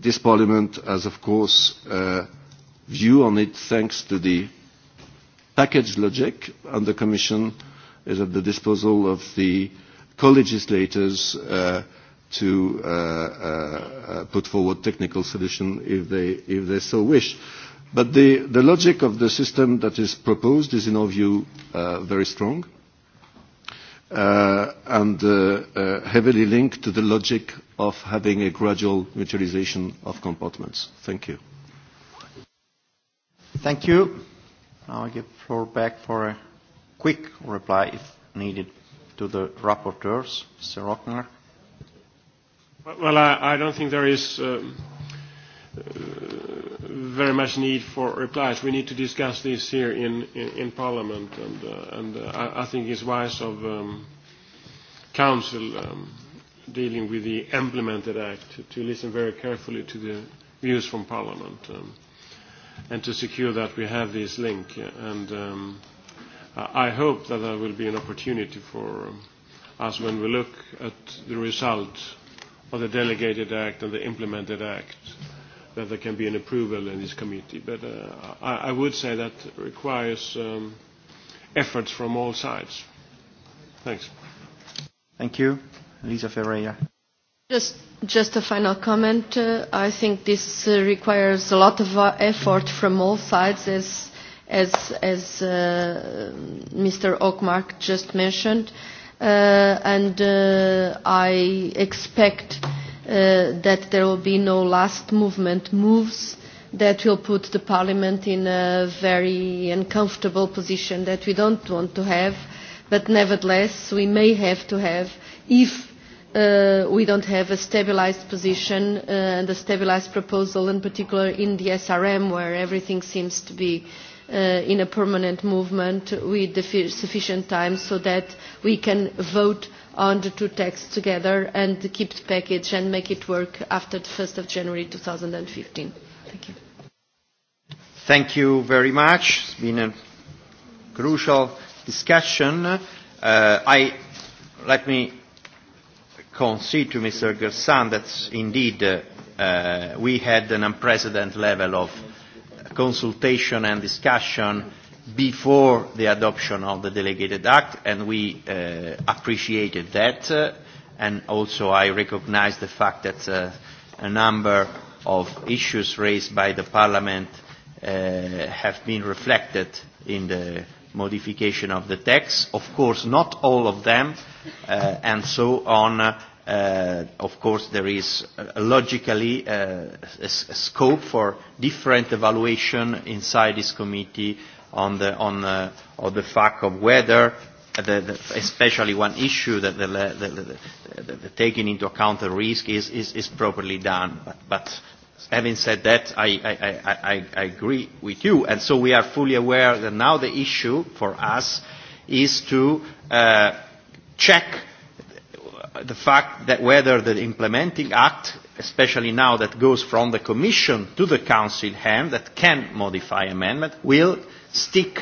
this Parliament has, of course, uh, view on it thanks to the package logic, and the Commission is at the disposal of the uh, co-legislators uh, to uh, uh, uh put forward technical solutions if they, if they so wish. But the, the logic of the system that is proposed is, in our view, uh, very strong uh, and uh, uh, heavily linked to the logic of having a gradual mutualization of compartments. Thank you. Thank you. I'll give the floor back for a quick reply if needed to the rapporteurs, Mr. Rockner? Well, I, I don't think there is uh, uh, very much need for replies. We need to discuss this here in, in, in Parliament, and, uh, and uh, I, I think it's wise of um, Council um, dealing with the implemented act to, to listen very carefully to the views from Parliament um, and to secure that we have this link. And um, I hope that there will be an opportunity for um, us when we look at the result of the Delegated Act and the Implemented Act that there can be an approval in this committee. But uh, I, I would say that requires um, efforts from all sides. Thanks. Thank you. Lisa Ferreira. Just, just a final comment. Uh, I think this uh, requires a lot of uh, effort from all sides, as as, as uh, Mr. Ockmark just mentioned. Uh, and uh, I expect uh, that there will be no last movement moves that will put the Parliament in a very uncomfortable position that we don't want to have, but nevertheless we may have to have if uh, we don't have a stabilised position uh, and a stabilised proposal, in particular in the SRM, where everything seems to be uh, uh, in a permanent movement with sufficient time so that we can vote on the two texts together and keep the package and make it work after the 1st of January 2015. Thank you. Thank you very much. It's been a crucial discussion. Uh, I, let me concede to Mr. Gersan that indeed uh, uh, we had an unprecedented level of consultation and discussion before the adoption of the delegated act, and we uh, appreciated that. Uh, and also, I recognize the fact that uh, a number of issues raised by the Parliament uh, have been reflected in the modification of the text. Of course, not all of them, uh, and so on. Uh, Uh, of course, there is uh, logically uh, a, a scope for different evaluation inside this committee on the, on, the, on the fact of whether the, the, especially one issue that the, the, the, the, the taking into account the risk is, is, is properly done. But, but having said that, I, I, I, I agree with you. And so we are fully aware that now the issue for us is to uh, check the fact that whether the implementing act, especially now that goes from the Commission to the Council hand, that can modify amendment, will stick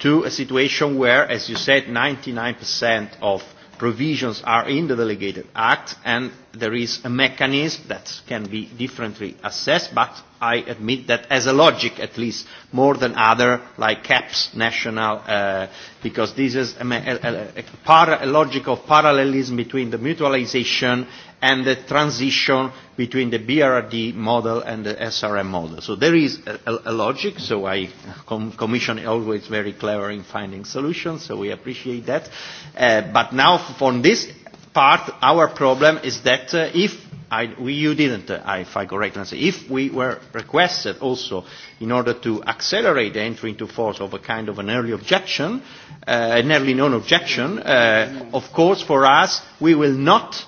to a situation where, as you said, 99% of provisions are in the delegated act and there is a mechanism that can be differently assessed, but I admit that as a logic at least, more than other like CAPS national, uh, because this is a, a, a, a, para, a logic of parallelism between the mutualization and the transition between the BRRD model and the SRM model. So there is a, a, a logic, so I com Commission is always very clever in finding solutions, so we appreciate that. Uh, but now for this part, our problem is that uh, if I, we, you didn't, uh, if I correctly say, if we were requested also in order to accelerate the entry into force of a kind of an early objection, uh, an early non-objection, uh, of course for us we will not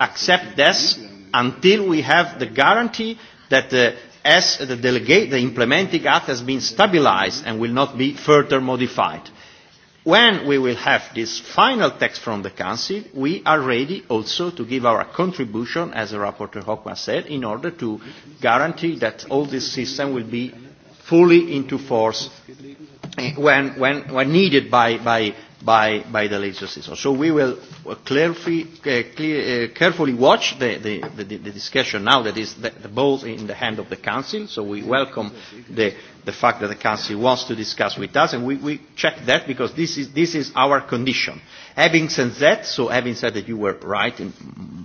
accept this until we have the guarantee that the, as the, delegate, the implementing act has been stabilized and will not be further modified. When we will have this final text from the Council, we are ready also to give our contribution, as the Rapporteur Hockman said, in order to guarantee that all this system will be fully into force eh, when, when, when needed by, by by, by the legislation. So we will uh, clearly, uh, clear, uh, carefully watch the, the, the, the discussion now that is the, the ball in the hand of the Council. So we welcome the, the fact that the Council wants to discuss with us, and we, we check that because this is, this is our condition. Having said that, so having said that you were right in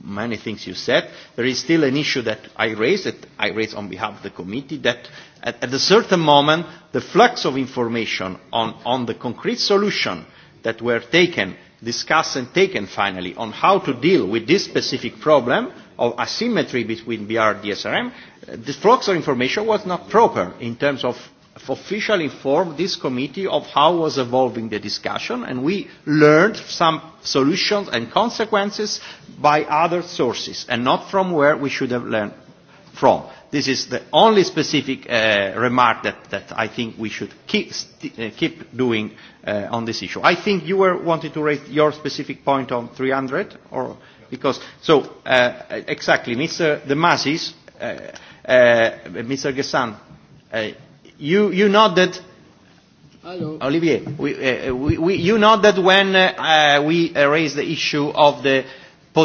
many things you said, there is still an issue that I raised, that I raised on behalf of the committee, that at, at a certain moment, the flux of information on, on the concrete solution – that were taken, discussed and taken finally on how to deal with this specific problem of asymmetry between BR and DSRM, uh, the flux of information was not proper in terms of officially informed this committee of how was evolving the discussion and we learned some solutions and consequences by other sources and not from where we should have learned from. This is the only specific uh, remark that, that I think we should keep, st uh, keep doing uh, on this issue. I think you were wanting to raise your specific point on 300, or because so uh, exactly, Mr. De Masis, uh, uh, Mr. Gassan, uh, you you know that. Hello. Olivier, we, uh, we, we, you know that when uh, we uh, raised the issue of the uh,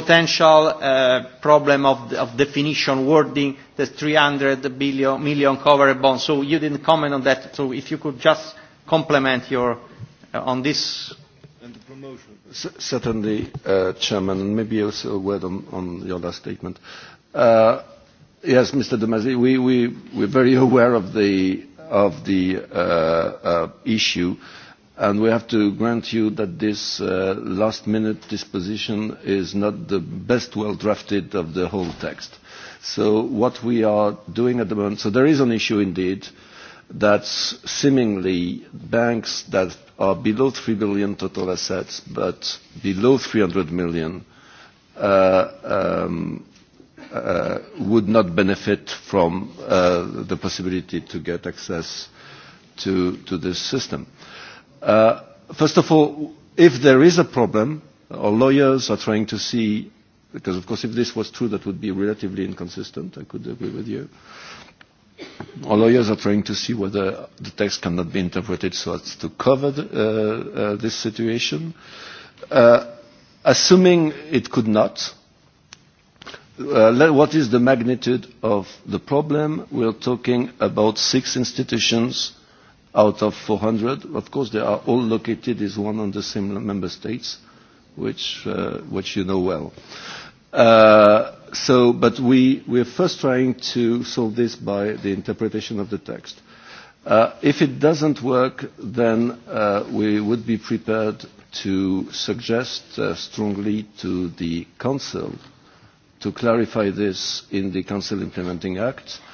potential uh, problem of, of definition wording, the 300 billion, million covered bonds. So you didn't comment on that. So if you could just complement your uh, on this. And the promotion. S certainly, uh, Chairman. Maybe also a word on, on your last statement. Uh, yes, Mr. De Masi, we, we, we're very aware of the, of the uh, uh, issue. Uh, And we have to grant you that this uh, last-minute disposition is not the best well-drafted of the whole text. So what we are doing at the moment, so there is an issue indeed that seemingly banks that are below 3 billion total assets but below 300 million uh, um, uh, would not benefit from uh, the possibility to get access to, to this system. Uh, Uh, first of all, if there is a problem, our lawyers are trying to see, because of course if this was true that would be relatively inconsistent, I could agree with you. Our lawyers are trying to see whether the text cannot be interpreted so as to cover the, uh, uh, this situation. Uh, assuming it could not, uh, what is the magnitude of the problem? We are talking about six institutions out of 400. Of course, they are all located as one and the same member states, which, uh, which you know well. Uh, so, but we, we're first trying to solve this by the interpretation of the text. Uh, if it doesn't work, then uh, we would be prepared to suggest uh, strongly to the Council to clarify this in the Council Implementing Act uh,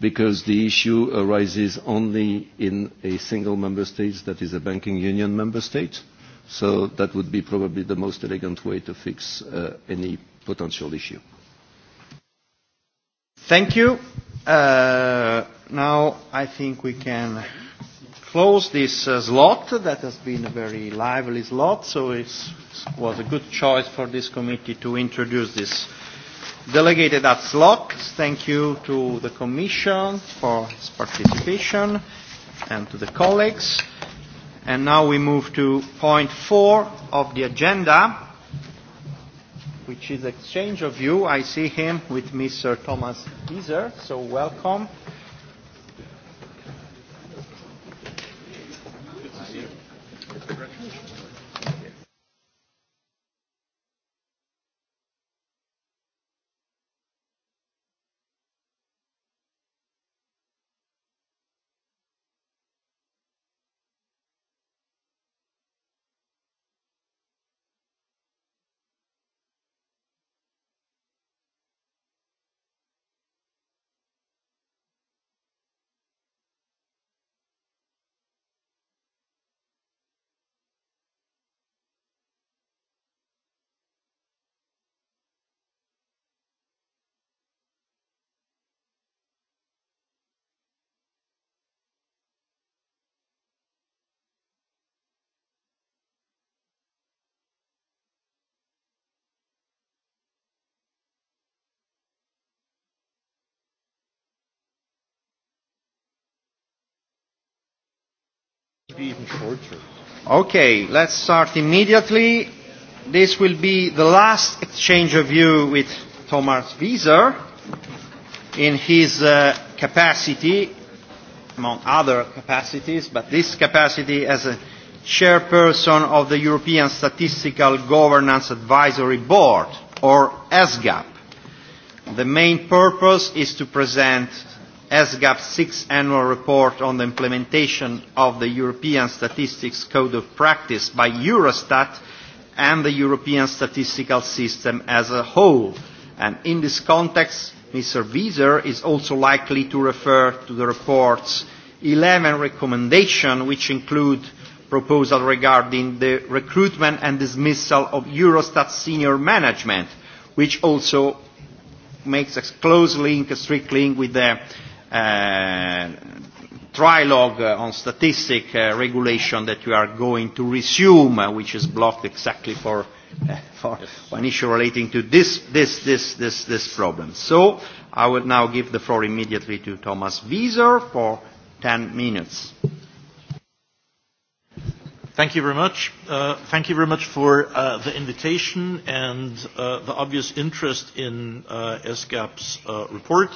because the issue arises only in a single member state that is a banking union member state. So that would be probably the most elegant way to fix uh, any potential issue. Thank you. Uh, now I think we can close this uh, slot. That has been a very lively slot, so it's, it was a good choice for this committee to introduce this delegated at SLOC. Thank you to the Commission for its participation and to the colleagues. And now we move to point four of the agenda, which is exchange of view. I see him with Mr. Thomas Gieser, so welcome. Okay, let's start immediately. This will be the last exchange of view with Thomas Wieser in his uh, capacity, among other capacities, but this capacity as a chairperson of the European Statistical Governance Advisory Board, or ESGAP. The main purpose is to present SGAP 6 annual report on the implementation of the European Statistics Code of Practice by Eurostat and the European statistical system as a whole. And in this context, Mr. Wieser is also likely to refer to the report's 11 recommendations, which include proposal regarding the recruitment and dismissal of Eurostat senior management, which also makes a close link, a strict link with the uh, trilogue uh, on statistic uh, regulation that we are going to resume, uh, which is blocked exactly for, uh, for yes. an issue relating to this, this, this, this, this problem. So I will now give the floor immediately to Thomas Wieser for 10 minutes. Thank you very much. Uh, thank you very much for uh, the invitation and uh, the obvious interest in uh, SGAP's uh, report.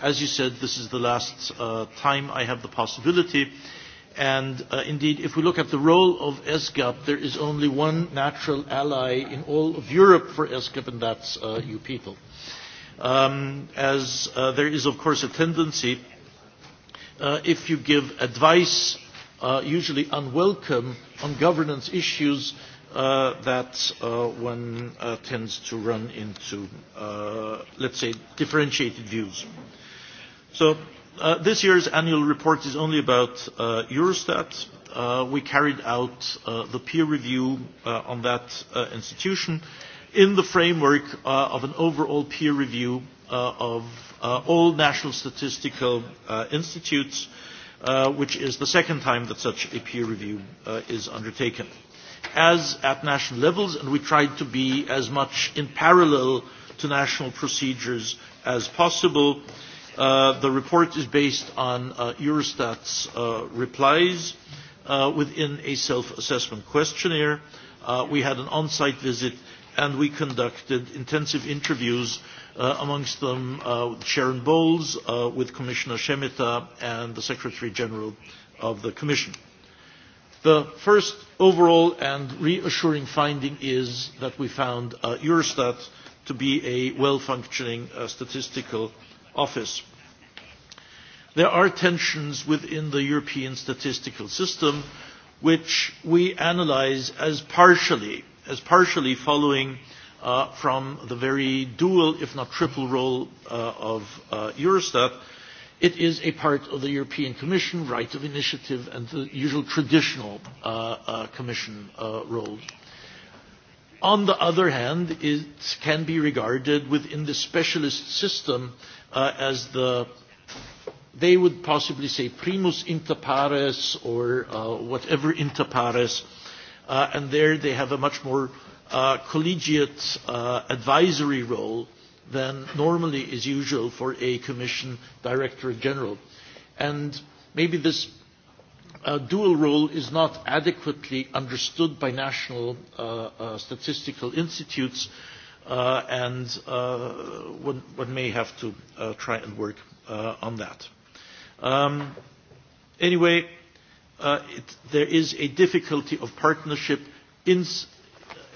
As you said, this is the last uh, time I have the possibility. And uh, indeed, if we look at the role of SGAP, there is only one natural ally in all of Europe for SGAP, and that's uh, you people. Um, as uh, there is, of course, a tendency, uh, if you give advice uh, usually unwelcome on governance issues uh, that uh, one uh, tends to run into, uh, let's say, differentiated views. So uh, this year's annual report is only about uh, Eurostat. Uh, we carried out uh, the peer review uh, on that uh, institution in the framework uh, of an overall peer review uh, of uh, all national statistical uh, institutes uh, Uh, which is the second time that such a peer review uh, is undertaken. As at national levels, and we tried to be as much in parallel to national procedures as possible, uh, the report is based on uh, Eurostat's uh, replies uh, within a self-assessment questionnaire. Uh, we had an on-site visit and we conducted intensive interviews uh, amongst them uh, Sharon Bowles uh, with Commissioner Shemita and the Secretary General of the Commission. The first overall and reassuring finding is that we found uh, Eurostat to be a well-functioning uh, statistical office. There are tensions within the European statistical system which we analyze as partially, as partially following uh, uh, from the very dual, if not triple role uh, of uh, Eurostat. It is a part of the European Commission right of initiative and the usual traditional uh, uh, Commission uh, role. On the other hand, it can be regarded within the specialist system uh, as the, they would possibly say primus inter pares or uh, whatever inter pares, uh, and there they have a much more uh, collegiate uh, advisory role than normally is usual for a Commission Director General. And maybe this uh, dual role is not adequately understood by national uh, uh, statistical institutes, uh, and uh, one, one may have to uh, try and work uh, on that. Um, anyway, uh, it, there is a difficulty of partnership in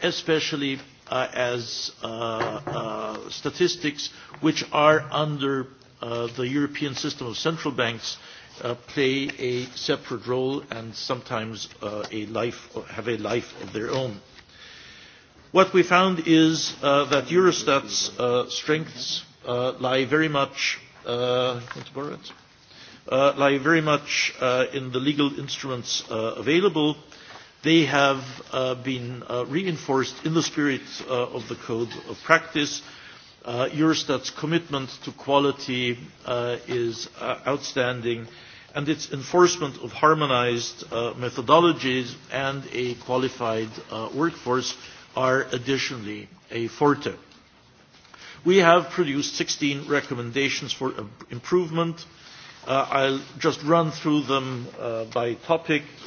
especially uh, as uh, uh, statistics which are under uh, the European system of central banks uh, play a separate role and sometimes uh, a life, have a life of their own. What we found is uh, that Eurostat's uh, strengths uh, lie very much uh, Uh, lie very much uh, in the legal instruments uh, available, They have uh, been uh, reinforced in the spirit uh, of the code of practice. Uh, Eurostat's commitment to quality uh, is uh, outstanding and its enforcement of harmonized uh, methodologies and a qualified uh, workforce are additionally a forte. We have produced 16 recommendations for improvement. Uh, I'll just run through them uh, by topic. Uh,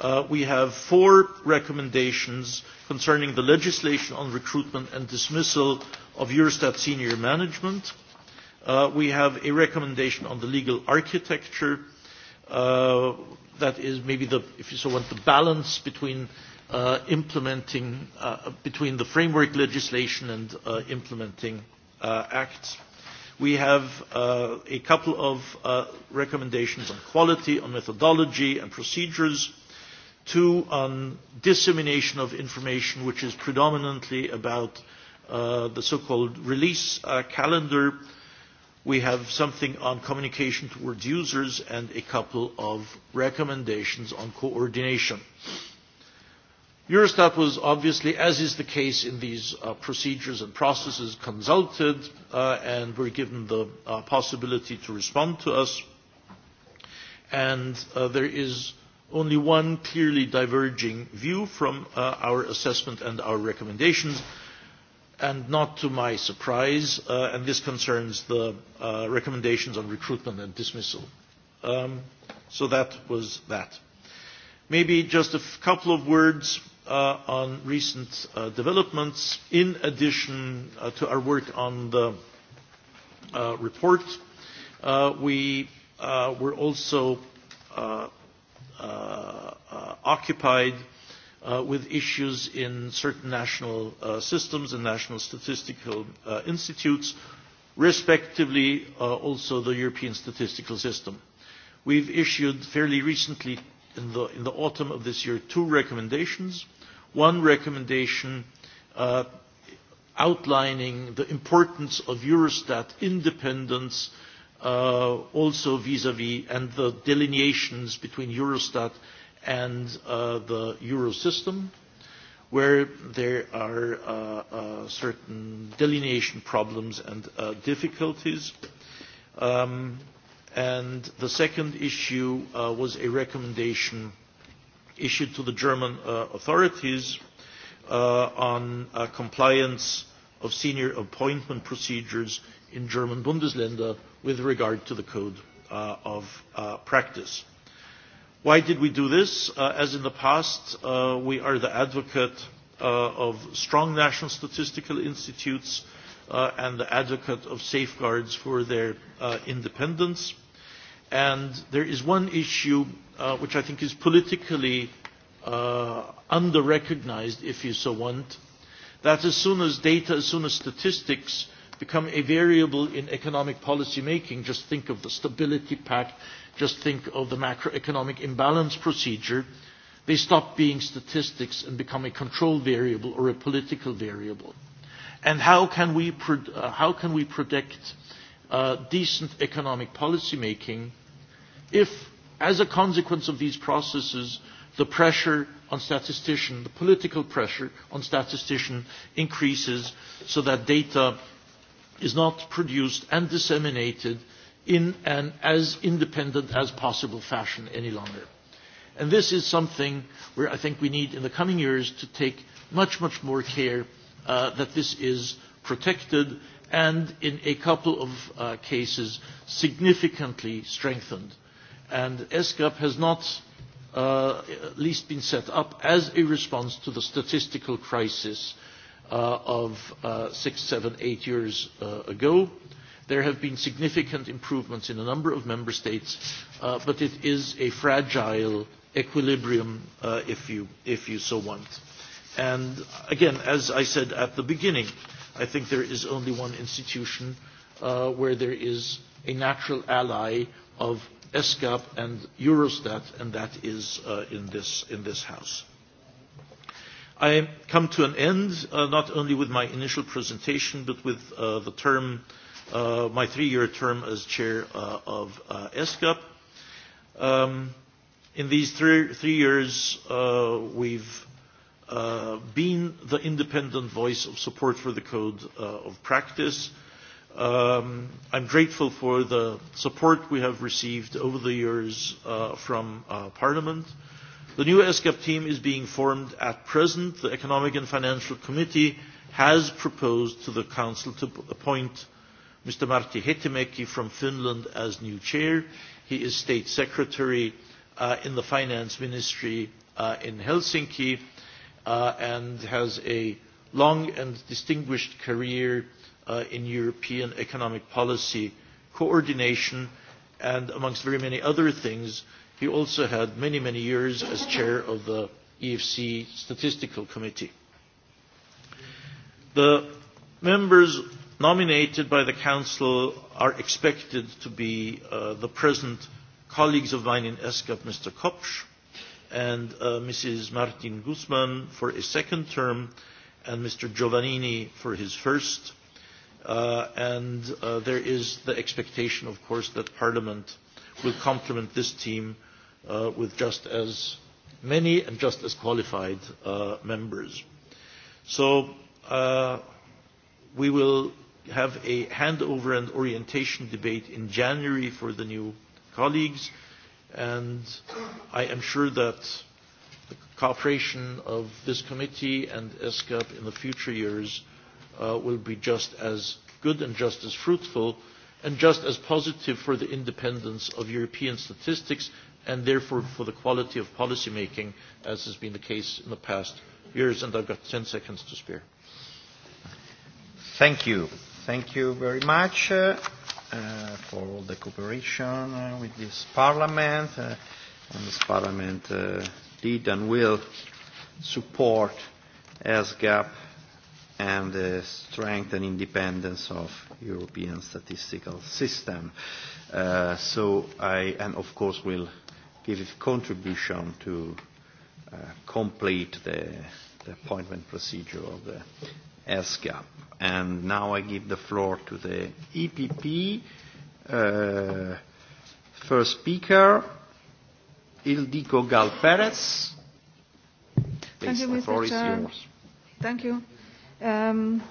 Uh, we have four recommendations concerning the legislation on recruitment and dismissal of Eurostat senior management. Uh, we have a recommendation on the legal architecture. Uh, that is maybe the, if you so want, the balance between uh, implementing, uh, between the framework legislation and uh, implementing uh, acts. We have uh, a couple of uh, recommendations on quality, on methodology and procedures. Uh, Two, on um, dissemination of information, which is predominantly about uh, the so-called release uh, calendar. We have something on communication towards users and a couple of recommendations on coordination. Eurostat was obviously, as is the case in these uh, procedures and processes, consulted uh, and were given the uh, possibility to respond to us. And uh, there is only one clearly diverging view from uh, our assessment and our recommendations, and not to my surprise, uh, and this concerns the uh, recommendations on recruitment and dismissal. Um, so that was that. Maybe just a couple of words uh, on recent uh, developments in addition uh, to our work on the uh, report. Uh, we uh, were also uh, uh, uh, occupied uh, with issues in certain national uh, systems and national statistical uh, institutes, respectively uh, also the European statistical system. We've issued fairly recently in the, in the autumn of this year two recommendations. One recommendation uh, outlining the importance of Eurostat independence uh, uh, also vis-à-vis -vis, and the delineations between Eurostat and uh, the euro system, where there are uh, uh, certain delineation problems and uh, difficulties. Um, and the second issue uh, was a recommendation issued to the German uh, authorities uh, on uh, compliance of senior appointment procedures in German Bundesländer with regard to the code uh, of uh, practice. Why did we do this? Uh, as in the past, uh, we are the advocate uh, of strong national statistical institutes uh, and the advocate of safeguards for their uh, independence. And there is one issue uh, which I think is politically uh, under-recognized, if you so want, that as soon as data, as soon as statistics become a variable in economic policy making. Just think of the stability pact, just think of the macroeconomic imbalance procedure. They stop being statistics and become a control variable or a political variable. And how can we, pro- uh, how can we protect uh, decent economic policy making if, as a consequence of these processes, the pressure on statistician, the political pressure on statistician increases so that data is not produced and disseminated in an as independent as possible fashion any longer. And this is something where I think we need in the coming years to take much, much more care uh, that this is protected and in a couple of uh, cases significantly strengthened. And ESCAP has not uh, at least been set up as a response to the statistical crisis uh, uh, of uh, six, seven, eight years uh, ago. There have been significant improvements in a number of member states, uh, but it is a fragile equilibrium, uh, if, you, if you so want. And again, as I said at the beginning, I think there is only one institution uh, where there is a natural ally of ESCAP and Eurostat, and that is uh, in, this, in this House. I come to an end, uh, not only with my initial presentation, but with uh, the term, uh, my three-year term as chair uh, of uh, ESCAP. Um, in these three, three years, uh, we've uh, been the independent voice of support for the code uh, of practice. Um, I'm grateful for the support we have received over the years uh, from uh, Parliament. Uh, The new ESCAP team is being formed at present. The Economic and Financial Committee has proposed to the Council to appoint Mr. Marti Hetimäki from Finland as new chair. He is state secretary uh, in the finance ministry uh, in Helsinki uh, and has a long and distinguished career uh, in European economic policy coordination and amongst very many other things He also had many, many years as chair of the EFC Statistical Committee. The members nominated by the Council are expected to be uh, the present colleagues of mine in ESCAP, Mr. Kopsch, and uh, Mrs. Martin Guzman for a second term, and Mr. Giovannini for his first. Uh, and uh, there is the expectation, of course, that Parliament will complement this team uh, with just as many and just as qualified uh, members. So uh, we will have a handover and orientation debate in January for the new colleagues, and I am sure that the cooperation of this committee and ESCAP in the future years uh, will be just as good and just as fruitful and just as positive for the independence of European statistics and therefore for the quality of policy making, as has been the case in the past years. And I've got 10 seconds to spare. Thank you. Thank you very much uh, uh, for all the cooperation uh, with this Parliament. Uh, and this Parliament uh, did and will support SGAP and the strength and independence of European statistical system. Uh, so I, and of course, will give its contribution to uh, complete the, the appointment procedure of the ESCAP. And now I give the floor to the EPP uh, first speaker, Ildiko Gal-Perez. Thank you, Mr. Chair. Thank you. Um,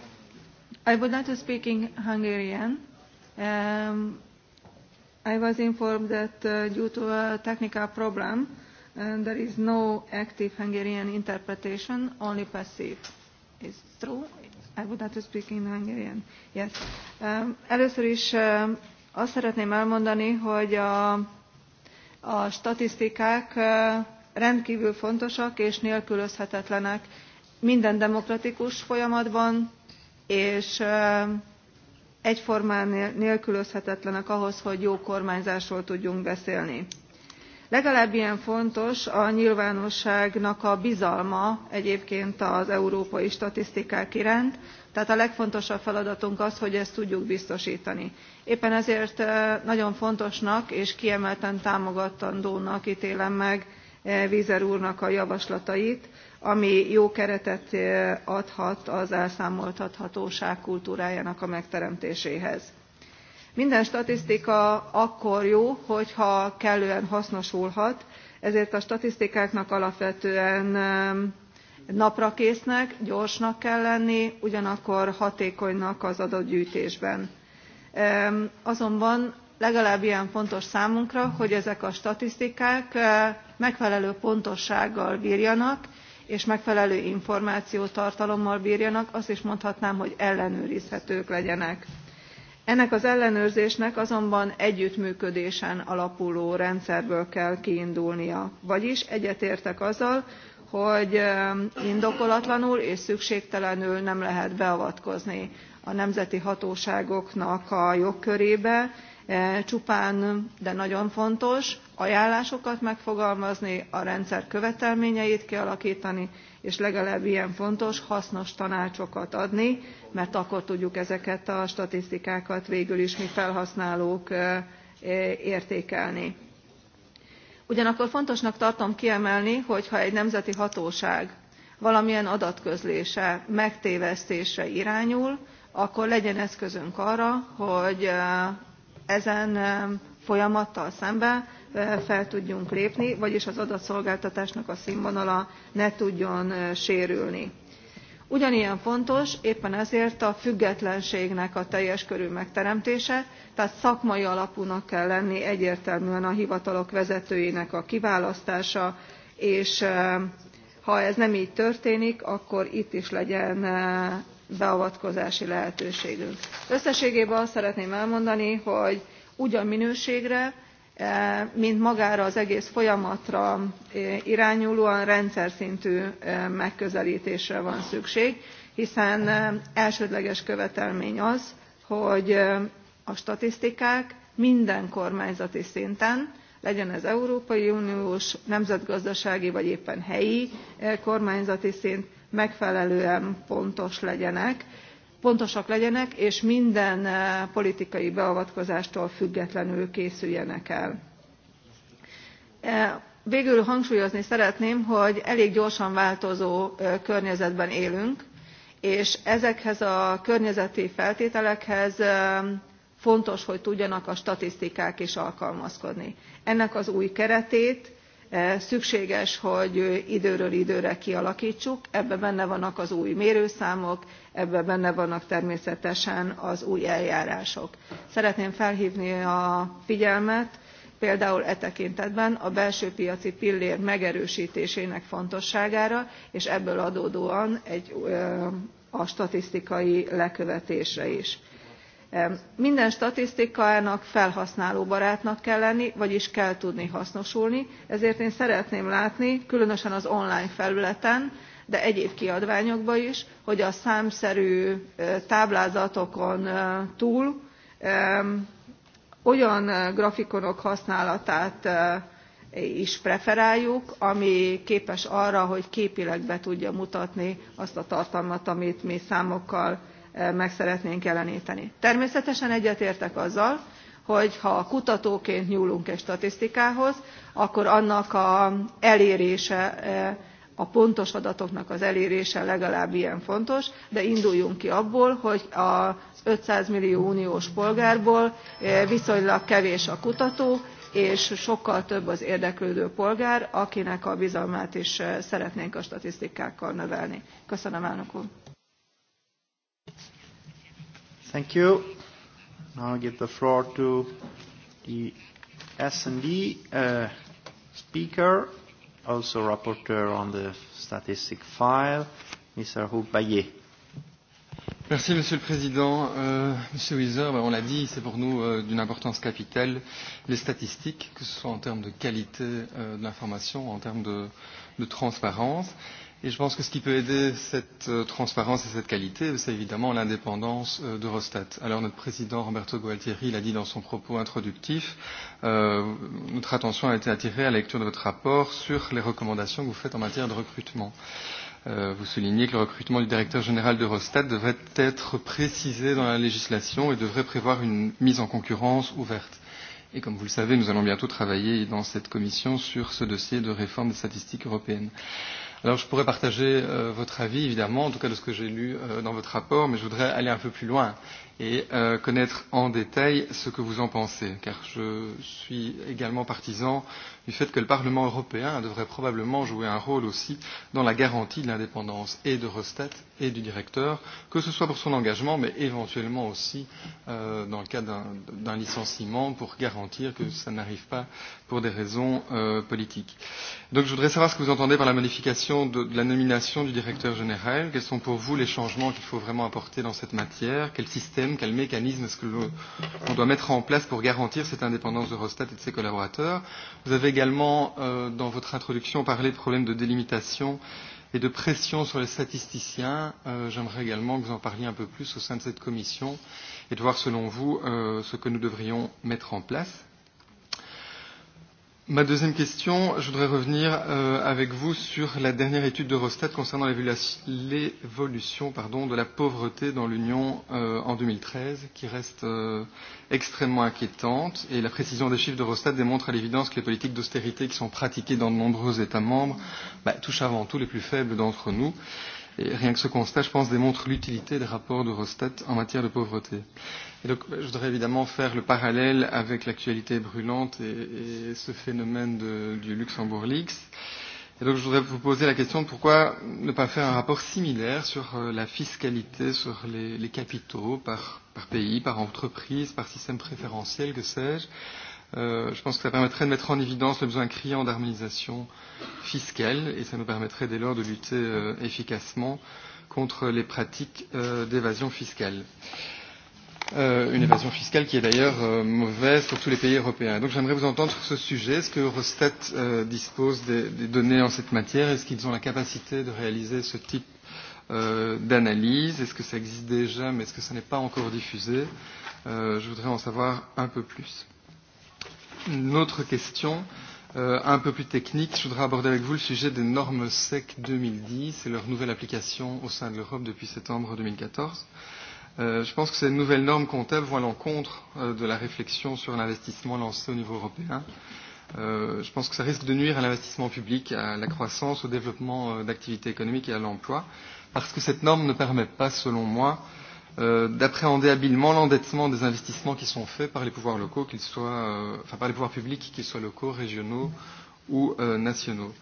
I would like to speak in Hungarian. Um, i was informed that uh, due to a technical problem uh, there is no active hungarian interpretation only passive. is it true? i would like to speak in hungarian. yes. Um, először is um, azt szeretném elmondani hogy a, a statisztikák uh, rendkívül fontosak és nélkülözhetetlenek minden demokratikus folyamatban és um, egyformán nélkülözhetetlenek ahhoz hogy jó kormányzásról tudjunk beszélni. legalább ilyen fontos a nyilvánosságnak a bizalma egyébként az európai statisztikák iránt tehát a legfontosabb feladatunk az hogy ezt tudjuk biztostani. éppen ezért eh, nagyon fontosnak és kiemelten támogatandónak télem meg wieser eh, úrnak a javaslatait ami jó keretet eh, adhat az elszámoltathatóság kultúrájának a megteremtéséhez. minden statisztika akkor jó hogyha kellően hasznosulhat ezért a statisztikáknak alapvetően naprakésznek gyorsnak kell lenni ugyanakkor hatékonynak az adatgyűjtésben. azonban legalább ilyen fontos számunkra hogy ezek a statisztikák eh, megfelelő pontossággal bírjanak és megfelelő információtartalommal brjanak azt is mondhatnám hogy ellenőrizhetők legyenek. ennek az ellenőrzésnek azonban együttműködésen alapuló rendszerből kell kiindulnia vagyis egyetértek azzal hogy indokolatlanul és szükségtelenül nem lehet beavatkozni a nemzeti hatóságoknak a jogkörébe e, csupán de nagyon fontos ajánlásokat megfogalmazni a rendszer követelményeit kialaktani és legalább ilyen fontos hasznos tanácsokat adni mert akkor tudjuk ezeket a statisztikákat végül is mi felhasználók értékelni. ugyanakkor fontosnak tartom kiemelni hogy ha egy nemzeti hatóság valamilyen adatközlése megtévesztésre irányul akkor legyen eszközünk arra hogy ezen folyamattal szemben fel tudjunk lépni vagyis az adatszolgáltatásnak a sznvonala ne tudjon sérülni. ugyanilyen fontos éppen ezért a függetlenségnek a teljes körű megteremtése tehát szakmai alapúnak kell lenni egyértelműen a hivatalok vezetőinek a kiválasztása és ha ez nem gy történik akkor itt is legyen beavatkozási lehetőségünk. összességében azt szeretném elmondani hogy ugyan minőségre E, mint magára az egész folyamatra e, irányulóan rendszerszintű e, megközeltésre van szükség hiszen elsődleges követelmény az hogy a statisztikák minden kormányzati szinten legyen ez európai uniós nemzetgazdasági vagy éppen helyi kormányzati szint megfelelően pontos legyenek pontosak legyenek és minden eh, politikai beavatkozástól függetlenül készüljenek el. Eh, végül hangsúlyozni szeretném hogy elég gyorsan változó eh, környezetben élünk és ezekhez a környezeti feltételekhez fontos hogy tudjanak a statisztikák is alkalmazkodni. ennek az új keretét E, szükséges hogy időről időre kialaktsuk ebben benne vannak az új mérőszámok ebben benne vannak természetesen az új eljárások. szeretném felhvni a figyelmet például e tekintetben a belső piaci pillér megerőstésének fontosságára és ebből adódóan egy, a statisztikai lekövetésre is minden statisztikának felhasználóbarátnak kell lenni vagyis kell tudni hasznosulni ezért én szeretném látni különösen az online felületen de egyéb kiadványokban is hogy a számszerű táblázatokon túl olyan grafikonok használatát is preferáljuk ami képes arra hogy képileg be tudja mutatni azt a tartalmat amit mi számokkal meg szeretnénk jeleníteni. természetesen egyetértek azzal hogy ha kutatóként nyúlunk egy statisztikához akkor annak az elérése e, a pontos adatoknak az elérése legalább ilyen fontos de induljunk ki abból hogy az five hundred millió uniós polgárból e, viszonylag kevés a kutató és sokkal több az érdeklődő polgár akinek a bizalmát is e, szeretnénk a statisztikákkal növelni. köszönöm elnök úr! Thank you. Now I give the floor to the S&D uh, speaker, also rapporteur on the statistic file, Mr. Houlbayer. Merci Monsieur le Président. Euh, Monsieur Weiser, ben, on l'a dit, c'est pour nous euh, d'une importance capitale les statistiques, que ce soit en termes de qualité euh, de l'information, en termes de, de transparence. Euh, Et je pense que ce qui peut aider cette euh, transparence et cette qualité, c'est évidemment l'indépendance euh, d'Eurostat. Alors notre président Roberto Gualtieri l'a dit dans son propos introductif, euh, notre attention a été attirée à la lecture de votre rapport sur les recommandations que vous faites en matière de recrutement. Euh, vous soulignez que le recrutement du directeur général d'Eurostat devrait être précisé dans la législation et devrait prévoir une mise en concurrence ouverte. Et comme vous le savez, nous allons bientôt travailler dans cette commission sur ce dossier de réforme des statistiques européennes. Euh, Alors je pourrais partager euh, votre avis, évidemment, en tout cas de ce que j'ai lu euh, dans votre rapport, mais je voudrais aller un peu plus loin et euh, connaître en détail ce que vous en pensez, car je suis également partisan du fait que le Parlement européen devrait probablement jouer un rôle aussi dans la garantie de l'indépendance et de Rostat et du directeur, que ce soit pour son engagement, mais éventuellement aussi euh, dans le cas d'un licenciement pour garantir que ça n'arrive pas pour des raisons euh, politiques. Donc je voudrais savoir ce que vous entendez par la modification de, de la nomination du directeur général. Quels sont pour vous les changements qu'il faut vraiment apporter dans cette matière Quel système, quel mécanisme est-ce que l'on doit mettre en place pour garantir cette indépendance de Rostat et de ses collaborateurs Vous avez également, euh, dans votre introduction, parlé de problèmes de délimitation et de pression sur les statisticiens. Euh, J'aimerais également que vous en parliez un peu plus au sein de cette commission et de voir, selon vous, euh, ce que nous devrions mettre en place. Ma deuxième question, je voudrais revenir euh, avec vous sur la dernière étude d'Eurostat concernant l'évolution de la pauvreté dans l'Union euh, en 2013, qui reste euh, extrêmement inquiétante. Et la précision des chiffres d'Eurostat démontre à l'évidence que les politiques d'austérité qui sont pratiquées dans de nombreux États membres bah, touchent avant tout les plus faibles d'entre nous. Euh, Et rien que ce constat, je pense, démontre l'utilité des rapports d'Eurostat en matière de pauvreté. Et donc, je voudrais évidemment faire le parallèle avec l'actualité brûlante et, et ce phénomène de, du Luxembourg Leaks. Et donc, je voudrais vous poser la question de pourquoi ne pas faire un rapport similaire sur euh, la fiscalité, sur les, les capitaux par, par pays, par entreprise, par système préférentiel, que sais-je Euh, Euh, je pense que ça permettrait de mettre en évidence le besoin criant d'harmonisation fiscale et ça nous permettrait dès lors de lutter euh, efficacement contre les pratiques euh, d'évasion fiscale. Euh, une évasion fiscale qui est d'ailleurs euh, mauvaise pour tous les pays européens. Donc j'aimerais vous entendre sur ce sujet. Est-ce que Eurostat euh, dispose des, des données en cette matière Est-ce qu'ils ont la capacité de réaliser ce type euh, d'analyse Est-ce que ça existe déjà, mais est-ce que ça n'est pas encore diffusé euh, Je voudrais en savoir un peu plus une autre question euh, un peu plus technique. Je voudrais aborder avec vous le sujet des normes SEC 2010 et leur nouvelle application au sein de l'Europe depuis septembre 2014. Euh, je pense que ces nouvelles normes comptables vont à l'encontre euh, de la réflexion sur l'investissement lancé au niveau européen. Euh, je pense que ça risque de nuire à l'investissement public, à la croissance, au développement euh, d'activités économiques et à l'emploi, parce que cette norme ne permet pas, selon moi, euh, Euh, d'appréhender habilement l'endettement des investissements qui sont faits par les pouvoirs locaux, qu'ils soient, euh, enfin par les pouvoirs publics, qu'ils soient locaux, régionaux ou euh, nationaux.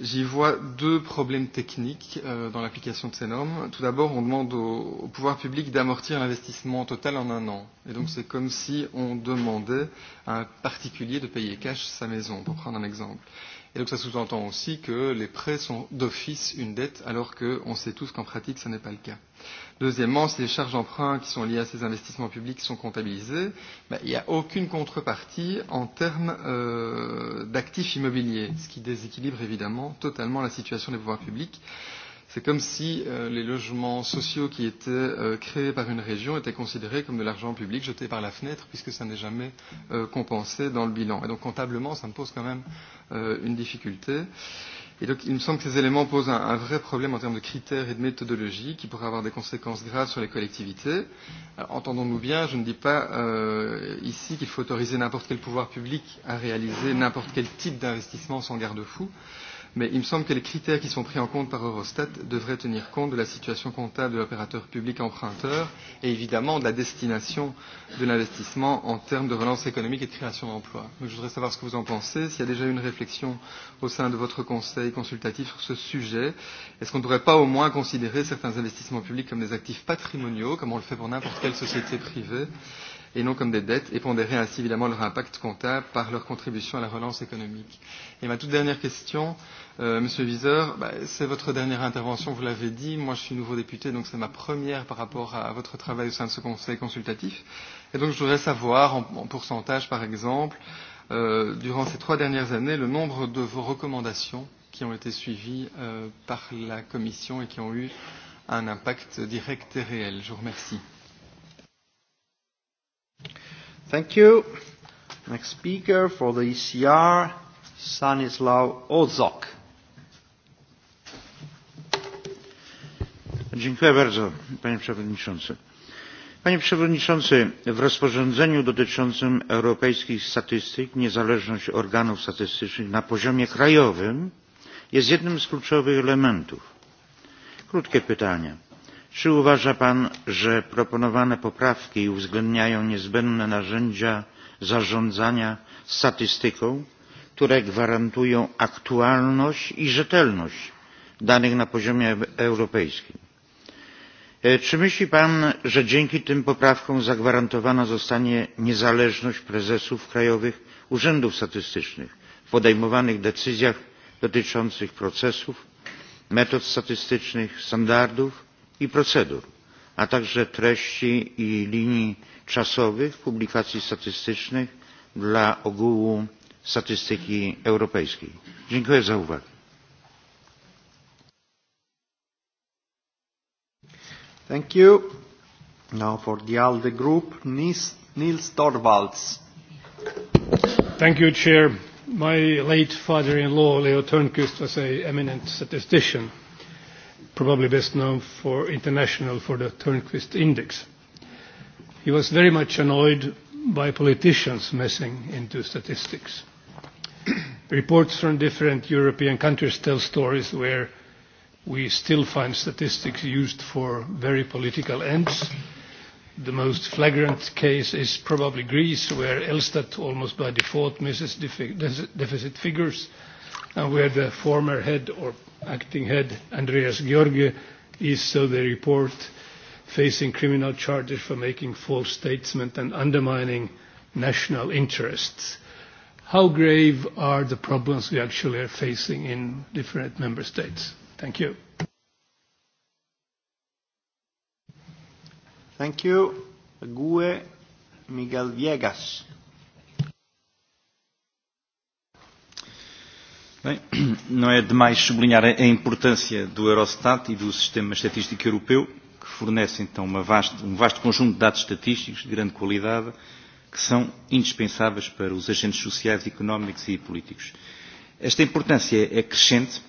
J'y vois deux problèmes techniques euh, dans l'application de ces normes. Tout d'abord, on demande au, au pouvoir public d'amortir l'investissement total en un an. Et donc, c'est comme si on demandait à un particulier de payer cash sa maison, pour prendre un exemple. Et donc ça sous-entend aussi que les prêts sont d'office une dette, alors qu'on sait tous qu'en pratique, ce n'est pas le cas. Deuxièmement, si les charges d'emprunt qui sont liées à ces investissements publics sont comptabilisées, ben, il n'y a aucune contrepartie en termes euh, d'actifs immobiliers, ce qui déséquilibre évidemment totalement la situation des pouvoirs publics. C'est comme si euh, les logements sociaux qui étaient euh, créés par une région étaient considérés comme de l'argent public jeté par la fenêtre puisque ça n'est jamais euh, compensé dans le bilan. Et donc comptablement, ça me pose quand même euh, une difficulté. Et donc il me semble que ces éléments posent un, un vrai problème en termes de critères et de méthodologie qui pourraient avoir des conséquences graves sur les collectivités. Entendons-nous bien, je ne dis pas euh, ici qu'il faut autoriser n'importe quel pouvoir public à réaliser n'importe quel type d'investissement sans garde-fou. Euh, mais il me semble que les critères qui sont pris en compte par Eurostat devraient tenir compte de la situation comptable de l'opérateur public emprunteur et évidemment de la destination de l'investissement en termes de relance économique et de création d'emplois. Donc, je voudrais savoir ce que vous en pensez, s'il y a déjà eu une réflexion au sein de votre conseil consultatif sur ce sujet. Est-ce qu'on ne pourrait pas au moins considérer certains investissements publics comme des actifs patrimoniaux, comme on le fait pour n'importe quelle société privée et non comme des dettes, et pondérer ainsi évidemment leur impact comptable par leur contribution à la relance économique. Et ma toute dernière question, euh, Monsieur Viseur, bah, c'est votre dernière intervention, vous l'avez dit. Moi, je suis nouveau député, donc c'est ma première par rapport à, votre travail au sein de ce Conseil consultatif. Et donc, je voudrais savoir, en, en pourcentage par exemple, euh, durant ces trois dernières années, le nombre de vos recommandations qui ont été suivies euh, par la Commission et qui ont eu un impact direct et réel. Je vous remercie. Thank you. Next speaker for the ECR, Stanislav Ozok. Dziękuję bardzo, panie przewodniczący. Panie przewodniczący, w rozporządzeniu dotyczącym europejskich statystyk niezależność organów statystycznych na poziomie krajowym jest jednym z kluczowych elementów. Krótkie pytanie czy uważa pan że proponowane poprawki uwzględniają niezbędne narzędzia zarządzania statystyką które gwarantują aktualność i rzetelność danych na poziomie europejskim? E, czy myśli pan że dzięki tym poprawkom zagwarantowana zostanie niezależność prezesów krajowych urzędów statystycznych w podejmowanych decyzjach dotyczących procesów metod statystycznych standardów i procedur a także treści i linii czasowych publikacji statystycznych dla ogółu statystyki europejskiej. dziękuję za uwagę. Thank you. Now for the ALDE group, Nils, Nils Torvalds. Thank you, Chair. My late father-in-law, Leo Törnqvist, was an eminent statistician probably best known for international for the Turnquist Index. He was very much annoyed by politicians messing into statistics. Reports from different European countries tell stories where we still find statistics used for very political ends. The most flagrant case is probably Greece, where Elstat almost by default misses defi deficit figures, and where the former head or acting head Andreas George is so the report facing criminal charges for making false statements and undermining national interests. How grave are the problems we actually are facing in different member states? Thank you. Thank you. GUE Miguel Viegas. Bem, não é demais sublinhar a importância do Eurostat e do Sistema Estatístico Europeu, que fornece então uma vasta, um vasto conjunto de dados estatísticos de grande qualidade que são indispensáveis para os agentes sociais, económicos e políticos. Esta importância é crescente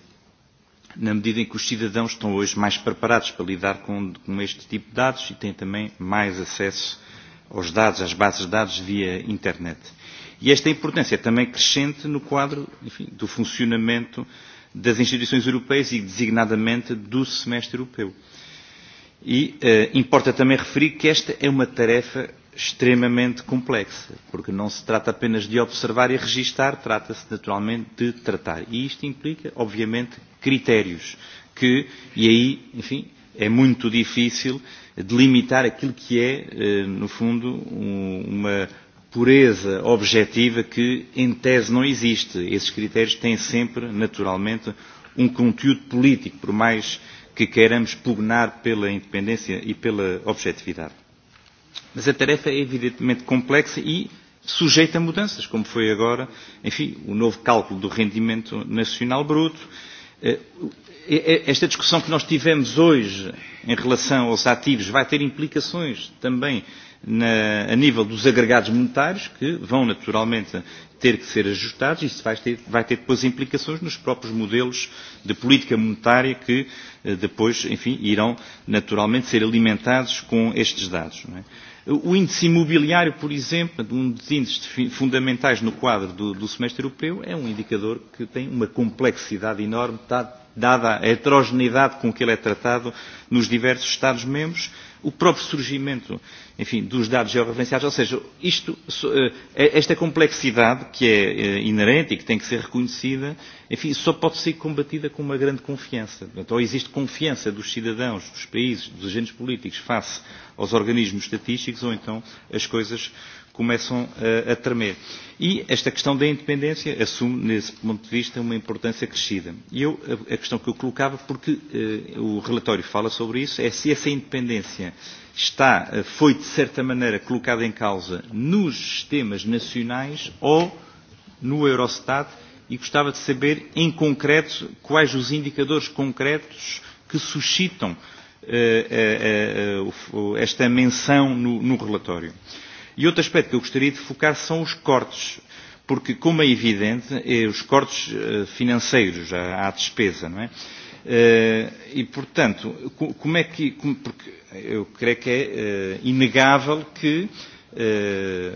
na medida em que os cidadãos estão hoje mais preparados para lidar com, com este tipo de dados e têm também mais acesso aos dados, às bases de dados via internet. E esta importância é também crescente no quadro enfim, do funcionamento das instituições europeias e designadamente do semestre europeu. E eh, importa também referir que esta é uma tarefa extremamente complexa, porque não se trata apenas de observar e registar, trata-se naturalmente de tratar. E isto implica, obviamente, critérios que, e aí, enfim, é muito difícil delimitar aquilo que é, eh, no fundo, um, uma pureza objetiva que, em tese, não existe. Esses critérios têm sempre, naturalmente, um conteúdo político, por mais que queiramos pugnar pela independência e pela objetividade. Mas a tarefa é evidentemente complexa e sujeita a mudanças, como foi agora, enfim, o novo cálculo do rendimento nacional bruto. Eh, eh, esta discussão que nós tivemos hoje em relação aos ativos vai ter implicações também na, a nível dos agregados monetários, que vão naturalmente ter que ser ajustados, e isso vai ter, vai ter depois implicações nos próprios modelos de política monetária que eh, depois, enfim, irão naturalmente ser alimentados com estes dados. Não é? O índice imobiliário, por exemplo, um dos índices fundamentais no quadro do, do semestre europeu, é um indicador que tem uma complexidade enorme, dada a heterogeneidade com que ele é tratado nos diversos Estados-membros, o próprio surgimento enfim, dos dados georreferenciados, ou seja, isto, eh, esta complexidade que é eh, inerente e que tem que ser reconhecida, enfim, só pode ser combatida com uma grande confiança. Portanto, ou existe confiança dos cidadãos, dos países, dos agentes políticos face aos organismos estatísticos, ou então as coisas começam a, a tremer. E esta questão da independência assume, nesse ponto de vista, uma importância crescida. E eu, a, a questão que eu colocava, porque eh, o relatório fala sobre isso, é se essa independência está, eh, foi, de certa maneira, colocada em causa nos sistemas nacionais ou no Eurostat, e gostava de saber, em concreto, quais os indicadores concretos que suscitam eh, eh, eh, esta menção no, no relatório. Eh, E outro aspecto que eu gostaria de focar são os cortes, porque, como é evidente, é eh, os cortes eh, financeiros à, à despesa, não é? Eh, e, portanto, como é que. Como, porque eu creio que é inegável que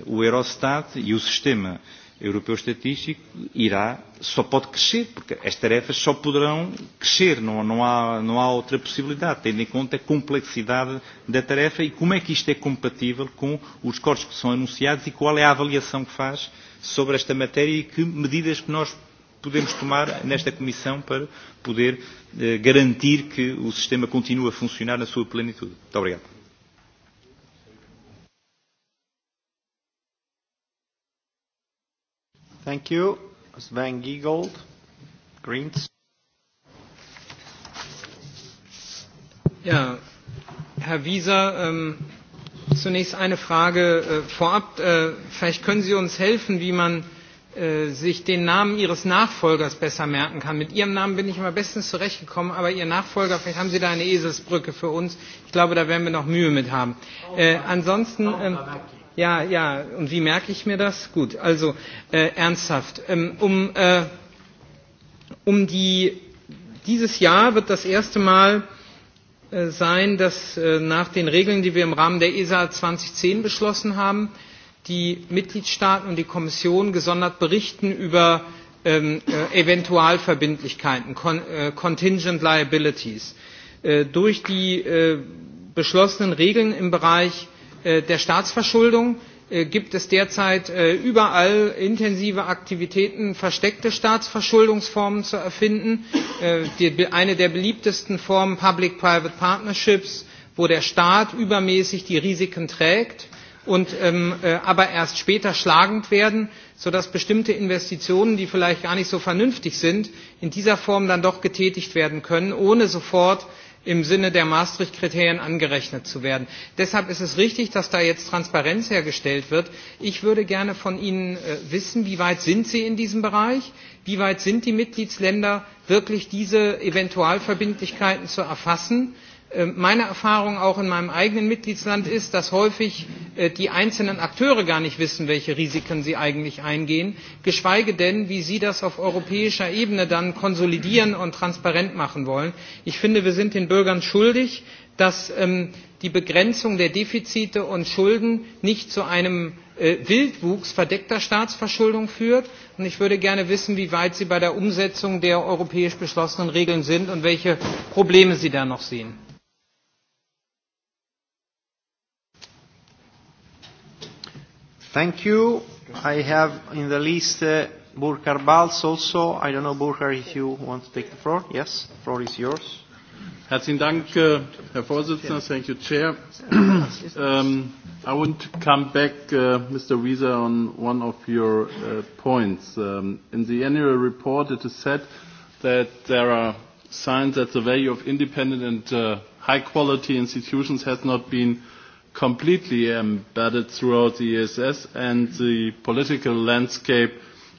o Eurostat e o sistema europeu estatístico irá, só pode crescer, porque as tarefas só poderão crescer, não, não, há, não há outra possibilidade, tendo em conta a complexidade da tarefa e como é que isto é compatível com os cortes que são anunciados e qual é a avaliação que faz sobre esta matéria e que medidas que nós podemos tomar nesta Comissão para poder eh, garantir que o sistema continue a funcionar na sua plenitude. Muito obrigado. Thank you. Sven Giegold, Greens. Ja, Herr Wieser, ähm, zunächst eine Frage äh, vorab. Äh, vielleicht können Sie uns helfen, wie man äh, sich den Namen Ihres Nachfolgers besser merken kann. Mit Ihrem Namen bin ich immer bestens zurechtgekommen, aber Ihr Nachfolger, vielleicht haben Sie da eine Eselsbrücke für uns. Ich glaube, da werden wir noch Mühe mit haben. Äh, ansonsten. Äh, ja, ja. Und wie merke ich mir das? Gut, also äh, ernsthaft. Ähm, um, äh, um die, dieses Jahr wird das erste Mal äh, sein, dass äh, nach den Regeln, die wir im Rahmen der ESA 2010 beschlossen haben, die Mitgliedstaaten und die Kommission gesondert berichten über ähm, äh, Eventualverbindlichkeiten, con, äh, Contingent Liabilities. Äh, durch die äh, beschlossenen Regeln im Bereich äh, Äh, der Staatsverschuldung äh, gibt es derzeit äh, überall intensive Aktivitäten, versteckte Staatsverschuldungsformen zu erfinden. Eine der beliebtesten Formen Public-Private Partnerships, wo der Staat übermäßig die Risiken trägt und ähm, aber erst später schlagend werden, sodass bestimmte Investitionen, die vielleicht gar nicht so vernünftig sind, in dieser Form dann doch getätigt werden können, ohne sofort im Sinne der Maastricht-Kriterien angerechnet zu werden. Deshalb ist es richtig, dass da jetzt Transparenz hergestellt wird. Ich würde gerne von Ihnen äh, wissen, wie weit sind Sie in diesem Bereich? Wie weit sind die Mitgliedsländer wirklich diese Eventualverbindlichkeiten zu erfassen? Äh, meine erfahrung auch in meinem eigenen mitgliedsland ist dass häufig äh, die einzelnen akteure gar nicht wissen welche risiken sie eigentlich eingehen geschweige denn wie sie das auf europäischer ebene dann konsolidieren und transparent machen wollen. ich finde wir sind den bürgern schuldig dass ähm, die begrenzung der defizite und schulden nicht zu einem äh, wildwuchs verdeckter staatsverschuldung führt und ich würde gerne wissen wie weit sie bei der umsetzung der europäisch beschlossenen regeln sind und welche probleme sie da noch sehen. Thank you. I have in the list uh, Burkhard Balz also. I don't know, Burkhard, if you want to take the floor. Yes, the floor is yours. Herzlichen Dank, uh, Herr Vorsitzender. Thank you, Chair. um, I want to come back, uh, Mr. Wieser, on one of your uh, points. Um, in the annual report, it is said that there are signs that the value of independent and uh, high-quality institutions has not been uh, completely embedded throughout the ESS and the political landscape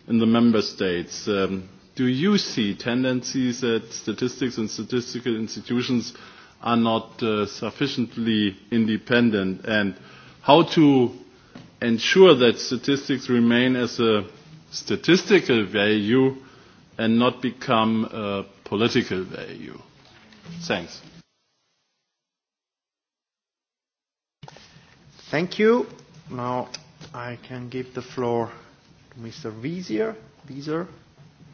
in the member states. Um, do you see tendencies that statistics and statistical institutions are not uh, sufficiently independent and how to ensure that statistics remain as a statistical value and not become a political value? Thanks. Thank you. Now I can give the floor to Mr. Wieser, Wieser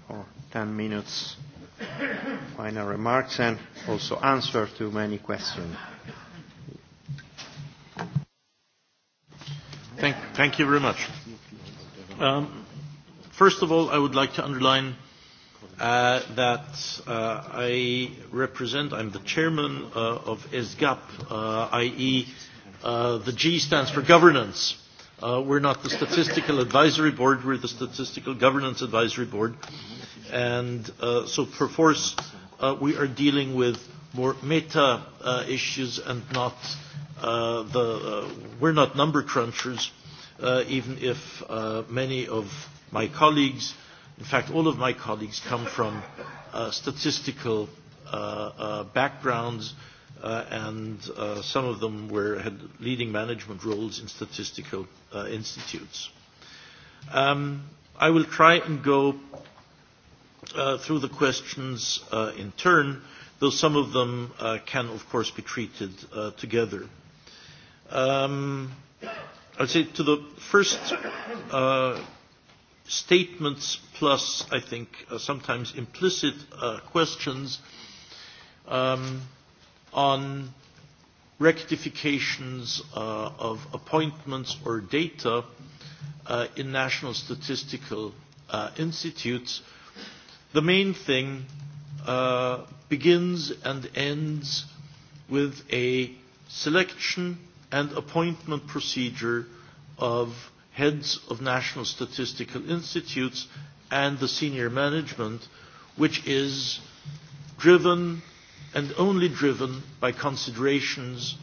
for 10 minutes final remarks and also answer to many questions. Thank, thank you very much. Um, first of all, I would like to underline uh, that uh, I represent, I'm the chairman uh, of ESGAP, uh, i.e., Uh, the G stands for governance. Uh, we're not the Statistical Advisory Board, we're the Statistical Governance Advisory Board. And uh, so, perforce, uh, we are dealing with more meta uh, issues and not uh, the. Uh, we're not number crunchers, uh, even if uh, many of my colleagues, in fact, all of my colleagues, come from uh, statistical uh, uh, backgrounds uh, and uh, some of them were, had leading management roles in statistical uh, institutes. Um, I will try and go uh, through the questions uh, in turn, though some of them uh, can, of course, be treated uh, together. Um, I'd say to the first uh, statements plus, I think, uh, sometimes implicit uh, questions. Um, on rectifications uh, of appointments or data uh, in national statistical uh, institutes, the main thing uh, begins and ends with a selection and appointment procedure of heads of national statistical institutes and the senior management, which is driven and only driven by considerations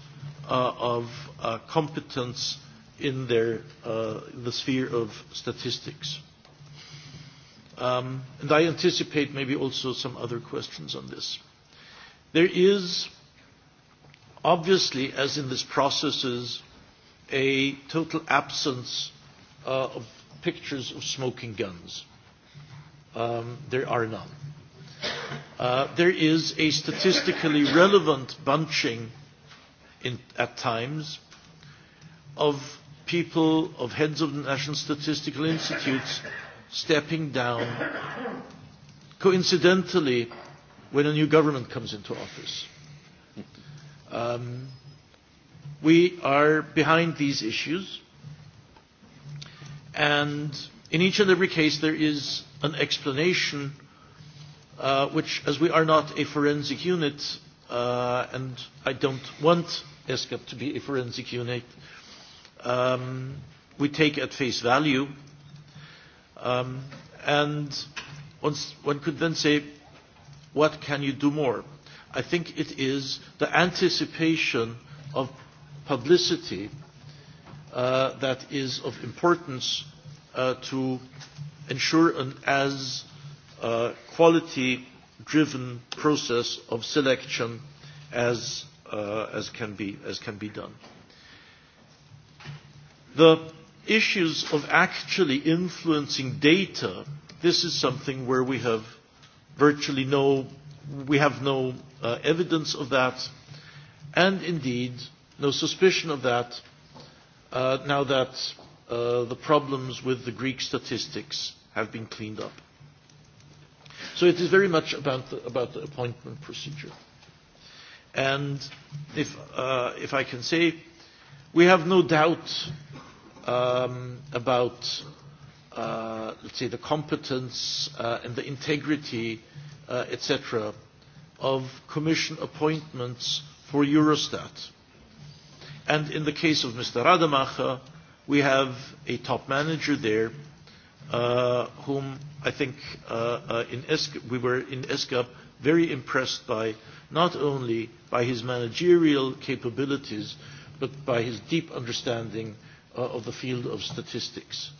uh, of uh, competence in their, uh, the sphere of statistics. Um, and I anticipate maybe also some other questions on this. There is obviously, as in these processes, a total absence uh, of pictures of smoking guns. Um, there are none. Uh, there is a statistically relevant bunching in, at times of people, of heads of the national statistical institutes stepping down coincidentally when a new government comes into office. Um, we are behind these issues, and in each and every case there is an explanation Uh, which, as we are not a forensic unit, uh, and I don't want ESCAP to be a forensic unit, um, we take at face value. Um, and once, one could then say, what can you do more? I think it is the anticipation of publicity uh, that is of importance uh, to ensure an as uh, quality-driven process of selection as, uh, as, can be, as can be done. The issues of actually influencing data, this is something where we have virtually no, we have no uh, evidence of that, and indeed no suspicion of that uh, now that uh, the problems with the Greek statistics have been cleaned up. So it is very much about the, about the appointment procedure. And if, uh, if I can say, we have no doubt um, about, uh, let's say, the competence uh, and the integrity, uh, etc., of commission appointments for Eurostat. And in the case of Mr. Rademacher, we have a top manager there uh, whom I think uh, uh, in Esk- we were in ESCAP very impressed by, not only by his managerial capabilities, but by his deep understanding uh, of the field of statistics.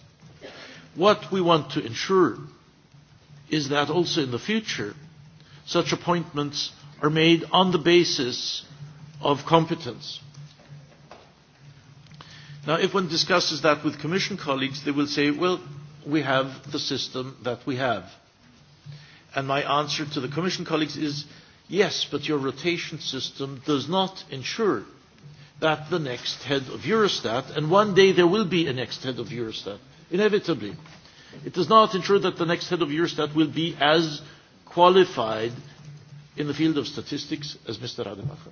What we want to ensure is that also in the future, such appointments are made on the basis of competence. Now, if one discusses that with Commission colleagues, they will say, well, we have the system that we have. And my answer to the Commission colleagues is, yes, but your rotation system does not ensure that the next head of Eurostat, and one day there will be a next head of Eurostat, inevitably. It does not ensure that the next head of Eurostat will be as qualified in the field of statistics as Mr. Rademacher.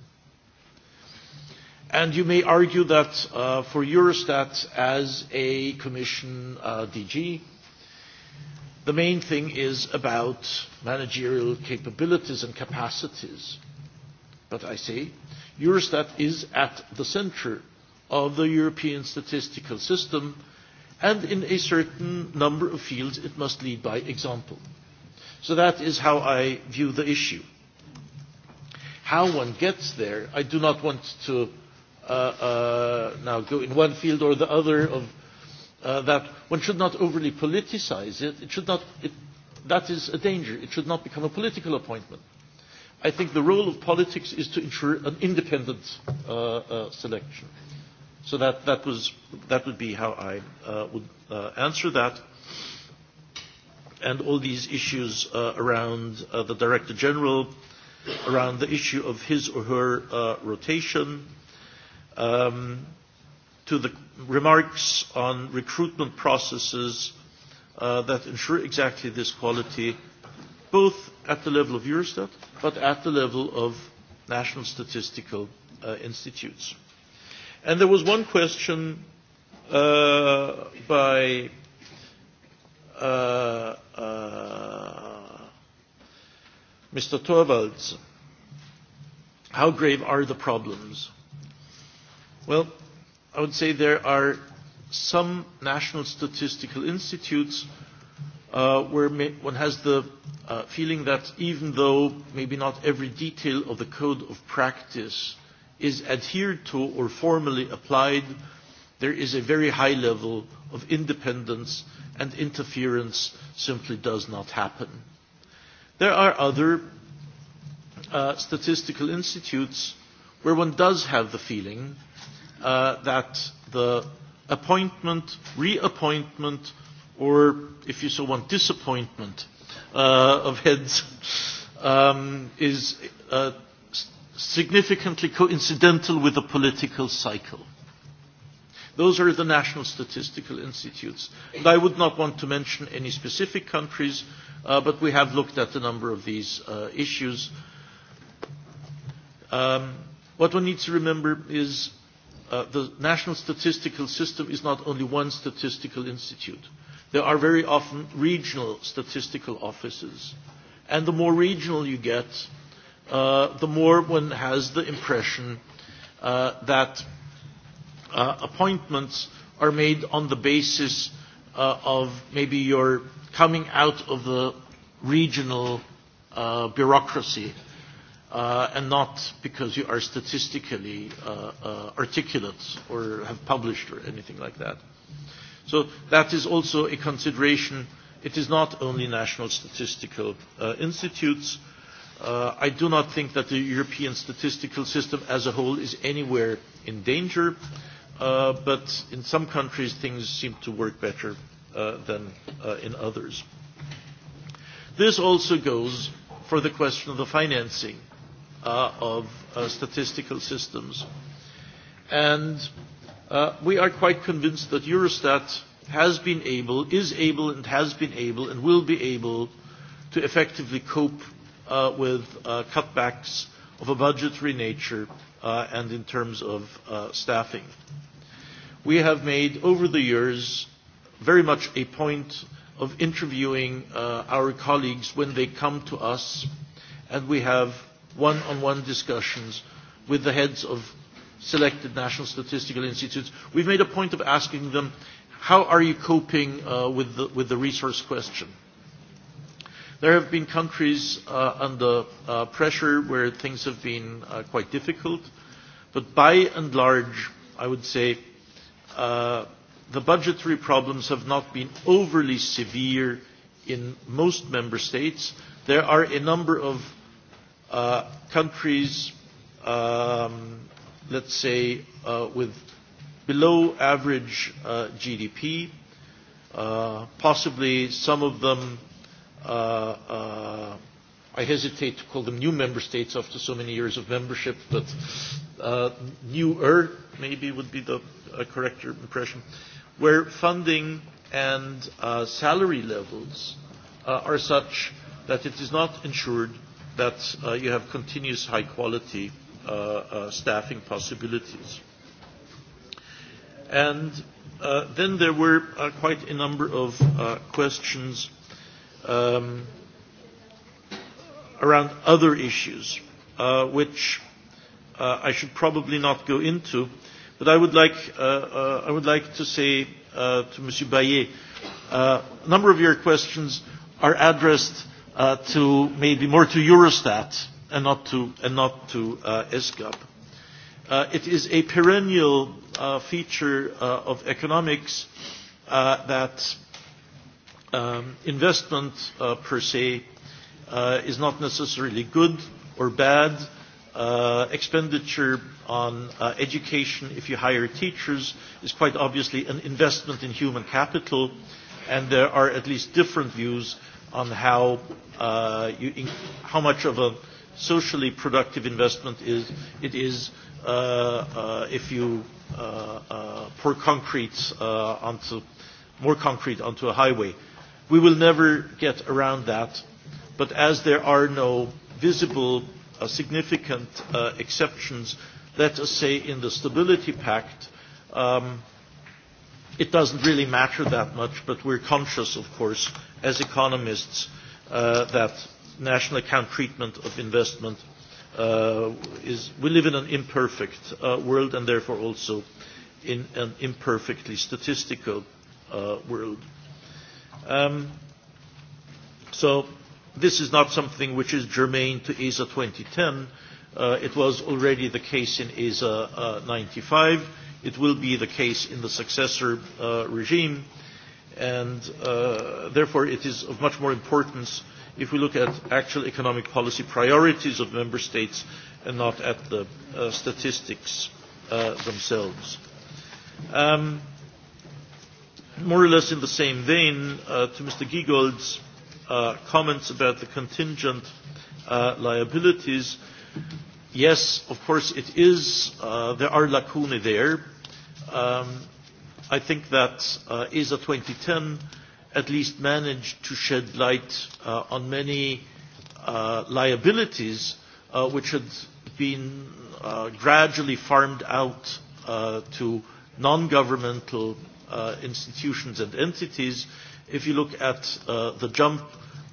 And you may argue that uh, for Eurostat as a Commission uh, DG, the main thing is about managerial capabilities and capacities. But I say Eurostat is at the centre of the European statistical system, and in a certain number of fields it must lead by example. So that is how I view the issue. How one gets there, I do not want to uh, uh, now go in one field or the other of uh, that one should not overly politicize it. It should not. It, that is a danger. It should not become a political appointment. I think the role of politics is to ensure an independent uh, uh, selection. So that, that, was, that would be how I uh, would uh, answer that. And all these issues uh, around uh, the Director General, around the issue of his or her uh, rotation, um, to the remarks on recruitment processes uh, that ensure exactly this quality, both at the level of Eurostat but at the level of national statistical uh, institutes. And there was one question uh, by uh, uh, Mr. Torvalds. How grave are the problems? Well, I would say there are some national statistical institutes uh, where one has the uh, feeling that even though maybe not every detail of the code of practice is adhered to or formally applied, there is a very high level of independence and interference simply does not happen. There are other uh, statistical institutes where one does have the feeling uh, that the appointment, reappointment, or if you so want, disappointment uh, of heads um, is uh, significantly coincidental with the political cycle. Those are the national statistical institutes. And I would not want to mention any specific countries, uh, but we have looked at a number of these uh, issues. Um, what one needs to remember is Uh, the national statistical system is not only one statistical institute. There are very often regional statistical offices. And the more regional you get, uh, the more one has the impression uh, that uh, appointments are made on the basis uh, of maybe you're coming out of the regional uh, bureaucracy uh, uh, and not because you are statistically uh, uh, articulate or have published or anything like that. So that is also a consideration. It is not only national statistical uh, institutes. Uh, I do not think that the European statistical system as a whole is anywhere in danger, uh, but in some countries things seem to work better uh, than uh, in others. This also goes for the question of the financing uh, of uh, statistical systems. And uh, we are quite convinced that Eurostat has been able, is able and has been able and will be able to effectively cope uh, with uh, cutbacks of a budgetary nature uh, and in terms of uh, staffing. We have made over the years very much a point of interviewing uh, our colleagues when they come to us and we have one-on-one -on -one discussions with the heads of selected national statistical institutes. We've made a point of asking them, how are you coping uh, with, the, with the resource question? There have been countries uh, under uh, pressure where things have been uh, quite difficult, but by and large, I would say uh, the budgetary problems have not been overly severe in most member states. There are a number of Uh, countries, um, let's say, uh, with below average uh, GDP, uh, possibly some of them, uh, uh, I hesitate to call them new member states after so many years of membership, but uh, newer maybe would be the uh, correct impression, where funding and uh, salary levels uh, are such that it is not ensured that uh, you have continuous high quality uh, uh, staffing possibilities. And uh, then there were uh, quite a number of uh, questions um, around other issues, uh, which uh, I should probably not go into, but I would like, uh, uh, I would like to say uh, to Monsieur Bayet, uh, a number of your questions are addressed Uh, to maybe more to Eurostat and not to, and not to uh, ESGAB. Uh, it is a perennial uh, feature uh, of economics uh, that um, investment uh, per se uh, is not necessarily good or bad. Uh, expenditure on uh, education, if you hire teachers, is quite obviously an investment in human capital, and there are at least different views on how, uh, you, how much of a socially productive investment is, it is uh, uh, if you uh, uh, pour concrete uh, onto, more concrete onto a highway. We will never get around that, but as there are no visible uh, significant uh, exceptions, let us say in the Stability Pact, um, it doesn't really matter that much, but we're conscious, of course, as economists, uh, that national account treatment of investment uh, is, we live in an imperfect uh, world and therefore also in an imperfectly statistical uh, world. Um, so this is not something which is germane to ESA 2010. Uh, it was already the case in ESA uh, 95 It will be the case in the successor uh, regime, and uh, therefore it is of much more importance if we look at actual economic policy priorities of member states and not at the uh, statistics uh, themselves. Um, more or less in the same vein, uh, to Mr. Giegold's uh, comments about the contingent uh, liabilities, yes, of course it is, uh, there are lacunae there, um, I think that uh, ESA 2010 at least managed to shed light uh, on many uh, liabilities uh, which had been uh, gradually farmed out uh, to non-governmental uh, institutions and entities. If you look at uh, the jump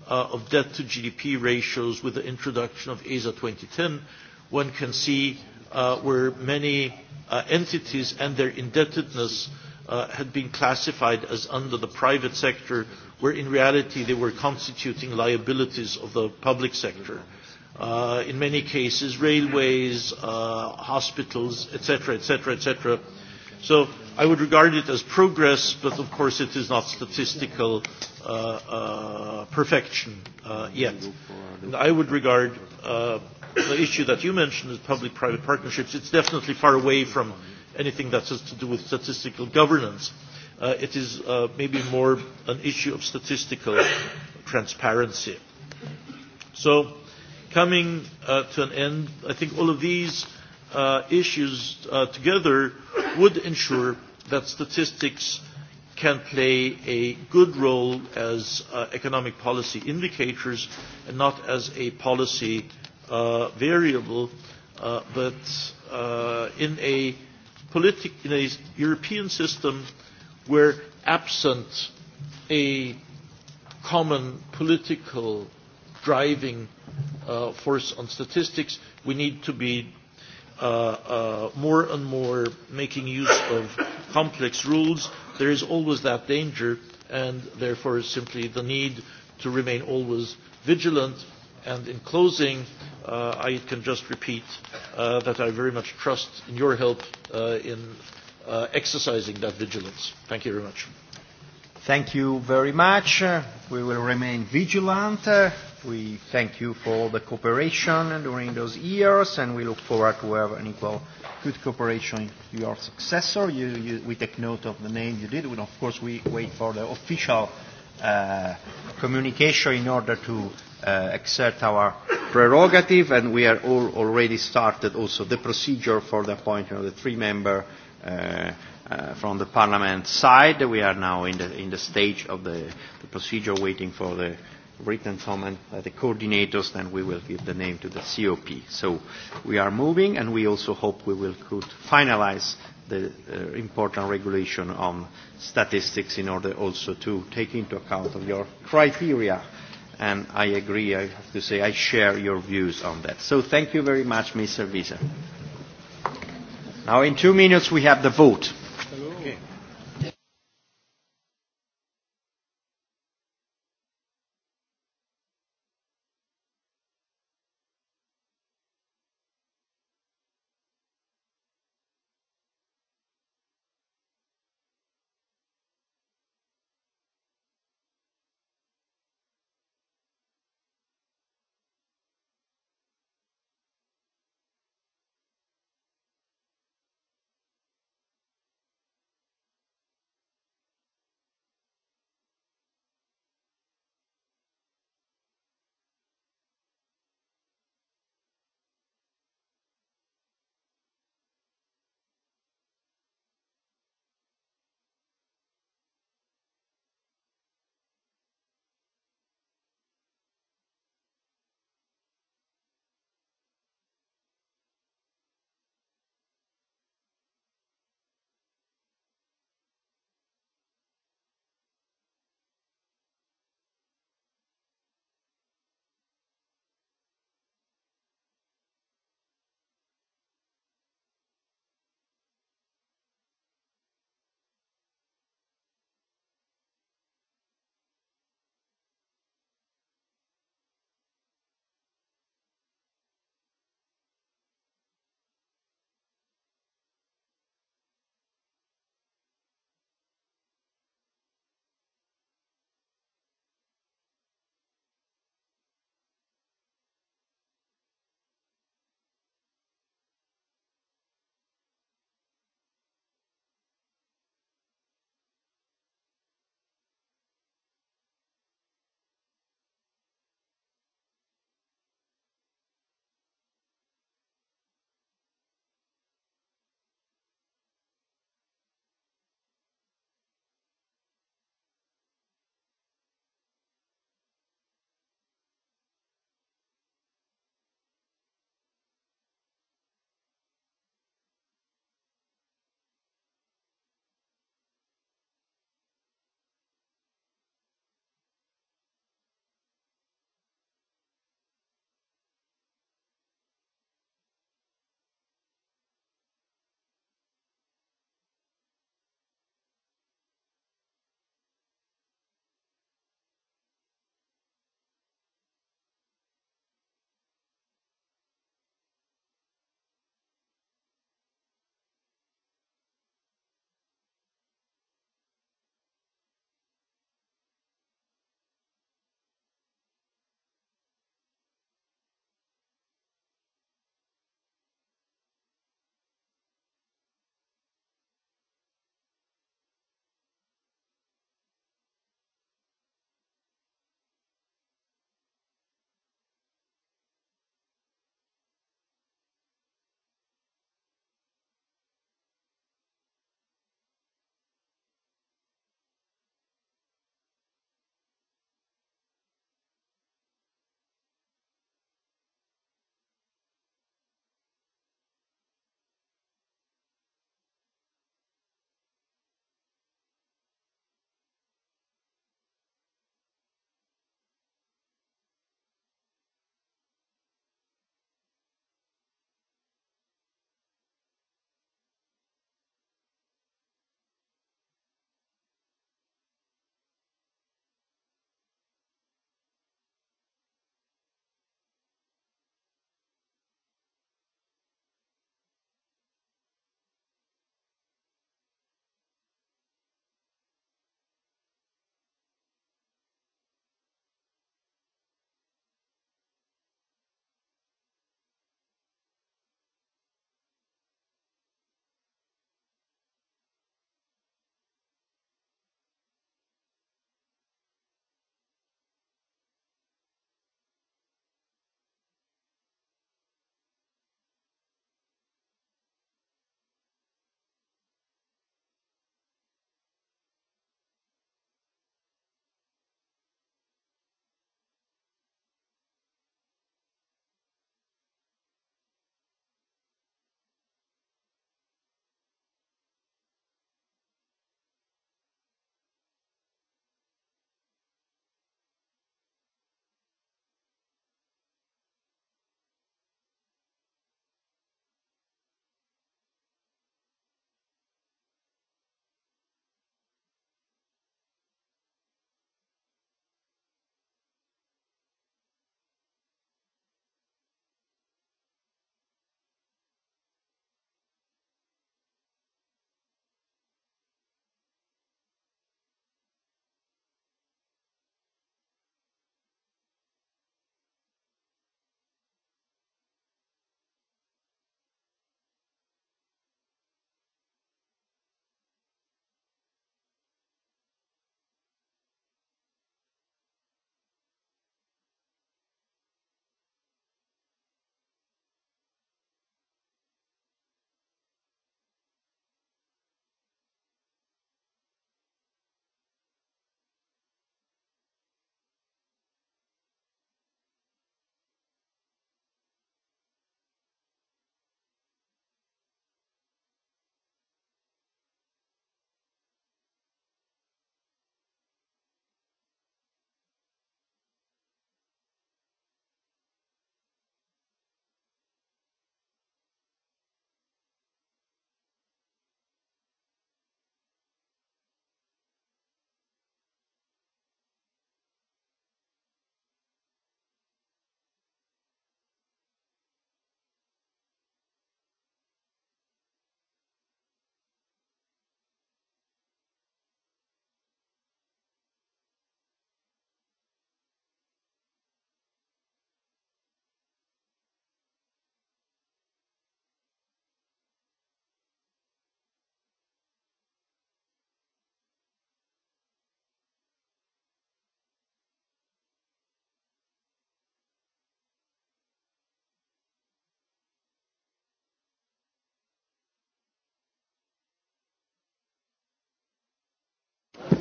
uh, of debt to GDP ratios with the introduction of ESA 2010, one can see uh, where many uh, entities and their indebtedness uh, had been classified as under the private sector, where in reality they were constituting liabilities of the public sector. Uh, in many cases, railways, uh, hospitals, etc., etc., etc., So I would regard it as progress, but of course it is not statistical uh, uh, perfection uh, yet. And I would regard uh, the issue that you mentioned as public-private partnerships. It's definitely far away from anything that has to do with statistical governance. Uh, it is uh, maybe more an issue of statistical transparency. So coming uh, to an end, I think all of these uh, issues uh, together would ensure that statistics can play a good role as uh, economic policy indicators and not as a policy uh, variable, uh, but uh, in, a politic, in a European system where absent a common political driving uh, force on statistics, we need to be uh, uh, more and more making use of complex rules, there is always that danger and therefore simply the need to remain always vigilant. And in closing, uh, I can just repeat uh, that I very much trust in your help uh, in uh, exercising that vigilance. Thank you very much. Thank you very much. We will remain vigilant. We thank you for the cooperation during those years, and we look forward to have an equal good cooperation with your successor. You, you, we take note of the name you did, and of course we wait for the official uh, communication in order to uh, exert our prerogative, and we are all already started also the procedure for the appointment of the three-member uh, Uh, from the Parliament side. We are now in the, in the stage of the, the procedure waiting for the written comment by the coordinators, then we will give the name to the COP. So we are moving, and we also hope we will could finalize the uh, important regulation on statistics in order also to take into account of your criteria. And I agree, I have to say, I share your views on that. So thank you very much, Mr. Visa. Now in two minutes we have the vote.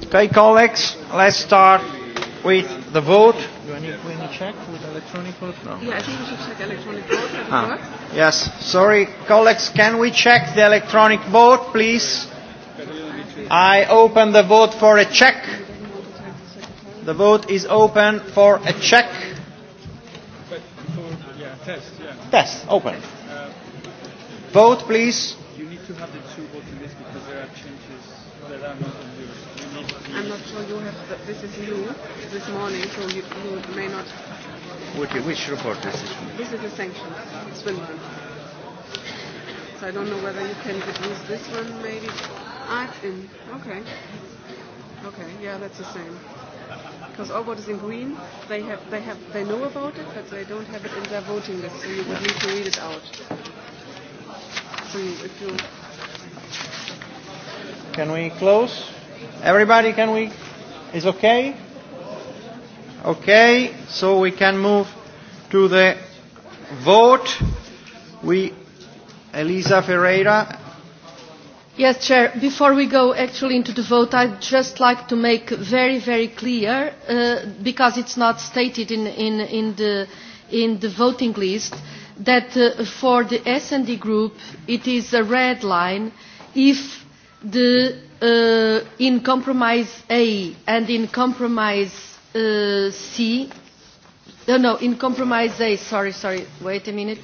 Okay, colleagues, let's start with the vote. Do I need to check with electronic vote? No. Yeah, I think we should check electronic vote. Ah, yes, sorry. Colleagues, can we check the electronic vote, please? I open the vote for a check. The vote is open for a check. test, yeah. Test, open. Uh, vote, please. You need to have the two votes in this because there are changes that are not I'm not sure you have, the, this is new this morning, so you, you may not. What, which report is this This is the sanctions, Swinburne. So I don't know whether you can use this one, maybe. Ah, in. Okay. Okay, yeah, that's the same. Because all what is in green, they have, they have, they know about it, but they don't have it in their voting list, so you would need to read it out. So if you. Can we close? Everybody, can we? Is okay? Okay, so we can move to the vote. We, Elisa Ferreira. Yes, Chair. Before we go actually into the vote, I'd just like to make very, very clear, uh, because it's not stated in, in, in, the, in the voting list, that uh, for the S&D group it is a red line if the uh, in compromise A and in compromise uh, C, no, no, in compromise A, sorry, sorry, wait a minute,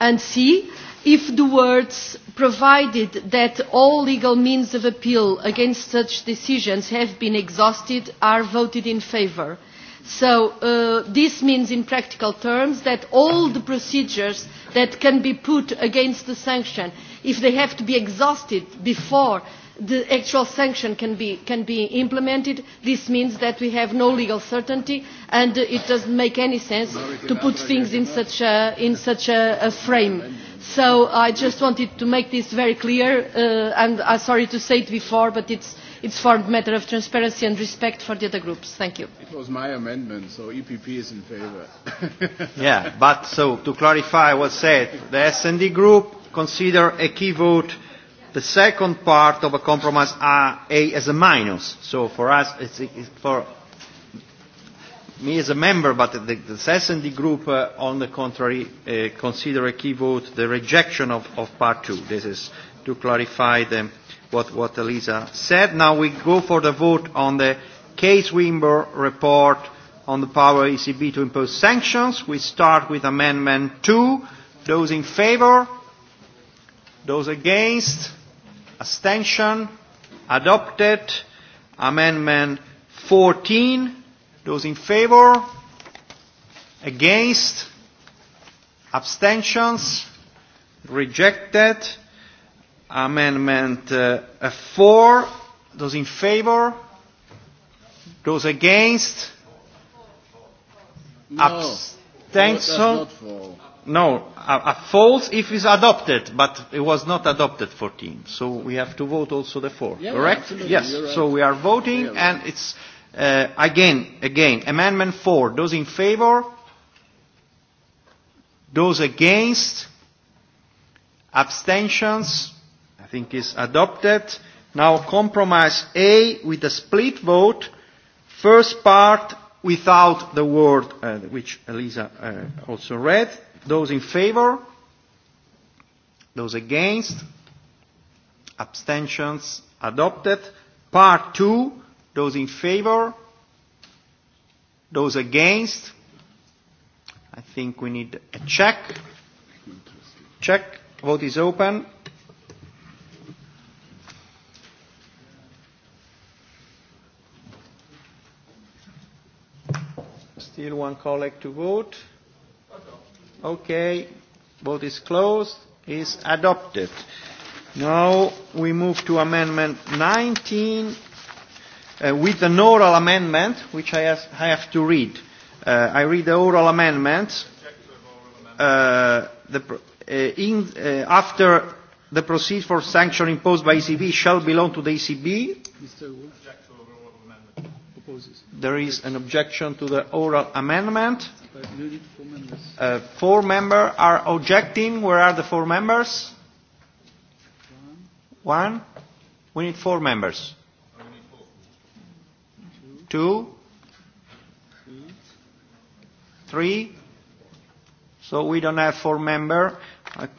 and C, if the words provided that all legal means of appeal against such decisions have been exhausted are voted in favour. So uh, this means in practical terms that all the procedures that can be put against the sanction, if they have to be exhausted before the actual sanction can be, can be implemented. This means that we have no legal certainty and it doesn't make any sense to put things in such a, in such a, a frame. So I just wanted to make this very clear uh, and I'm uh, sorry to say it before but it's, it's for a matter of transparency and respect for the other groups. Thank you. It was my amendment, so EPP is in favour. yeah, but so to clarify was said, the S&D group consider a key vote the second part of a compromise are uh, A as a minus. So for us, it's, it's for me as a member, but the, the S&D group, uh, on the contrary, uh, consider a key vote the rejection of, of part two. This is to clarify the, what, what Elisa said. Now we go for the vote on the Case Wimber report on the power of e ECB to impose sanctions. We start with Amendment 2. Those in favour? Those against? Abstention? Adopted. Amendment 14. Those in favor? Against? Abstentions? Rejected. Amendment uh, 4. Those in favor? Those against? No, Abstention? No, no, a, a false if is adopted, but it was not adopted 14. So we have to vote also the four, yeah, correct? Absolutely. yes. Right. So we are voting, yeah. and it's uh, again, again, amendment four. Those in favour? Those against? Abstentions? I think is adopted. Now compromise A with a split vote. First part without the word uh, which Elisa uh, also read Those in favor? Those against? Abstentions adopted. Part two, Those in favor? Those against? I think we need a check. Check. Vote is open. Still one colleague to vote. Okay. Vote is closed. Is adopted. Now we move to amendment 19 uh, with an oral amendment, which I, has, I have to read. Uh, I read the oral amendment. Uh, the, uh, in, uh, after the proceed for sanction imposed by ECB shall belong to the ECB. Mr. Wolf. There is an objection to the oral amendment. Uh, four members are objecting. Where are the four members? One. We need four members. Two. Three. So we don't have four members.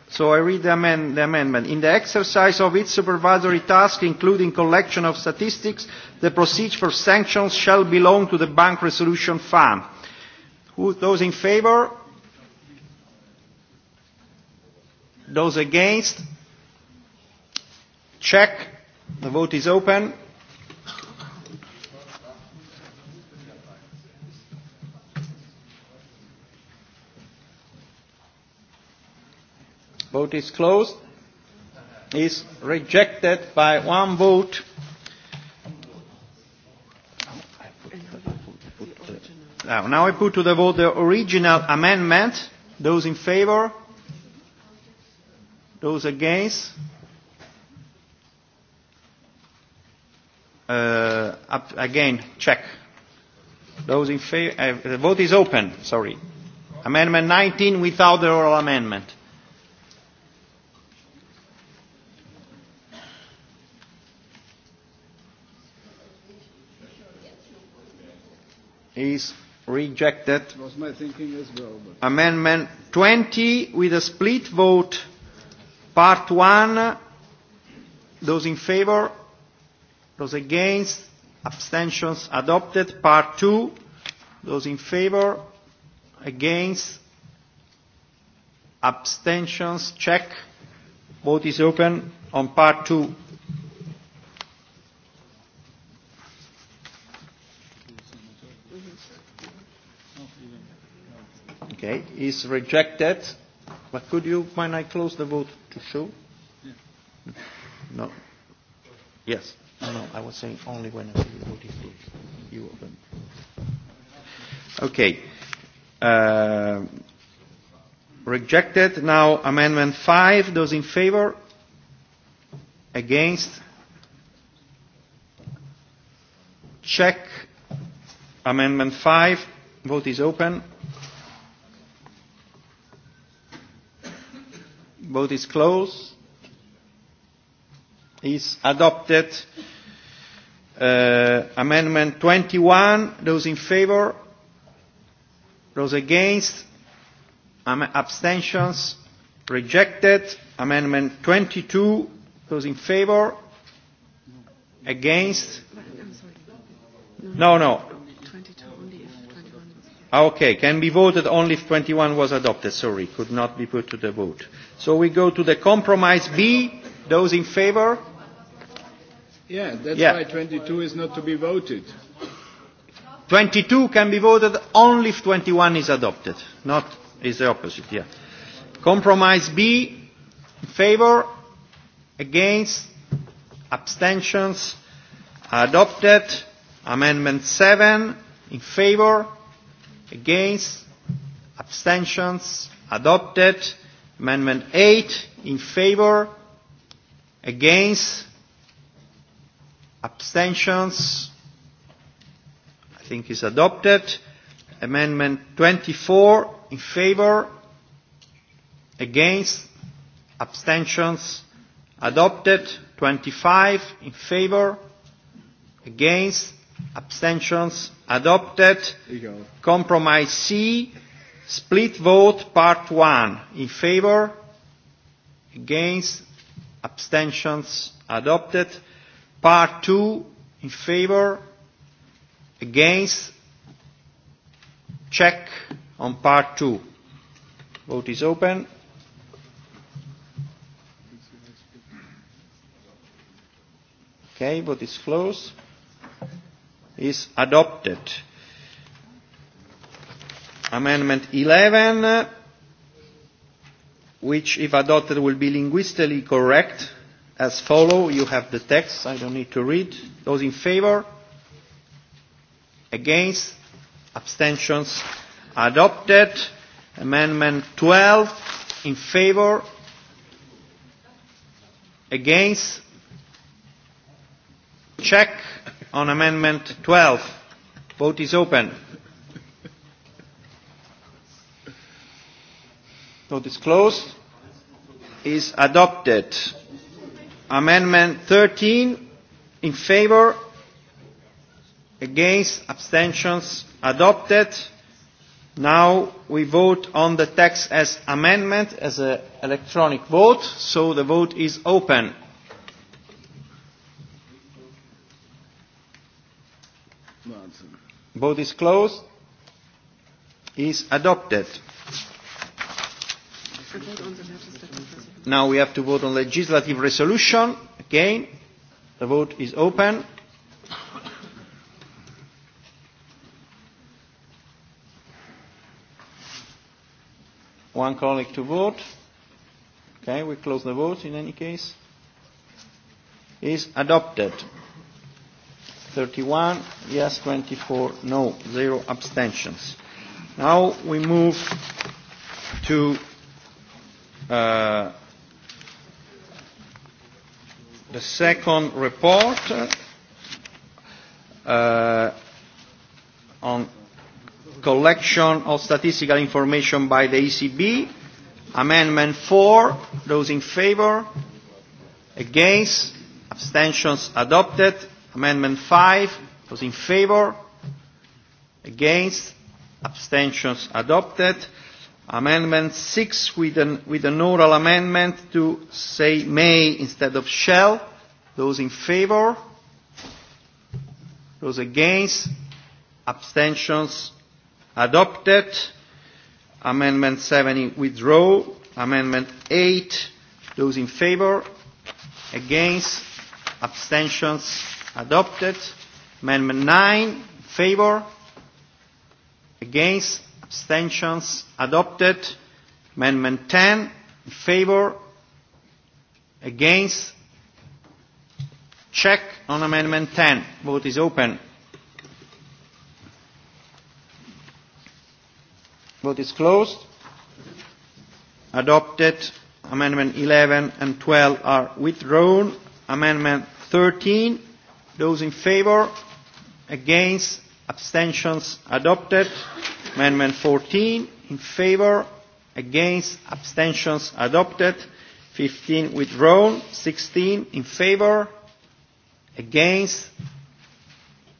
So I read the, amend the amendment. In the exercise of its supervisory task, including collection of statistics, the procedure for sanctions shall belong to the Bank Resolution Fund. Who, those in favor? Those against? Check. The vote is open. Vote is closed. Is rejected by one vote. Now, now I put to the vote the original amendment. Those in favor? Those against? Uh, up, again, check. Those in favor? Uh, the vote is open. Sorry. Amendment 19 without the oral amendment. is rejected. Was my thinking as well, but... Amendment 20 with a split vote. Part 1. Those in favor? Those against? Abstentions adopted. Part 2. Those in favor? Against? Abstentions check. Vote is open on part 2. Okay, is rejected. But could you, mind I close the vote, to show? Yeah. No. Yes. No, no, I was saying only when I see the vote is closed. You open. Okay. Uh, rejected. Now, Amendment five. Those in favor? Against? Check. Amendment five. Vote is open. Vote is closed. Is adopted. Uh, amendment 21. Those in favor? Those against? Um, abstentions? Rejected. Amendment 22. Those in favor? Against? No, no. Ah, okay, can be voted only if 21 was adopted. Sorry, could not be put to the vote. So we go to the compromise B. Those in favor? Yeah, that's yeah. why 22 is not to be voted. 22 can be voted only if 21 is adopted. Not is the opposite. Yeah. Compromise B. In favor? Against? Abstentions? Adopted. Amendment 7. In favor? Against? Abstentions? Adopted. Amendment 8 in favor? Against? Abstentions? I think is adopted. Amendment 24 in favor? Against? Abstentions? Adopted. 25 in favor? Against? Abstentions? adopted. Compromise C, split vote, part one. In favor, against, abstentions, adopted. Part two, in favor, against, check on part two. Vote is open. Okay, vote is closed is adopted. Amendment 11, which if adopted will be linguistically correct, as follow. You have the text. I don't need to read. Those in favor? Against? Abstentions? Adopted. Amendment 12. In favor? Against? check on Amendment 12. Vote is open. Vote is closed. Is adopted. Amendment 13 in favor, against, abstentions adopted. Now we vote on the text as amendment as an electronic vote, so the vote is open. Vote is closed. Is adopted. Now we have to vote on legislative resolution. Again, the vote is open. One colleague to vote. Okay, we close the vote in any case. Is adopted. 31, yes 24, no, zero abstentions. Now we move to uh, the second report uh, on collection of statistical information by the ECB. Amendment 4, those in favour, against, abstentions adopted. Amendment 5 was in favour, against, abstentions adopted. Amendment 6 with an, with an oral amendment to say may instead of shall. Those in favour, those against, abstentions adopted. Amendment 7 withdraw. Amendment 8, those in favour, against, abstentions adopted. Amendment 9, favor, against, abstentions, adopted. Amendment 10, favor, against, check on Amendment 10. Vote is open. Vote is closed. Adopted. Amendment 11 and 12 are withdrawn. Amendment 13 Those in favour? Against? Abstentions? Adopted. Amendment 14. In favour? Against? Abstentions? Adopted. 15 withdrawn. 16 in favour? Against?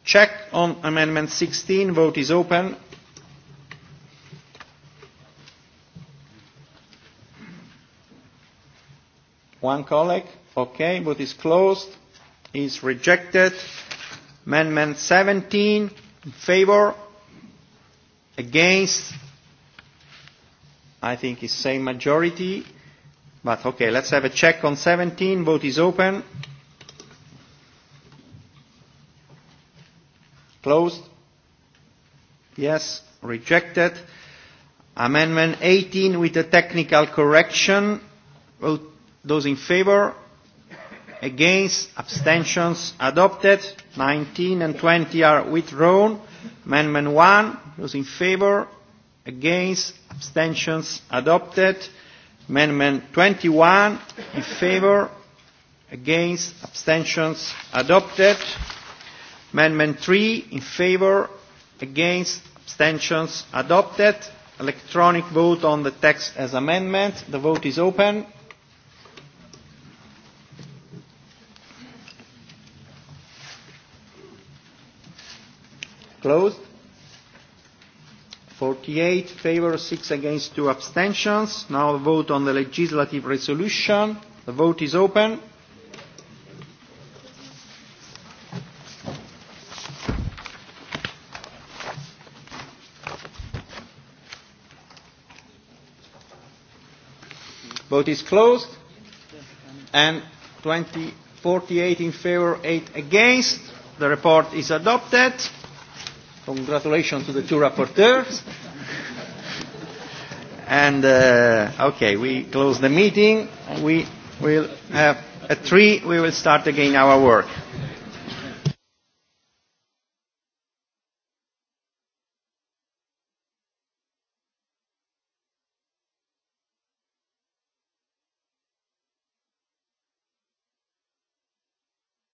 Check on Amendment 16. Vote is open. One colleague. Okay, vote is closed is rejected. Amendment 17 in favor, against, I think it's same majority, but okay, let's have a check on 17. Vote is open. Closed. Yes, rejected. Amendment 18 with a technical correction. Vote those in favor, against, abstentions adopted. 19 and 20 are withdrawn. Amendment 1, those in favor, against, abstentions adopted. Amendment 21, in favor, against, abstentions adopted. Amendment 3, in favor, against, abstentions adopted. Electronic vote on the text as amendment. The vote is open. Closed. 48 favor, 6 against, 2 abstentions. Now a vote on the legislative resolution. The vote is open. Vote is closed. And 20, 48 in favor, 8 against. The report is adopted. Congratulations to the two rapporteurs. And uh, okay, we close the meeting. We will have at three. We will start again our work.